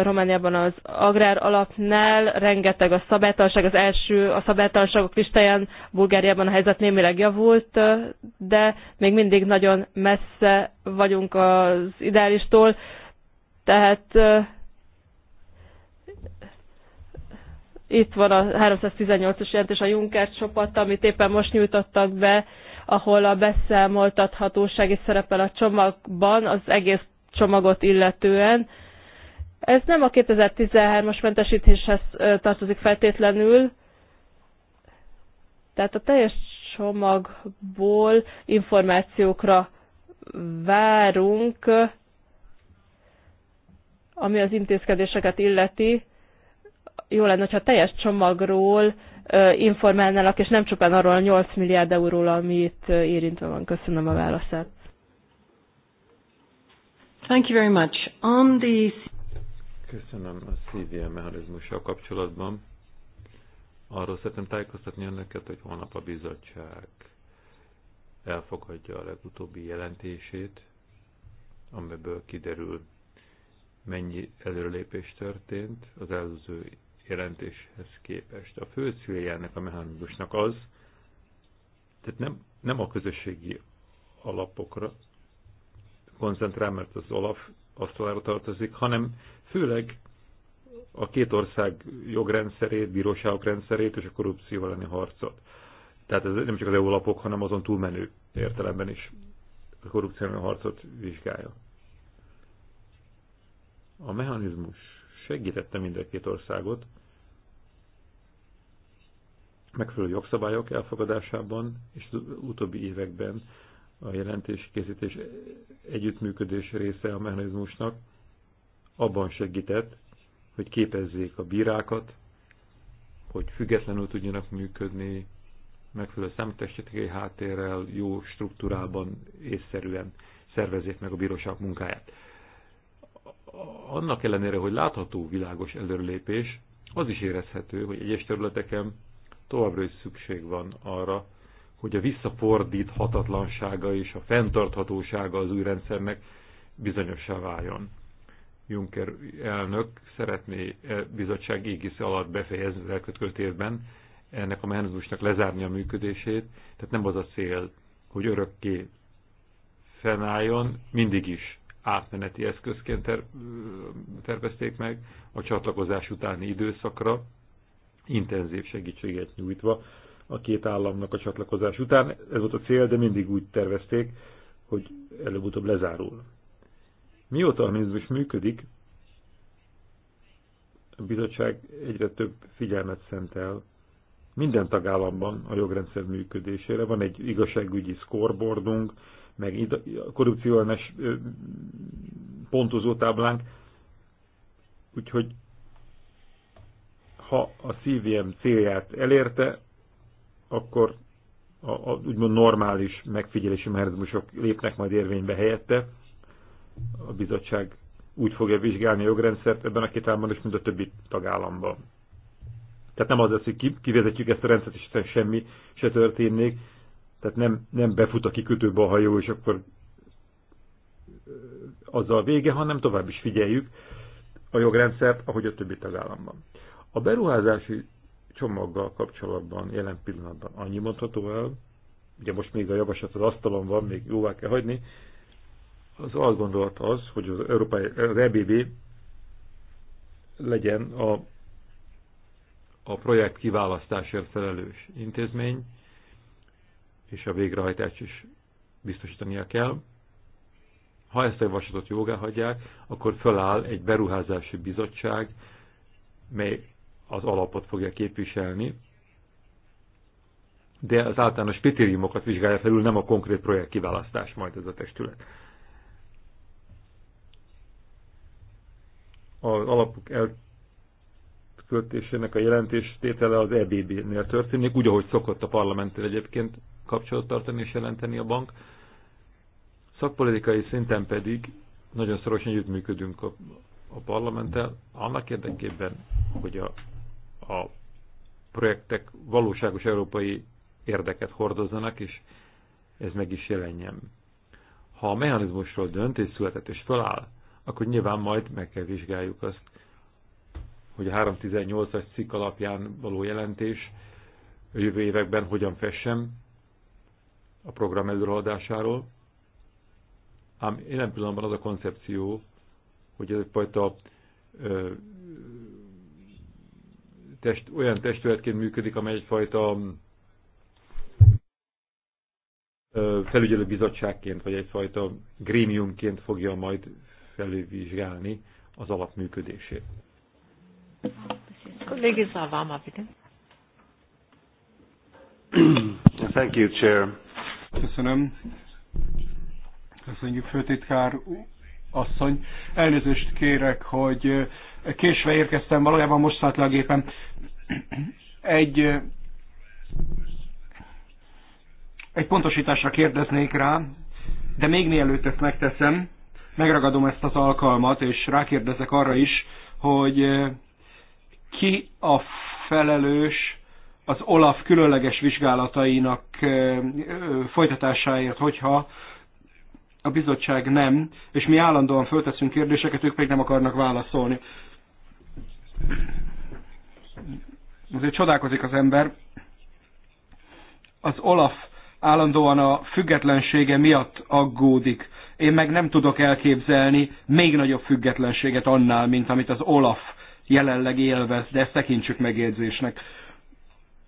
[SPEAKER 1] Romániában az agrár alapnál rengeteg a szabálytalanság, az első a szabálytalanságok listáján Bulgáriában a helyzet némileg javult, de még mindig nagyon messze vagyunk az ideálistól, tehát Itt van a 318-as jelentés a Juncker csapat, amit éppen most nyújtottak be, ahol a beszámoltathatóság is szerepel a csomagban, az egész csomagot illetően. Ez nem a 2013-as mentesítéshez tartozik feltétlenül, tehát a teljes csomagból információkra várunk, ami az intézkedéseket illeti, jó lenne, ha teljes csomagról informálnálak, és nem csupán arról a 8 milliárd euróról, amit érintve van. Köszönöm a válaszát. Thank you very much. On the...
[SPEAKER 2] Köszönöm a CVM mechanizmussal kapcsolatban. Arról szeretném tájékoztatni önöket, hogy holnap a bizottság elfogadja a legutóbbi jelentését, amiből kiderül, mennyi előrelépés történt az előző jelentéshez képest. A fő célja ennek a mechanizmusnak az, tehát nem, nem a közösségi alapokra koncentrál, mert az Olaf asztalára tartozik, hanem főleg a két ország jogrendszerét, bíróságok rendszerét és a korrupció elleni harcot. Tehát ez nem csak az EU lapok, hanem azon túlmenő értelemben is a korrupció elleni harcot vizsgálja. A mechanizmus segítette mind a két országot megfelelő jogszabályok elfogadásában és az utóbbi években a készítés együttműködés része a mechanizmusnak abban segített, hogy képezzék a bírákat, hogy függetlenül tudjanak működni, megfelelő számítástechnikai háttérrel, jó struktúrában észszerűen szervezzék meg a bíróság munkáját. Annak ellenére, hogy látható világos előrelépés, az is érezhető, hogy egyes területeken továbbra is szükség van arra, hogy a visszafordíthatatlansága és a fenntarthatósága az új rendszernek bizonyossá váljon. Juncker elnök szeretné e bizottság égisze alatt befejezni az elkötött évben ennek a mechanizmusnak lezárni a működését, tehát nem az a cél, hogy örökké fennálljon, mindig is átmeneti eszközként tervezték meg a csatlakozás utáni időszakra, intenzív segítséget nyújtva a két államnak a csatlakozás után. Ez volt a cél, de mindig úgy tervezték, hogy előbb-utóbb lezárul. Mióta a mizmus működik, a bizottság egyre több figyelmet szentel minden tagállamban a jogrendszer működésére. Van egy igazságügyi scoreboardunk, meg korrupcióellenes pontozó táblánk, úgyhogy ha a CVM célját elérte, akkor a, a úgymond normális megfigyelési mechanizmusok lépnek majd érvénybe helyette. A bizottság úgy fogja vizsgálni a jogrendszert ebben a két államban is, mint a többi tagállamban. Tehát nem az lesz, hogy kivezetjük ezt a rendszert, és aztán semmi se történnék. Tehát nem, nem befut a kikötőbe a hajó, és akkor azzal vége, hanem tovább is figyeljük a jogrendszert, ahogy a többi tagállamban. A beruházási csomaggal kapcsolatban jelen pillanatban annyi mondható el, ugye most még a javaslat az asztalon van, még jóvá kell hagyni, az algondolat az, hogy az, Európai, az EBB legyen a, a projekt kiválasztásért felelős intézmény, és a végrehajtást is biztosítania kell. Ha ezt a javaslatot jóvá hagyják, akkor föláll egy beruházási bizottság, mely az alapot fogja képviselni, de az általános kritériumokat vizsgálja felül, nem a konkrét projekt kiválasztás majd ez a testület. Az alapok elköltésének a jelentéstétele az EBB-nél történik, úgy, ahogy szokott a parlamenttel egyébként kapcsolat tartani és jelenteni a bank. Szakpolitikai szinten pedig nagyon szorosan együttműködünk a, a parlamenttel annak érdekében, hogy a a projektek valóságos európai érdeket hordozzanak, és ez meg is jelenjen. Ha a mechanizmusról döntés született és feláll, akkor nyilván majd meg kell vizsgáljuk azt, hogy a 318-as cikk alapján való jelentés a jövő években hogyan fessem a program előadásáról. Ám jelen pillanatban az a koncepció, hogy ez egyfajta test, olyan testületként működik, amely egyfajta felügyelő bizottságként, vagy egyfajta grémiumként fogja majd felülvizsgálni az alapműködését. Thank you, Chair.
[SPEAKER 4] Köszönöm. Köszönjük, főtitkár asszony. Elnézést kérek, hogy késve érkeztem, valójában most szállt le a gépem. Egy, egy pontosításra kérdeznék rá, de még mielőtt ezt megteszem, megragadom ezt az alkalmat, és rákérdezek arra is, hogy ki a felelős az Olaf különleges vizsgálatainak folytatásáért, hogyha a bizottság nem, és mi állandóan fölteszünk kérdéseket, ők pedig nem akarnak válaszolni. Azért csodálkozik az ember. Az Olaf állandóan a függetlensége miatt aggódik. Én meg nem tudok elképzelni még nagyobb függetlenséget annál, mint amit az Olaf jelenleg élvez, de ezt tekintsük megjegyzésnek.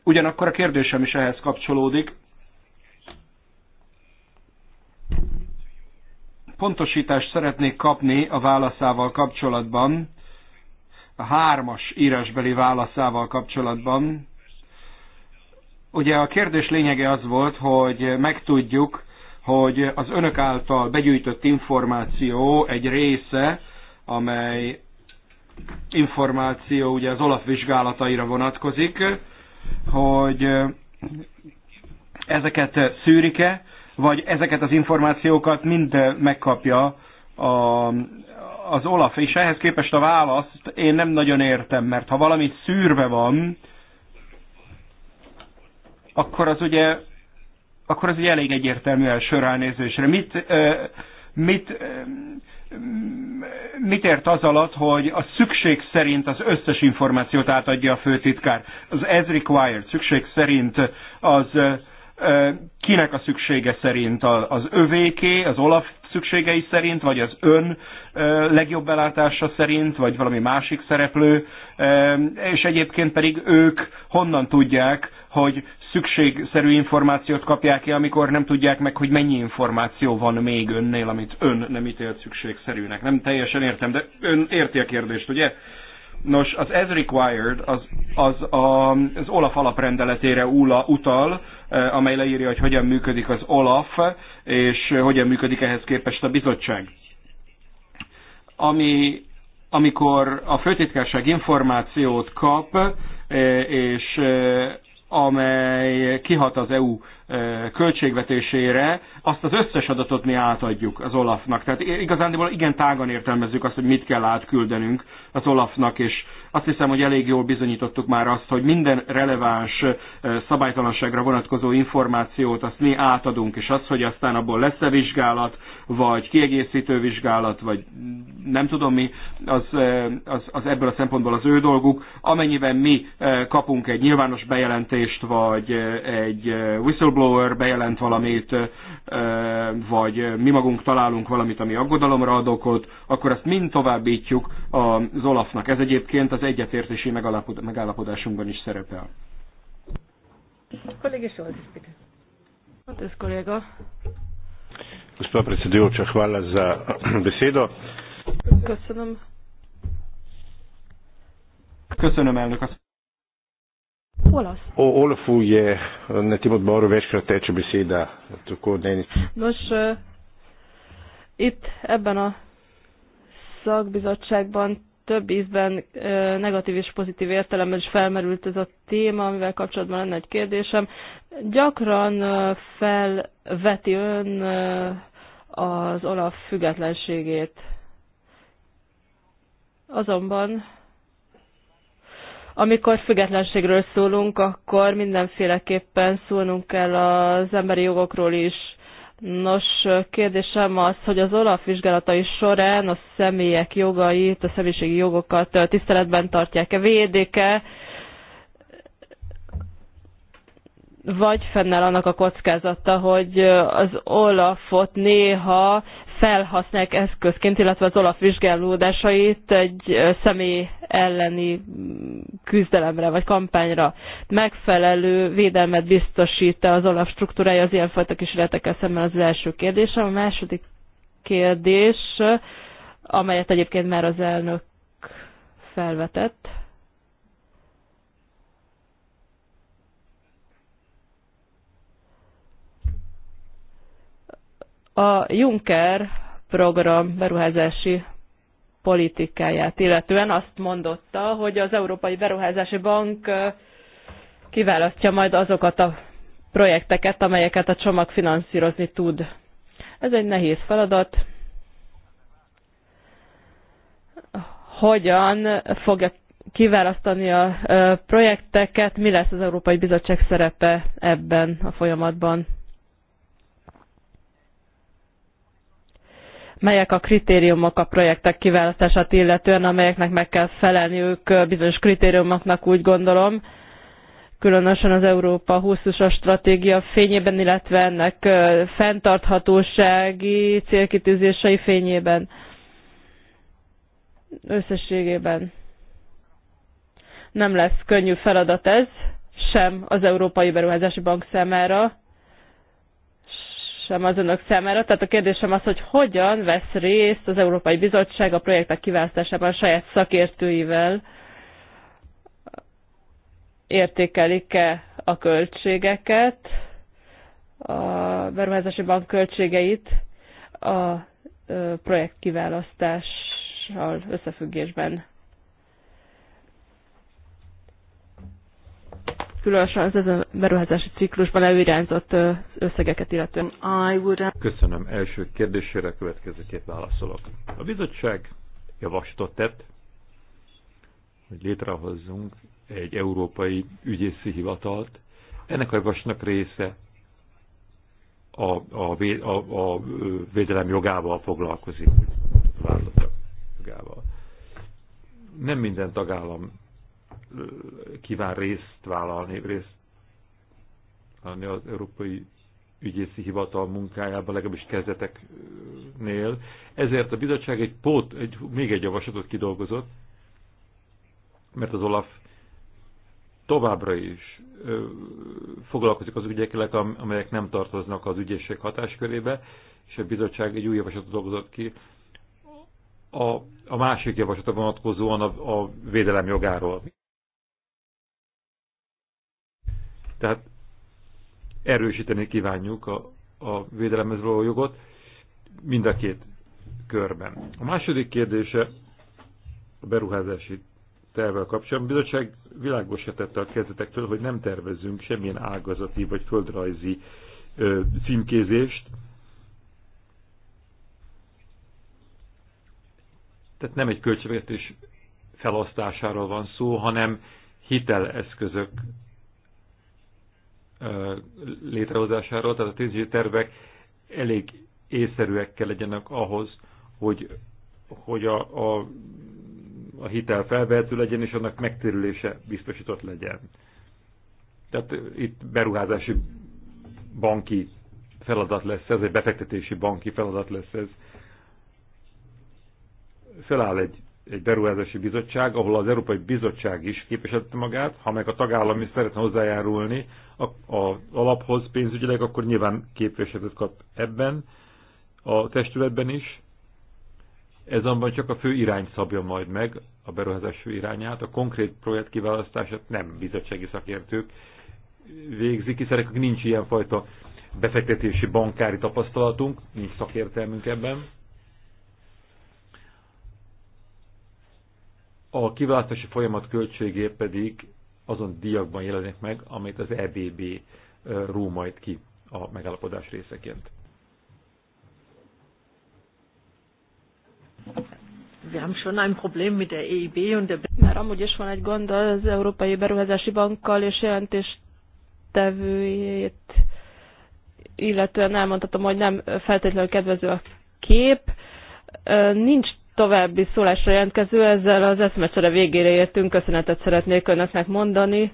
[SPEAKER 4] Ugyanakkor a kérdésem is ehhez kapcsolódik. Pontosítást szeretnék kapni a válaszával kapcsolatban, a hármas írásbeli válaszával kapcsolatban. Ugye a kérdés lényege az volt, hogy megtudjuk, hogy az önök által begyűjtött információ egy része, amely információ ugye az Olaf vizsgálataira vonatkozik, hogy ezeket szűrike, vagy ezeket az információkat mind megkapja a az Olaf, és ehhez képest a választ én nem nagyon értem, mert ha valami szűrve van, akkor az ugye, akkor az ugye elég egyértelmű első ránézésre. Mit, mit, mit ért az alatt, hogy a szükség szerint az összes információt átadja a főtitkár? Az as required, szükség szerint az kinek a szüksége szerint, az övéké, az Olaf szükségei szerint, vagy az ön legjobb belátása szerint, vagy valami másik szereplő, és egyébként pedig ők honnan tudják, hogy szükségszerű információt kapják ki, amikor nem tudják meg, hogy mennyi információ van még önnél, amit ön nem ítélt szükségszerűnek. Nem teljesen értem, de ön érti a kérdést, ugye? Nos, az as required az, az, a, az Olaf alaprendeletére ula, utal, eh, amely leírja, hogy hogyan működik az Olaf, és hogyan működik ehhez képest a bizottság. Ami, amikor a főtitkárság információt kap, eh, és eh, amely kihat az EU költségvetésére, azt az összes adatot mi átadjuk az Olafnak. Tehát igazán igen tágan értelmezzük azt, hogy mit kell átküldenünk az Olafnak, és azt hiszem, hogy elég jól bizonyítottuk már azt, hogy minden releváns szabálytalanságra vonatkozó információt azt mi átadunk, és az, hogy aztán abból lesz-e vizsgálat, vagy kiegészítő vizsgálat, vagy nem tudom mi, az, az, az ebből a szempontból az ő dolguk. Amennyiben mi kapunk egy nyilvános bejelentést, vagy egy whistleblower bejelent valamit, vagy mi magunk találunk valamit, ami aggodalomra ad okot, akkor ezt mind továbbítjuk az Olafnak. Ez egyébként az egyetértési megállapodásunkban is szerepel.
[SPEAKER 1] Kollégi Soltis, bitte. kolléga.
[SPEAKER 2] Gospa predsedujoča, hvala za [clears throat] besedo.
[SPEAKER 1] Köszönöm.
[SPEAKER 4] Köszönöm,
[SPEAKER 3] elnök. Olasz. Olafu je na tem odboru večkrat teče beseda, tako dnevni.
[SPEAKER 1] Nos, eh, itt ebben a szakbizottságban több ízben eh, negatív és pozitív értelemben is felmerült ez a téma, amivel kapcsolatban lenne egy kérdésem. Gyakran eh, felveti ön az Olaf függetlenségét. Azonban amikor függetlenségről szólunk, akkor mindenféleképpen szólnunk kell az emberi jogokról is. Nos, kérdésem az, hogy az OLAF vizsgálatai során a személyek jogait, a személyiségi jogokat tiszteletben tartják-e, védéke, vagy fennáll annak a kockázata, hogy az Olafot néha felhasználják eszközként, illetve az olaf vizsgálódásait egy személy elleni mm, küzdelemre vagy kampányra megfelelő védelmet biztosít az olaf struktúrája az ilyenfajta kísérletekkel szemben az első kérdés. A második kérdés, amelyet egyébként már az elnök felvetett, a Juncker program beruházási politikáját, illetően azt mondotta, hogy az Európai Beruházási Bank kiválasztja majd azokat a projekteket, amelyeket a csomag finanszírozni tud. Ez egy nehéz feladat. Hogyan fogja kiválasztani a projekteket, mi lesz az Európai Bizottság szerepe ebben a folyamatban? melyek a kritériumok a projektek kiválasztását illetően, amelyeknek meg kell felelniük bizonyos kritériumoknak, úgy gondolom, különösen az Európa 20-as stratégia fényében, illetve ennek fenntarthatósági célkitűzései fényében összességében. Nem lesz könnyű feladat ez, sem az Európai Beruházási Bank számára, kérdésem az önök számára. Tehát a kérdésem az, hogy hogyan vesz részt az Európai Bizottság a projektek kiválasztásában a saját szakértőivel? Értékelik-e a költségeket, a beruházási bank költségeit a projekt kiválasztással összefüggésben? különösen az ezen beruházási ciklusban előirányzott összegeket illetően.
[SPEAKER 2] Köszönöm. Első kérdésére következőkét válaszolok. A bizottság javaslatot tett, hogy létrehozzunk egy európai ügyészi hivatalt. Ennek a javaslatnak része a, a, a, a védelem jogával foglalkozik, jogával. Nem minden tagállam kíván részt vállalni, részt vállalni az Európai Ügyészi Hivatal munkájában, legalábbis kezdeteknél. Ezért a bizottság egy pót, egy, még egy javaslatot kidolgozott, mert az Olaf továbbra is ö, foglalkozik az ügyekkel, amelyek nem tartoznak az ügyészség hatáskörébe, és a bizottság egy új javaslatot dolgozott ki a, a másik javaslata vonatkozóan a, a védelem jogáról. Tehát erősíteni kívánjuk a, a védelemhez való jogot mind a két körben. A második kérdése a beruházási tervvel kapcsolatban. A bizottság világos a kezdetektől, hogy nem tervezünk semmilyen ágazati vagy földrajzi ö, címkézést. Tehát nem egy költségvetés felosztásáról van szó, hanem hiteleszközök létrehozásáról, tehát a pénzügyi tervek elég észszerűek kell legyenek ahhoz, hogy, hogy a, a, a hitel felvehető legyen, és annak megtérülése biztosított legyen. Tehát itt beruházási banki feladat lesz ez, egy befektetési banki feladat lesz ez. Feláll egy egy beruházási bizottság, ahol az Európai Bizottság is képviselte magát, ha meg a tagállam is szeretne hozzájárulni a, alaphoz pénzügyileg, akkor nyilván képviseletet kap ebben a testületben is. Ez azonban csak a fő irány szabja majd meg, a beruházás fő irányát. A konkrét projekt kiválasztását nem bizottsági szakértők végzik, hiszen nekünk nincs ilyenfajta befektetési bankári tapasztalatunk, nincs szakértelmünk ebben A kiválasztási folyamat költségé pedig azon díjakban jelenik meg, amit az EBB ró majd ki a megállapodás
[SPEAKER 1] részeként. Wir haben schon ein Problem mit der EIB und der Mert amúgy is van egy gond az Európai Beruházási Bankkal és jelentéstevőjét, illetően elmondhatom, hogy nem feltétlenül kedvező a kép. Nincs további szólásra jelentkező, ezzel az eszmecsere végére értünk, köszönetet szeretnék önöknek mondani.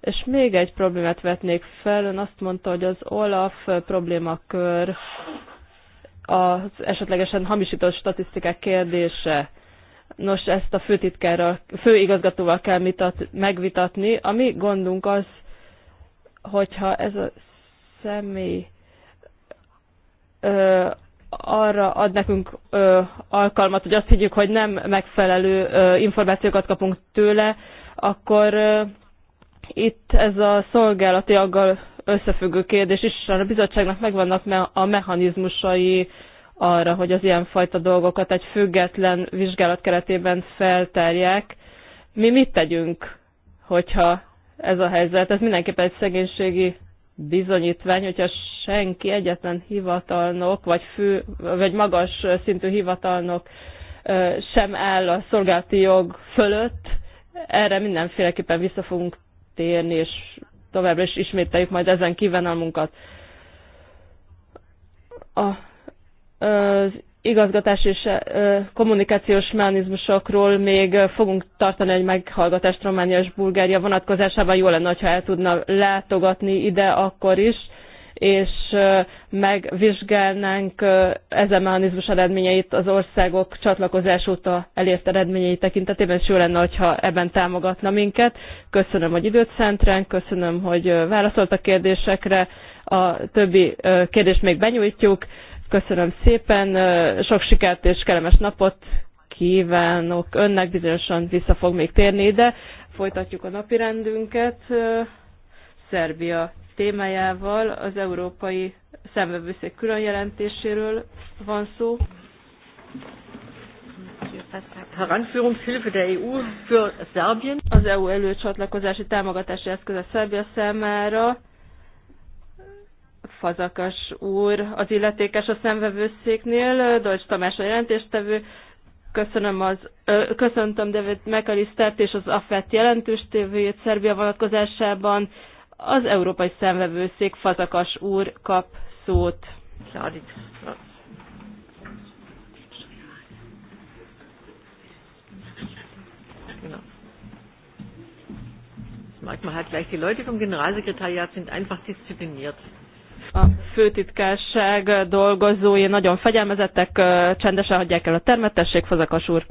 [SPEAKER 1] És még egy problémát vetnék fel, ön azt mondta, hogy az OLAF problémakör az esetlegesen hamisított statisztikák kérdése. Nos, ezt a főtitkárral, főigazgatóval kell mitat, megvitatni. A mi gondunk az, hogyha ez a személy arra ad nekünk ö, alkalmat, hogy azt higgyük, hogy nem megfelelő ö, információkat kapunk tőle, akkor ö, itt ez a szolgálati aggal összefüggő kérdés is, a bizottságnak megvannak me a mechanizmusai arra, hogy az ilyenfajta dolgokat egy független vizsgálat keretében feltárják. Mi mit tegyünk, hogyha ez a helyzet? Ez mindenképpen egy szegénységi bizonyítvány, hogyha senki, egyetlen hivatalnok, vagy, fő, vagy magas szintű hivatalnok sem áll a szolgálati jog fölött. Erre mindenféleképpen vissza fogunk térni, és továbbra is ismételjük majd ezen kívánalmunkat. A, az igazgatás és kommunikációs mechanizmusokról még fogunk tartani egy meghallgatást Románia és Bulgária vonatkozásában. Jó lenne, ha el tudna látogatni ide akkor is és megvizsgálnánk ezen mechanizmus eredményeit az országok csatlakozás óta elért eredményei tekintetében, és jó lenne, hogyha ebben támogatna minket. Köszönöm, hogy időt szánt ránk, köszönöm, hogy válaszolt a kérdésekre, a többi kérdést még benyújtjuk. Köszönöm szépen, sok sikert és kellemes napot kívánok önnek, bizonyosan vissza fog még térni ide. Folytatjuk a napirendünket. Szerbia témájával, az Európai szemvevőszék külön jelentéséről van szó. EU e Az EU előcsatlakozási támogatási a Szerbia számára. Fazakas úr az illetékes a szemvevőszéknél, Dolcs Tamás a jelentéstevő. Köszönöm az, ö, köszöntöm David McAllistert és az AFET jelentős tévőjét Szerbia vonatkozásában. Az Európai Szemvevőszék Fazakas úr kap szót. Sorry. man halt gleich. Die Leute vom Generalsekretariat sind einfach diszipliniert. A főtitkárság dolgozói nagyon fegyelmezettek, csendesen hagyják el a termet, tessék, Fazakas úr.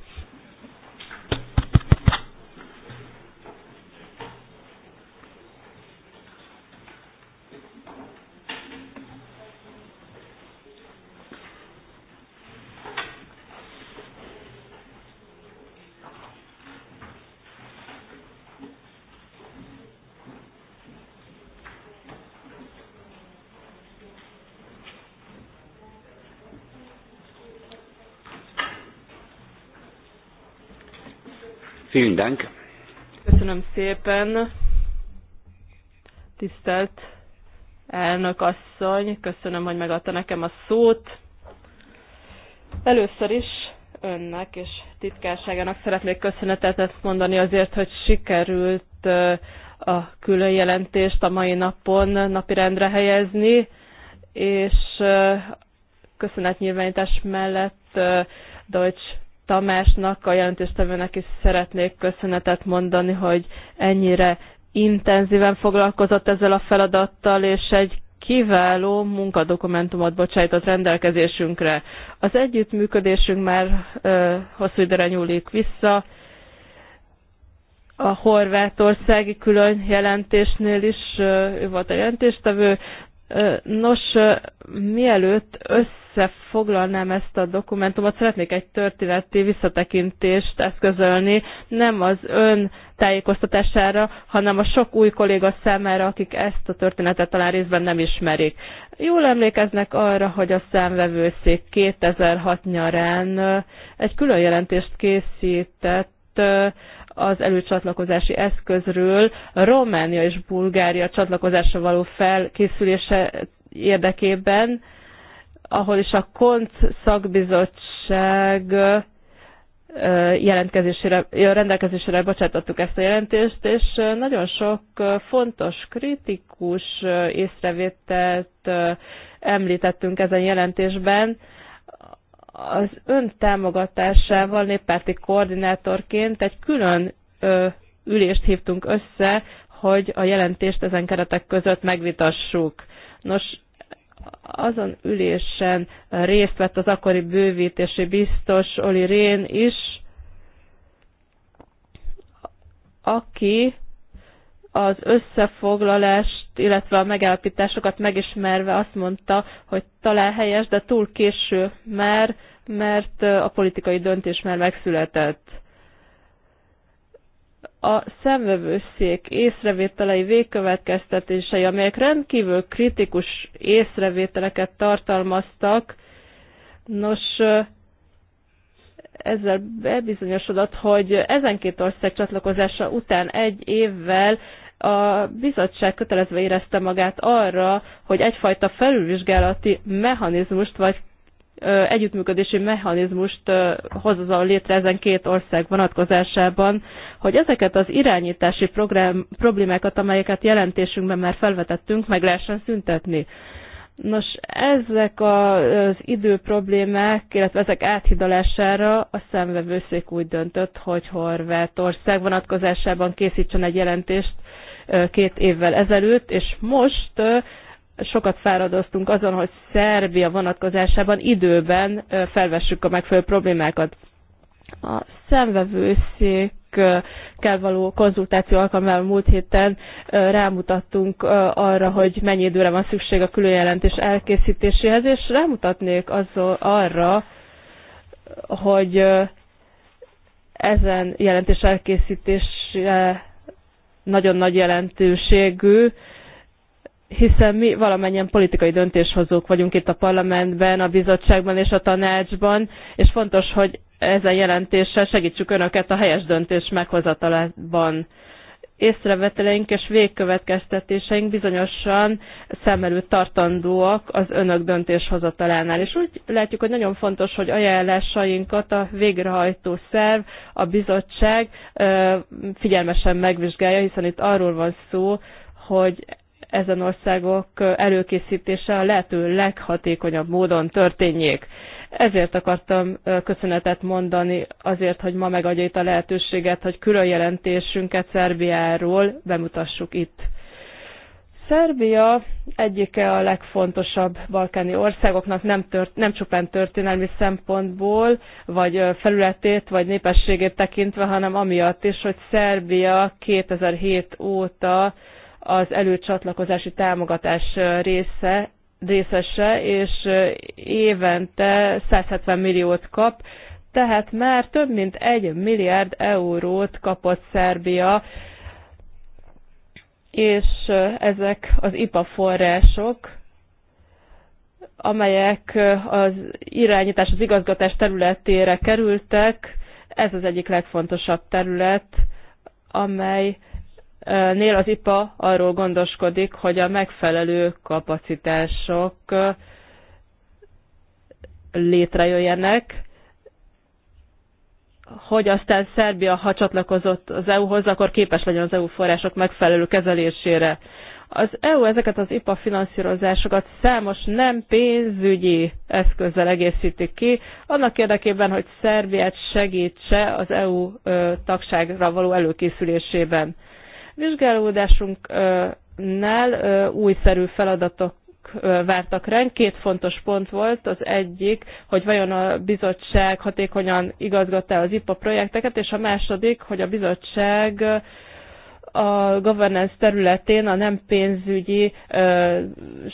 [SPEAKER 1] Vielen Dank. Köszönöm szépen. Tisztelt elnök asszony, köszönöm, hogy megadta nekem a szót. Először is önnek és titkárságának szeretnék köszönetet mondani azért, hogy sikerült a külön jelentést a mai napon napirendre helyezni, és köszönetnyilvánítás mellett Deutsch Tamásnak, a jelentéstevőnek is szeretnék köszönetet mondani, hogy ennyire intenzíven foglalkozott ezzel a feladattal, és egy kiváló munkadokumentumot bocsájtott rendelkezésünkre. Az együttműködésünk már ö, hosszú időre nyúlik vissza. A horvátországi külön jelentésnél is ö, ő volt a jelentéstevő. Ö, nos, ö, mielőtt össze összefoglalnám ezt a dokumentumot, szeretnék egy történeti visszatekintést eszközölni, nem az ön tájékoztatására, hanem a sok új kolléga számára, akik ezt a történetet talán részben nem ismerik. Jól emlékeznek arra, hogy a számvevőszék 2006 nyarán egy külön jelentést készített az előcsatlakozási eszközről Románia és Bulgária csatlakozásra való felkészülése érdekében ahol is a KONC szakbizottság jelentkezésére, rendelkezésére bocsátottuk ezt a jelentést, és nagyon sok fontos, kritikus észrevételt említettünk ezen jelentésben. Az ön támogatásával néppárti koordinátorként egy külön ülést hívtunk össze, hogy a jelentést ezen keretek között megvitassuk. Nos, azon ülésen részt vett az akkori bővítési biztos Oli Rén is, aki az összefoglalást, illetve a megállapításokat megismerve azt mondta, hogy talán helyes, de túl késő, mert, mert a politikai döntés már megszületett a szemvevőszék észrevételei végkövetkeztetései, amelyek rendkívül kritikus észrevételeket tartalmaztak, nos, ezzel bebizonyosodott, hogy ezen két ország csatlakozása után egy évvel a bizottság kötelezve érezte magát arra, hogy egyfajta felülvizsgálati mechanizmust vagy együttműködési mechanizmust hozza létre ezen két ország vonatkozásában, hogy ezeket az irányítási program, problémákat, amelyeket jelentésünkben már felvetettünk, meg lehessen szüntetni. Nos, ezek az idő problémák, illetve ezek áthidalására a szemvevőszék úgy döntött, hogy Horvátország vonatkozásában készítsen egy jelentést két évvel ezelőtt, és most sokat fáradoztunk azon, hogy Szerbia vonatkozásában időben felvessük a megfelelő problémákat. A szemvevőszékkel való konzultáció alkalmával múlt héten rámutattunk arra, hogy mennyi időre van szükség a különjelentés elkészítéséhez, és rámutatnék azzal arra, hogy ezen jelentés elkészítése nagyon nagy jelentőségű, hiszen mi valamennyien politikai döntéshozók vagyunk itt a parlamentben, a bizottságban és a tanácsban, és fontos, hogy ezen jelentéssel segítsük Önöket a helyes döntés meghozatalában. Észreveteleink és végkövetkeztetéseink bizonyosan szem előtt tartandóak az Önök döntéshozatalánál. És úgy látjuk, hogy nagyon fontos, hogy ajánlásainkat a végrehajtó szerv, a bizottság figyelmesen megvizsgálja, hiszen itt arról van szó, hogy ezen országok előkészítése a lehető leghatékonyabb módon történjék. Ezért akartam köszönetet mondani, azért, hogy ma megadja itt a lehetőséget, hogy külön jelentésünket Szerbiáról bemutassuk itt. Szerbia egyike a legfontosabb balkáni országoknak, nem, tört, nem csupán történelmi szempontból, vagy felületét, vagy népességét tekintve, hanem amiatt is, hogy Szerbia 2007 óta az előcsatlakozási támogatás része, részese, és évente 170 milliót kap, tehát már több mint 1 milliárd eurót kapott Szerbia, és ezek az IPA források, amelyek az irányítás, az igazgatás területére kerültek, ez az egyik legfontosabb terület, amely nél az IPA arról gondoskodik, hogy a megfelelő kapacitások létrejöjjenek, hogy aztán Szerbia, ha csatlakozott az EU-hoz, akkor képes legyen az EU források megfelelő kezelésére. Az EU ezeket az IPA finanszírozásokat számos nem pénzügyi eszközzel egészíti ki, annak érdekében, hogy Szerbiát segítse az EU tagságra való előkészülésében. Vizsgálódásunknál újszerű feladatok vártak ránk. Két fontos pont volt. Az egyik, hogy vajon a bizottság hatékonyan igazgatta az IPA projekteket, és a második, hogy a bizottság a governance területén a nem pénzügyi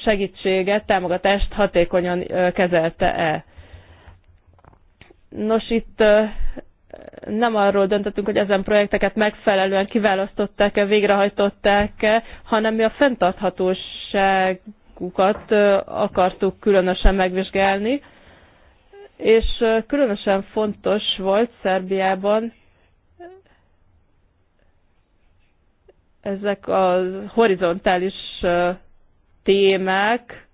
[SPEAKER 1] segítséget, támogatást hatékonyan kezelte-e. Nos, itt nem arról döntöttünk, hogy ezen projekteket megfelelően kiválasztották-e, végrehajtották-e, hanem mi a fenntarthatóságukat akartuk különösen megvizsgálni. És különösen fontos volt Szerbiában ezek a horizontális témák,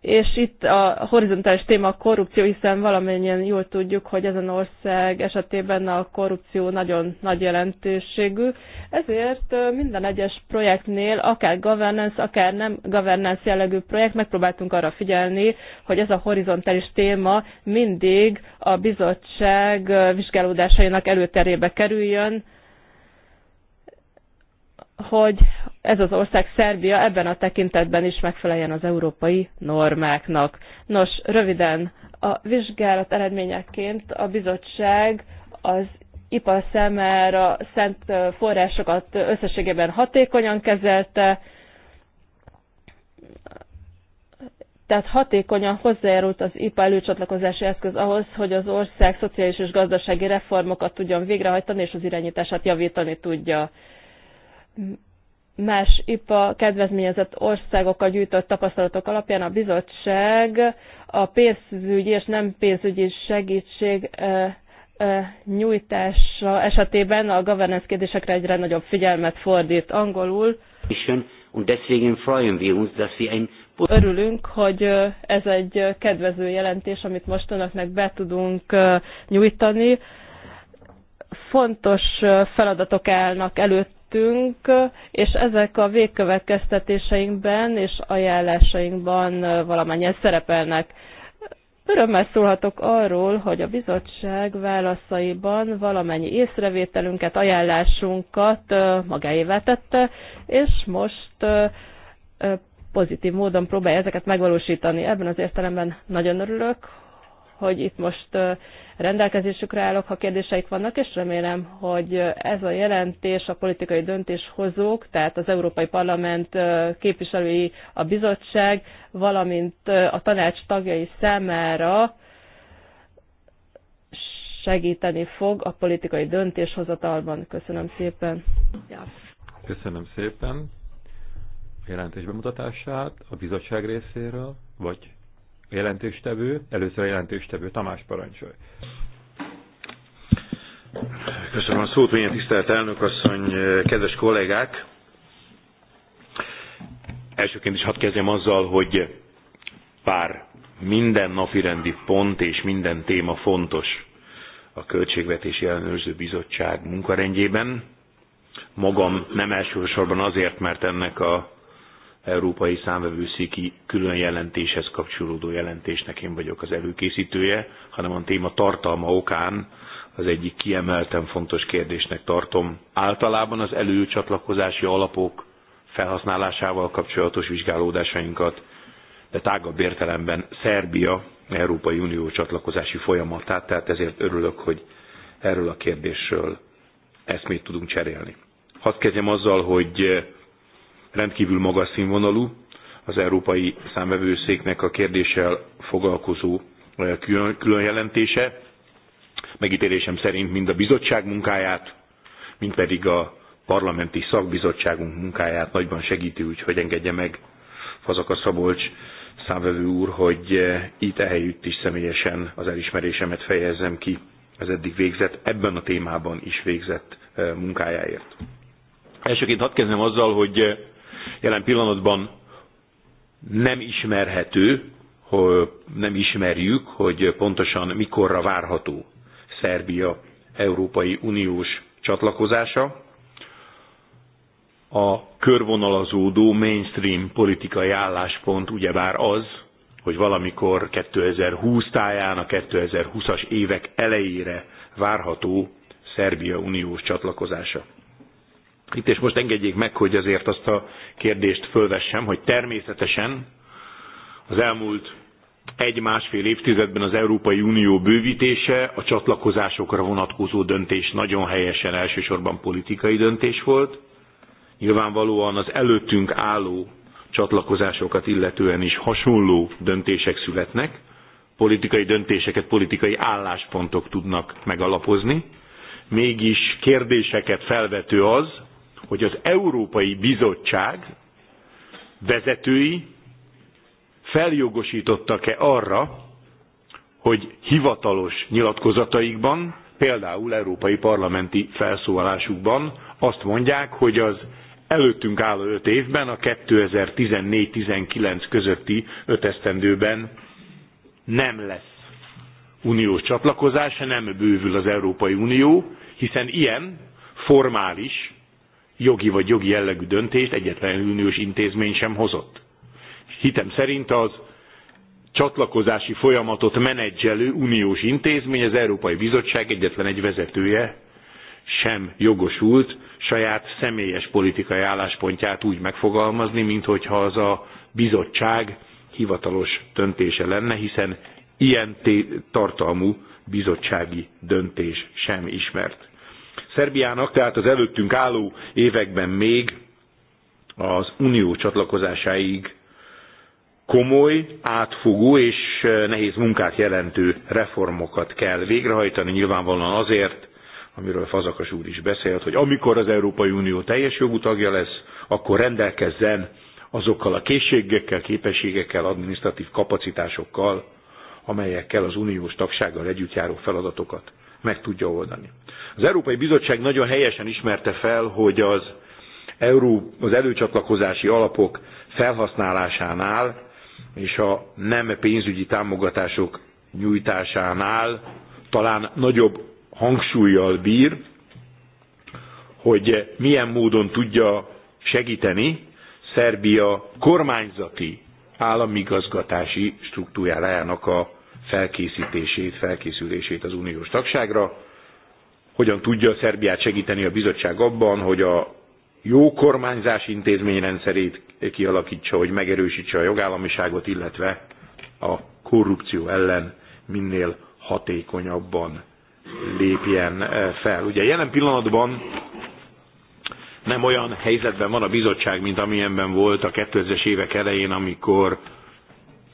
[SPEAKER 1] és itt a horizontális téma a korrupció, hiszen valamennyien jól tudjuk, hogy ezen ország esetében a korrupció nagyon nagy jelentőségű. Ezért minden egyes projektnél, akár governance, akár nem governance jellegű projekt, megpróbáltunk arra figyelni, hogy ez a horizontális téma mindig a bizottság vizsgálódásainak előterébe kerüljön, hogy ez az ország Szerbia ebben a tekintetben is megfeleljen az európai normáknak. Nos, röviden, a vizsgálat eredményeként a bizottság az ipar számára szent forrásokat összességében hatékonyan kezelte, tehát hatékonyan hozzájárult az IPA előcsatlakozási eszköz ahhoz, hogy az ország szociális és gazdasági reformokat tudjon végrehajtani, és az irányítását javítani tudja más IPA kedvezményezett országokkal gyűjtött tapasztalatok alapján a bizottság a pénzügyi és nem pénzügyi segítség nyújtása esetében a governance kérdésekre egyre nagyobb figyelmet fordít angolul. Örülünk, hogy ez egy kedvező jelentés, amit most önöknek be tudunk nyújtani. Fontos feladatok állnak előtt tettünk, és ezek a végkövetkeztetéseinkben és ajánlásainkban valamennyien szerepelnek. Örömmel szólhatok arról, hogy a bizottság válaszaiban valamennyi észrevételünket, ajánlásunkat magáévá tette, és most pozitív módon próbálja ezeket megvalósítani. Ebben az értelemben nagyon örülök, hogy itt most rendelkezésükre állok, ha kérdéseik vannak, és remélem, hogy ez a jelentés a politikai döntéshozók, tehát az Európai Parlament képviselői, a bizottság, valamint a tanács tagjai számára segíteni fog a politikai döntéshozatalban. Köszönöm szépen.
[SPEAKER 2] Köszönöm szépen a jelentés bemutatását a bizottság részéről, vagy a jelentéstevő, először a jelentéstevő, Tamás parancsolj.
[SPEAKER 3] Köszönöm a szót, milyen tisztelt elnök asszony, kedves kollégák! Elsőként is hadd kezdjem azzal, hogy pár minden napirendi pont és minden téma fontos a Költségvetési Ellenőrző Bizottság munkarendjében. Magam nem elsősorban azért, mert ennek a Európai Számvevőszéki külön jelentéshez kapcsolódó jelentésnek én vagyok az előkészítője, hanem a téma tartalma okán az egyik kiemelten fontos kérdésnek tartom. Általában az előcsatlakozási alapok felhasználásával kapcsolatos vizsgálódásainkat, de tágabb értelemben Szerbia Európai Unió csatlakozási folyamatát, tehát ezért örülök, hogy erről a kérdésről eszmét tudunk cserélni. Hadd kezdjem azzal, hogy rendkívül magas színvonalú. Az Európai Számvevőszéknek a kérdéssel foglalkozó eh, külön jelentése. Megítélésem szerint mind a bizottság munkáját, mind pedig a parlamenti szakbizottságunk munkáját nagyban segíti, úgyhogy engedje meg Fazaka Szabolcs számvevő úr, hogy eh, itt ehelyütt is személyesen az elismerésemet fejezzem ki az eddig végzett, ebben a témában is végzett eh, munkájáért. Elsőként hadd kezdem azzal, hogy Jelen pillanatban nem ismerhető, hogy nem ismerjük, hogy pontosan mikorra várható Szerbia Európai Uniós csatlakozása. A körvonalazódó mainstream politikai álláspont ugyebár az, hogy valamikor 2020 táján, a 2020-as évek elejére várható Szerbia uniós csatlakozása. Itt és most engedjék meg, hogy azért azt a kérdést fölvessem, hogy természetesen az elmúlt egy-másfél évtizedben az Európai Unió bővítése a csatlakozásokra vonatkozó döntés nagyon helyesen elsősorban politikai döntés volt. Nyilvánvalóan az előttünk álló csatlakozásokat illetően is hasonló döntések születnek, politikai döntéseket politikai álláspontok tudnak megalapozni. Mégis kérdéseket felvető az, hogy az Európai Bizottság vezetői feljogosítottak-e arra, hogy hivatalos nyilatkozataikban, például európai parlamenti felszólalásukban azt mondják, hogy az előttünk álló öt évben, a 2014-19 közötti öt nem lesz uniós csatlakozás, nem bővül az Európai Unió, hiszen ilyen formális jogi vagy jogi jellegű döntést egyetlen uniós intézmény sem hozott. Hitem szerint az csatlakozási folyamatot menedzselő uniós intézmény, az Európai Bizottság egyetlen egy vezetője sem jogosult saját személyes politikai álláspontját úgy megfogalmazni, mint az a bizottság hivatalos döntése lenne, hiszen ilyen tartalmú bizottsági döntés sem ismert. Szerbiának tehát az előttünk álló években még az unió csatlakozásáig komoly, átfogó és eh, nehéz munkát jelentő reformokat kell végrehajtani, nyilvánvalóan azért, amiről Fazakas úr is beszélt, hogy amikor az Európai Unió teljes jogú tagja lesz, akkor rendelkezzen azokkal a készségekkel, képességekkel, adminisztratív kapacitásokkal, amelyekkel az uniós tagsággal együtt járó feladatokat meg tudja oldani. Az Európai Bizottság nagyon helyesen ismerte fel, hogy az, Euró, az előcsatlakozási alapok felhasználásánál és a nem pénzügyi támogatások nyújtásánál talán nagyobb hangsúlyjal bír, hogy milyen módon tudja segíteni Szerbia kormányzati államigazgatási struktúrájának a felkészítését, felkészülését az uniós tagságra, hogyan tudja a Szerbiát segíteni a bizottság abban, hogy a jó kormányzás intézményrendszerét kialakítsa, hogy megerősítse a jogállamiságot, illetve a korrupció ellen minél hatékonyabban lépjen eh, fel. Ugye jelen pillanatban nem olyan helyzetben van a bizottság, mint amilyenben volt a 2000-es évek elején, amikor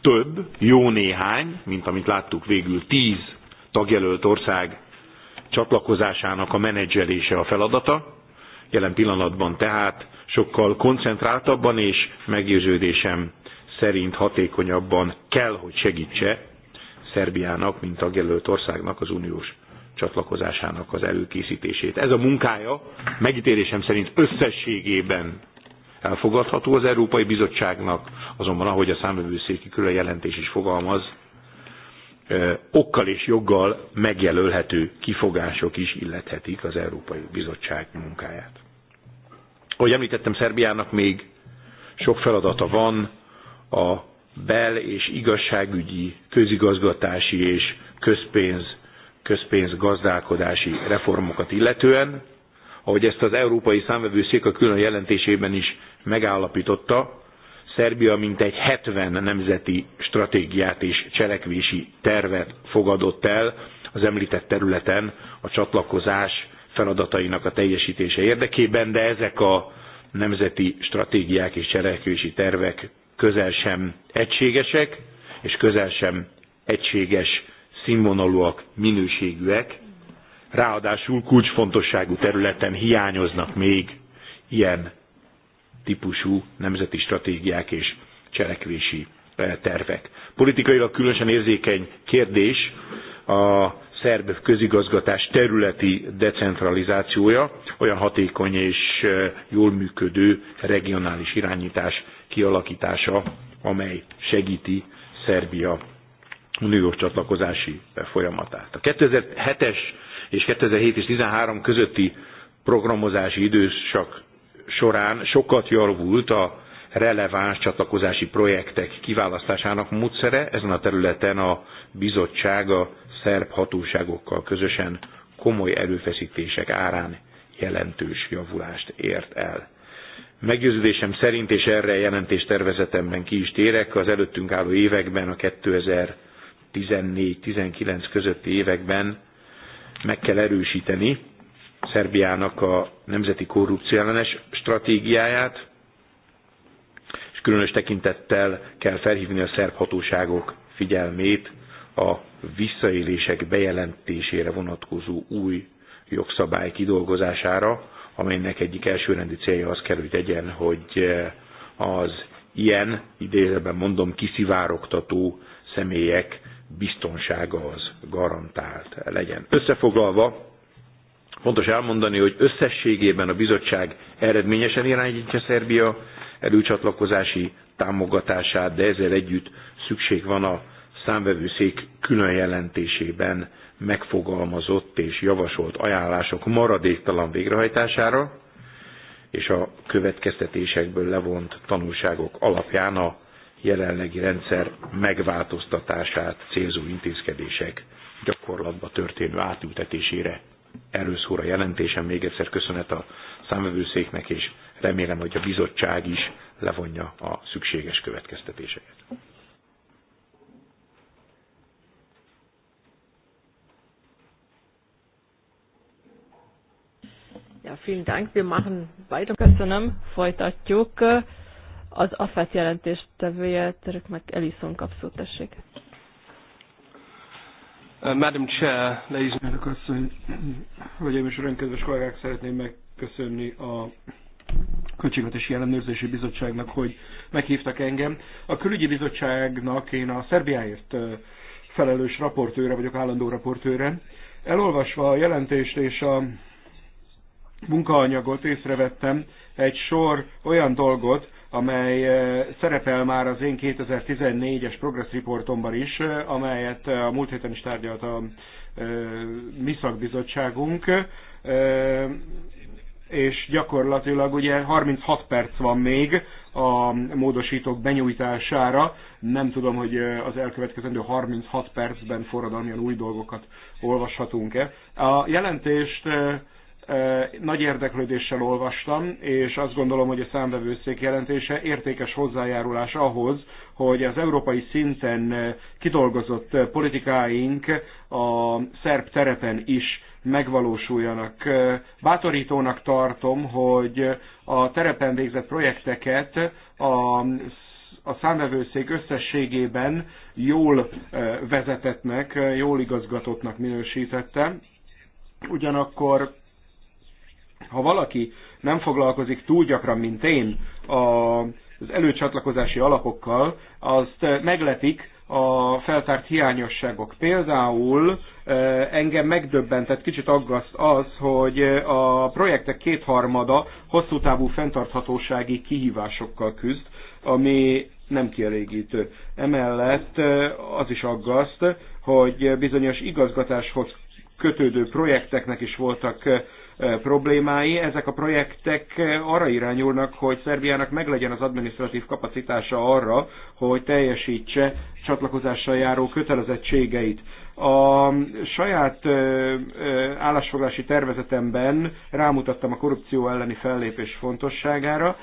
[SPEAKER 3] több, jó néhány, mint amit láttuk végül, tíz tagjelölt ország csatlakozásának a menedzselése a feladata. Jelen pillanatban tehát sokkal koncentráltabban és meggyőződésem szerint hatékonyabban kell, hogy segítse Szerbiának, mint tagjelölt országnak az uniós csatlakozásának az előkészítését. Ez a munkája megítélésem szerint összességében elfogadható. Az Európai Bizottságnak azonban, ahogy a számvevőszéki külön jelentés is fogalmaz, okkal és joggal megjelölhető kifogások is illethetik az Európai Bizottság munkáját. Ahogy említettem, Szerbiának még sok feladata van a bel- és igazságügyi, közigazgatási és közpénz, közpénzgazdálkodási reformokat illetően, ahogy ezt az Európai Számvevőszék a külön jelentésében is megállapította, Szerbia mintegy 70 nemzeti stratégiát és cselekvési tervet fogadott el az említett területen a csatlakozás feladatainak a teljesítése érdekében, de ezek a nemzeti stratégiák és cselekvési tervek közel sem egységesek, és közel sem egységes színvonalúak, minőségűek, ráadásul kulcsfontosságú területen hiányoznak még ilyen típusú nemzeti stratégiák és cselekvési eh, tervek. Politikailag különösen érzékeny kérdés a szerb közigazgatás területi decentralizációja, olyan hatékony és eh, jól működő regionális irányítás kialakítása, amely segíti Szerbia uniós csatlakozási folyamatát. A 2007-es és 2007 és 13 közötti programozási időszak során sokat javult a releváns csatlakozási projektek kiválasztásának módszere. Ezen a területen a bizottság a szerb hatóságokkal közösen komoly erőfeszítések árán jelentős javulást ért el. Meggyőződésem szerint, és erre jelentés tervezetemben ki is térek, az előttünk álló években, a 2014-19 közötti években meg kell erősíteni Szerbiának a nemzeti korrupció ellenes stratégiáját, és különös tekintettel kell felhívni a szerb hatóságok figyelmét a visszaélések bejelentésére vonatkozó új jogszabály kidolgozására, amelynek egyik elsőrendi célja az kell, hogy egyen, hogy eh, az ilyen, idézőben mondom, kiszivárogtató személyek biztonsága az garantált legyen. Összefoglalva, Fontos elmondani, hogy összességében a bizottság eredményesen irányítja Szerbia előcsatlakozási támogatását, de ezzel együtt szükség van a számvevőszék külön jelentésében megfogalmazott és javasolt ajánlások maradéktalan végrehajtására, és a következtetésekből levont tanulságok alapján a jelenlegi rendszer megváltoztatását célzó intézkedések gyakorlatba történő átültetésére erről szól a jelentésem. Még egyszer köszönet a számvevőszéknek, és remélem, hogy a bizottság is levonja a szükséges következtetéseket.
[SPEAKER 1] Ja, vielen Dank. Wir machen weiter. Köszönöm, folytatjuk. Az AFET tevője, Török meg Elison kapszó,
[SPEAKER 4] tessék. Uh, Madam Chair, ladies and Elnök asszony, hölgyeim és uraim, kedves kollégák, szeretném megköszönni a Költségvetési Ellenőrzési Bizottságnak, hogy meghívtak engem. A Külügyi Bizottságnak én a Szerbiáért uh, felelős raportőre vagyok, állandó raportőre. Elolvasva a jelentést és a munkaanyagot észrevettem egy sor olyan dolgot, amely eh, szerepel már az én 2014-es Progress Reportomban is, eh, amelyet a múlt héten is tárgyalt a eh, mi szakbizottságunk, és gyakorlatilag ugye 36 perc van még a módosítók benyújtására. Nem tudom, hogy az elkövetkezendő 36 percben forradalmian új dolgokat olvashatunk-e. A jelentést nagy érdeklődéssel olvastam, és azt gondolom, hogy a számvevőszék jelentése értékes hozzájárulás ahhoz, hogy az európai szinten kidolgozott politikáink a szerb terepen is megvalósuljanak. Bátorítónak tartom, hogy a terepen végzett projekteket a a számvevőszék összességében jól vezetettnek, jól igazgatottnak minősítette. Ugyanakkor ha valaki nem foglalkozik túl gyakran, mint én, az előcsatlakozási alapokkal, azt eh, megletik a feltárt hiányosságok. Például eh, engem megdöbbentett, kicsit aggaszt az, hogy eh, a projektek kétharmada hosszú távú fenntarthatósági kihívásokkal küzd, ami nem kielégítő. Emellett az is aggaszt, hogy bizonyos igazgatáshoz kötődő projekteknek is voltak problémái. Ezek a projektek arra irányulnak, hogy Szerbiának meglegyen az administratív kapacitása arra, hogy teljesítse csatlakozással járó kötelezettségeit. A saját állásfoglási tervezetemben rámutattam a korrupció elleni fellépés fontosságára.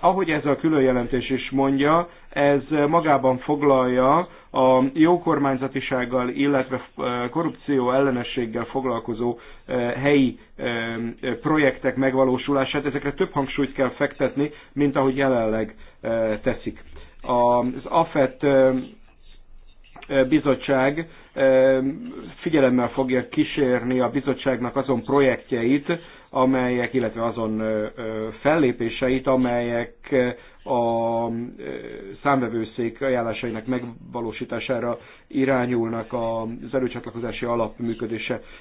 [SPEAKER 4] Ahogy ez a különjelentés is mondja, ez magában foglalja a jó kormányzatisággal, illetve eh, korrupció ellenességgel foglalkozó eh, helyi eh, projektek megvalósulását, ezekre több hangsúlyt kell fektetni, mint ahogy jelenleg teszik. Az AFET bizottság figyelemmel fogja kísérni a bizottságnak azon projektjeit, amelyek, illetve azon fellépéseit, amelyek a e, számvevőszék ajánlásainak megvalósítására irányulnak az előcsatlakozási alap működése